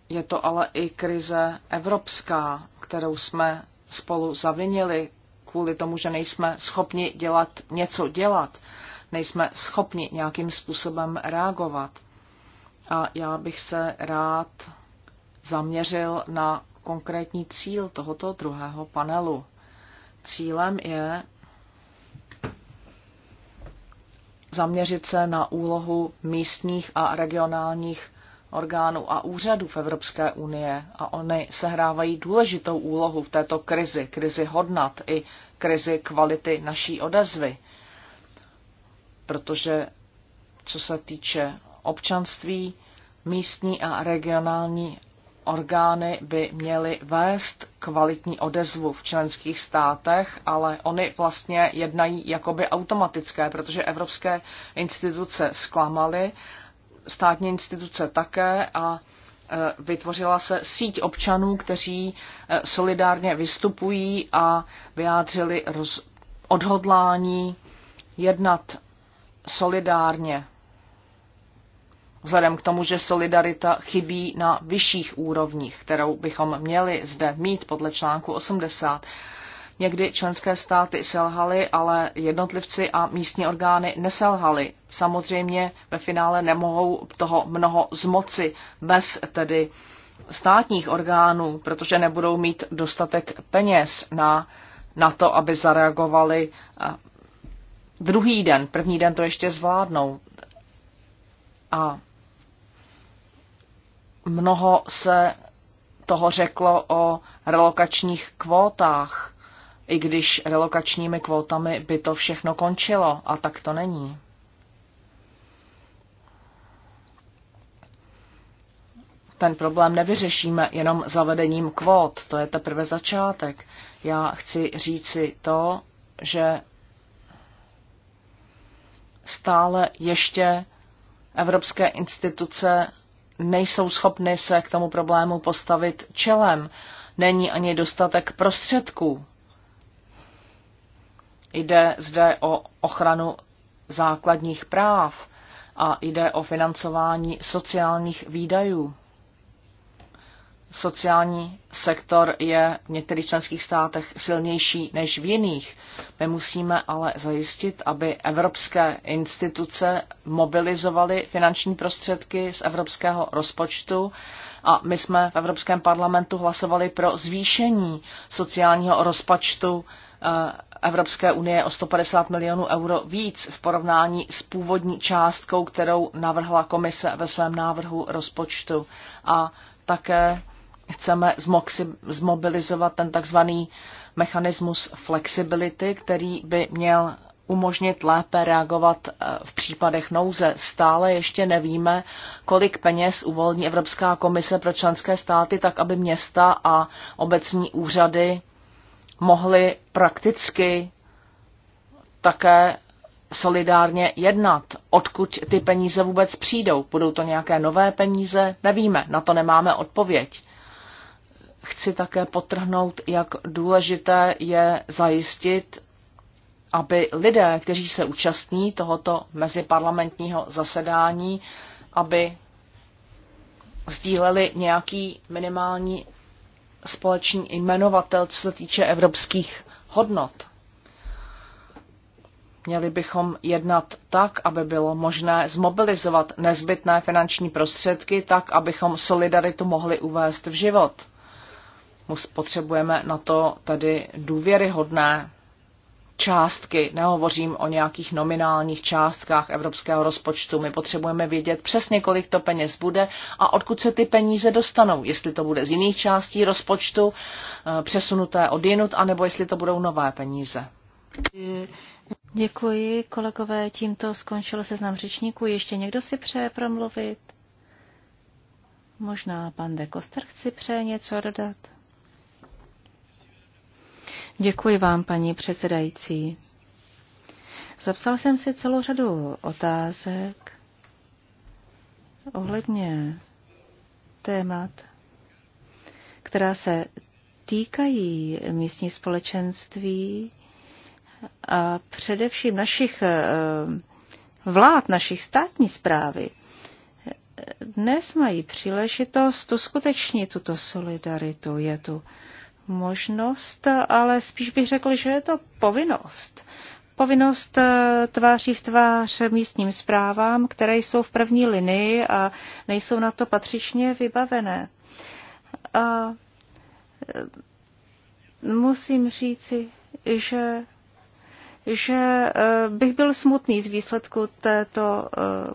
je to ale i krize evropská, kterou jsme spolu zavinili kvůli tomu, že nejsme schopni dělat něco dělat, nejsme schopni nějakým způsobem reagovat. A já bych se rád zaměřil na konkrétní cíl tohoto druhého panelu. Cílem je zaměřit se na úlohu místních a regionálních orgánů a úřadů v Evropské unie a oni sehrávají důležitou úlohu v této krizi, krizi hodnat i krizi kvality naší odezvy. Protože co se týče občanství, místní a regionální orgány by měly vést kvalitní odezvu v členských státech, ale oni vlastně jednají jakoby automatické, protože evropské instituce zklamaly, státní instituce také a e, vytvořila se síť občanů, kteří e, solidárně vystupují a vyjádřili roz, odhodlání jednat solidárně vzhledem k tomu, že solidarita chybí na vyšších úrovních, kterou bychom měli zde mít podle článku 80. Někdy členské státy selhaly, ale jednotlivci a místní orgány neselhaly. Samozřejmě ve finále nemohou toho mnoho zmoci bez tedy státních orgánů, protože nebudou mít dostatek peněz na, na to, aby zareagovali eh, druhý den. První den to ještě zvládnou. A Mnoho se toho řeklo o relokačních kvótách, i když relokačními kvótami by to všechno končilo, a tak to není. Ten problém nevyřešíme jenom zavedením kvót, to je teprve začátek. Já chci říci to, že stále ještě evropské instituce nejsou schopny se k tomu problému postavit čelem. Není ani dostatek prostředků. Jde zde o ochranu základních práv a jde o financování sociálních výdajů sociální sektor je v některých členských státech silnější než v jiných. My musíme ale zajistit, aby evropské instituce mobilizovaly finanční prostředky z evropského rozpočtu a my jsme v Evropském parlamentu hlasovali pro zvýšení sociálního rozpočtu eh, Evropské unie o 150 milionů euro víc v porovnání s původní částkou, kterou navrhla komise ve svém návrhu rozpočtu. A také Chceme zmobilizovat ten takzvaný mechanismus flexibility, který by měl umožnit lépe reagovat eh, v případech nouze. Stále ještě nevíme, kolik peněz uvolní Evropská komise pro členské státy, tak aby města a obecní úřady mohly prakticky také solidárně jednat. Odkud ty peníze vůbec přijdou? Budou to nějaké nové peníze? Nevíme, na to nemáme odpověď chci také potrhnout, jak důležité je zajistit, aby lidé, kteří se účastní tohoto meziparlamentního zasedání, aby sdíleli nějaký minimální společný jmenovatel, co se týče evropských hodnot. Měli bychom jednat tak, aby bylo možné zmobilizovat nezbytné finanční prostředky, tak, abychom solidaritu mohli uvést v život potřebujeme na to tady důvěryhodné částky, nehovořím o nějakých nominálních částkách evropského rozpočtu. My potřebujeme vědět přesně, kolik to peněz bude a odkud se ty peníze dostanou. Jestli to bude z jiných částí rozpočtu, eh, přesunuté od jinut, anebo jestli to budou nové peníze. Děkuji, kolegové. Tímto skončil seznam řečníků. Ještě někdo si přeje promluvit? Možná pan de Koster chci přeje něco dodat? Děkuji vám, paní předsedající. Zapsal jsem si celou řadu otázek ohledně témat, která se týkají místní společenství a především našich eh, vlád, našich státní zprávy. Dnes mají příležitost uskutečnit tuto solidaritu. Je tu možnost, ale spíš bych řekl, že je to povinnost. Povinnost eh, tváří v tvář místním zprávám, které jsou v první linii a nejsou na to patřičně vybavené. A eh, musím říci, že, že eh, bych byl smutný z výsledku této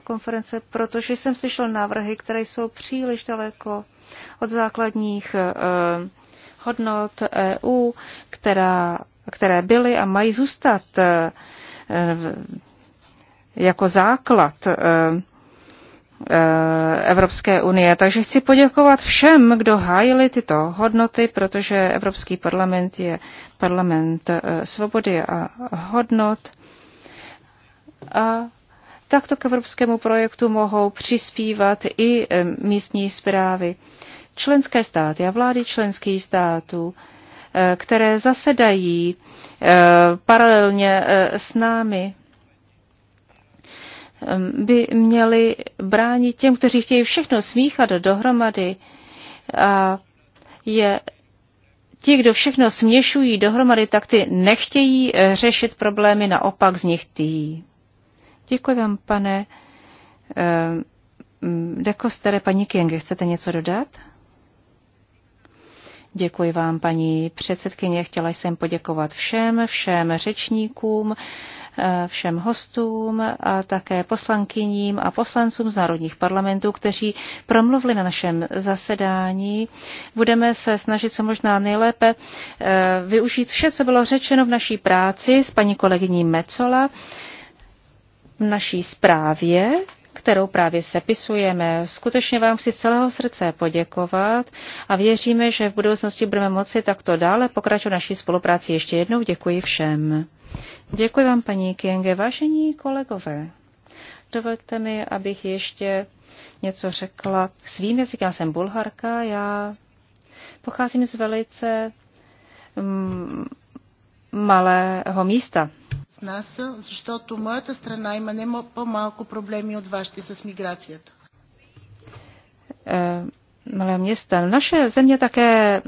konference, protože jsem slyšel návrhy, které jsou příliš daleko od základních hodnot EU, která, které byly a mají zůstat e, jako základ e, e, Evropské unie. Takže chci poděkovat všem, kdo hájili tyto hodnoty, protože Evropský parlament je parlament svobody a hodnot. A takto k evropskému projektu mohou přispívat i místní zprávy členské státy a vlády členských států, eh, které zasedají eh, paralelně eh, s námi, ehm, by měly bránit těm, kteří chtějí všechno smíchat dohromady. A je ti, kdo všechno směšují dohromady, tak ty nechtějí řešit problémy, naopak z nich tý. Děkuji vám, pane ehm, Dekostere, paní Kienge, chcete něco dodat? Děkuji vám, paní předsedkyně. Chtěla jsem poděkovat všem, všem řečníkům, eh, všem hostům a také poslankyním a poslancům z národních parlamentů, kteří promluvili na našem zasedání. Budeme se snažit co možná nejlépe eh, využít vše, co bylo řečeno v naší práci s paní kolegyní Mecola v naší zprávě, kterou právě sepisujeme. Skutečně vám chci z celého srdce poděkovat a věříme, že v budoucnosti budeme moci takto dále pokračovat naší spolupráci. Ještě jednou děkuji všem. Děkuji vám, paní Kienge. Vážení kolegové, dovolte mi, abych ještě něco řekla svým jazykem. Já jsem bulharka, já pocházím z velice mm, malého místa с нас, защото моята страна има не по-малко проблеми от вашите с миграцията. Malé města. Naše země také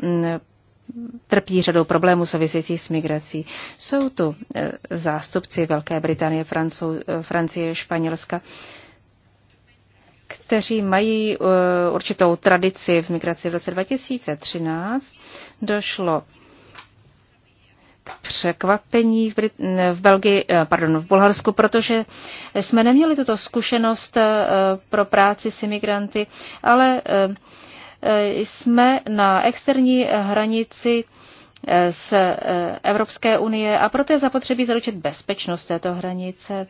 trpí řadou problémů souvisejících s migrací. Jsou tu e, zástupci Velké Británie, Francou, e, Francie, Španělska, kteří mají e, určitou tradici v migraci. V roce 2013 došlo překvapení v, Brit- v Belgii, eh, pardon, v Bulharsku, protože jsme neměli tuto zkušenost eh, pro práci s imigranty, ale eh, jsme na externí hranici z Evropské unie a proto je zapotřebí zaručit bezpečnost této hranice.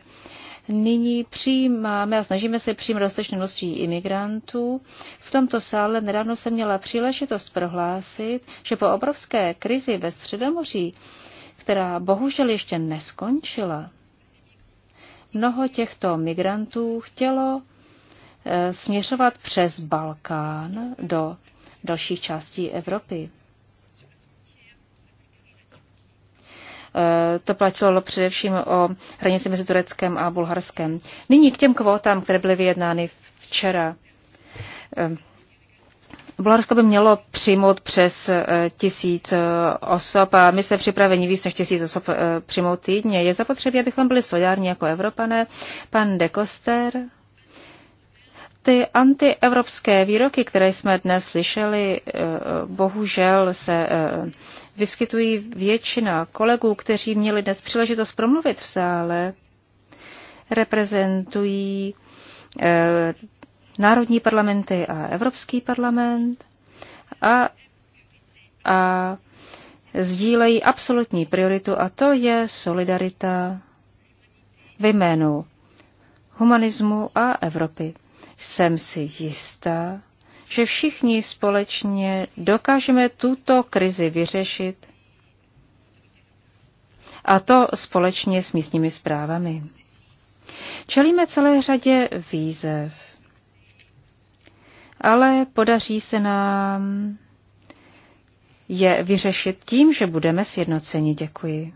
Nyní přijímáme a snažíme se přijímat dostatečné množství imigrantů. V tomto sále nedávno jsem měla příležitost prohlásit, že po obrovské krizi ve Středomoří která bohužel ještě neskončila. Mnoho těchto migrantů chtělo eh, směřovat přes Balkán do dalších částí Evropy. Eh, to platilo především o hranici mezi Tureckem a Bulharskem. Nyní k těm kvótám, které byly vyjednány včera. Eh, Bulharsko by mělo přijmout přes eh, tisíc eh, osob a my se připraveni víc než tisíc osob eh, přijmout týdně. Je zapotřebí, abychom byli solidární jako Evropané. Pan de Koster, ty antievropské výroky, které jsme dnes slyšeli, bohužel se vyskytují většina kolegů, kteří měli dnes příležitost promluvit v sále, reprezentují národní parlamenty a Evropský parlament a, a sdílejí absolutní prioritu a to je solidarita ve jménu humanismu a Evropy. Jsem si jistá, že všichni společně dokážeme tuto krizi vyřešit a to společně s místními zprávami. Čelíme celé řadě výzev ale podaří se nám je vyřešit tím, že budeme sjednoceni. Děkuji.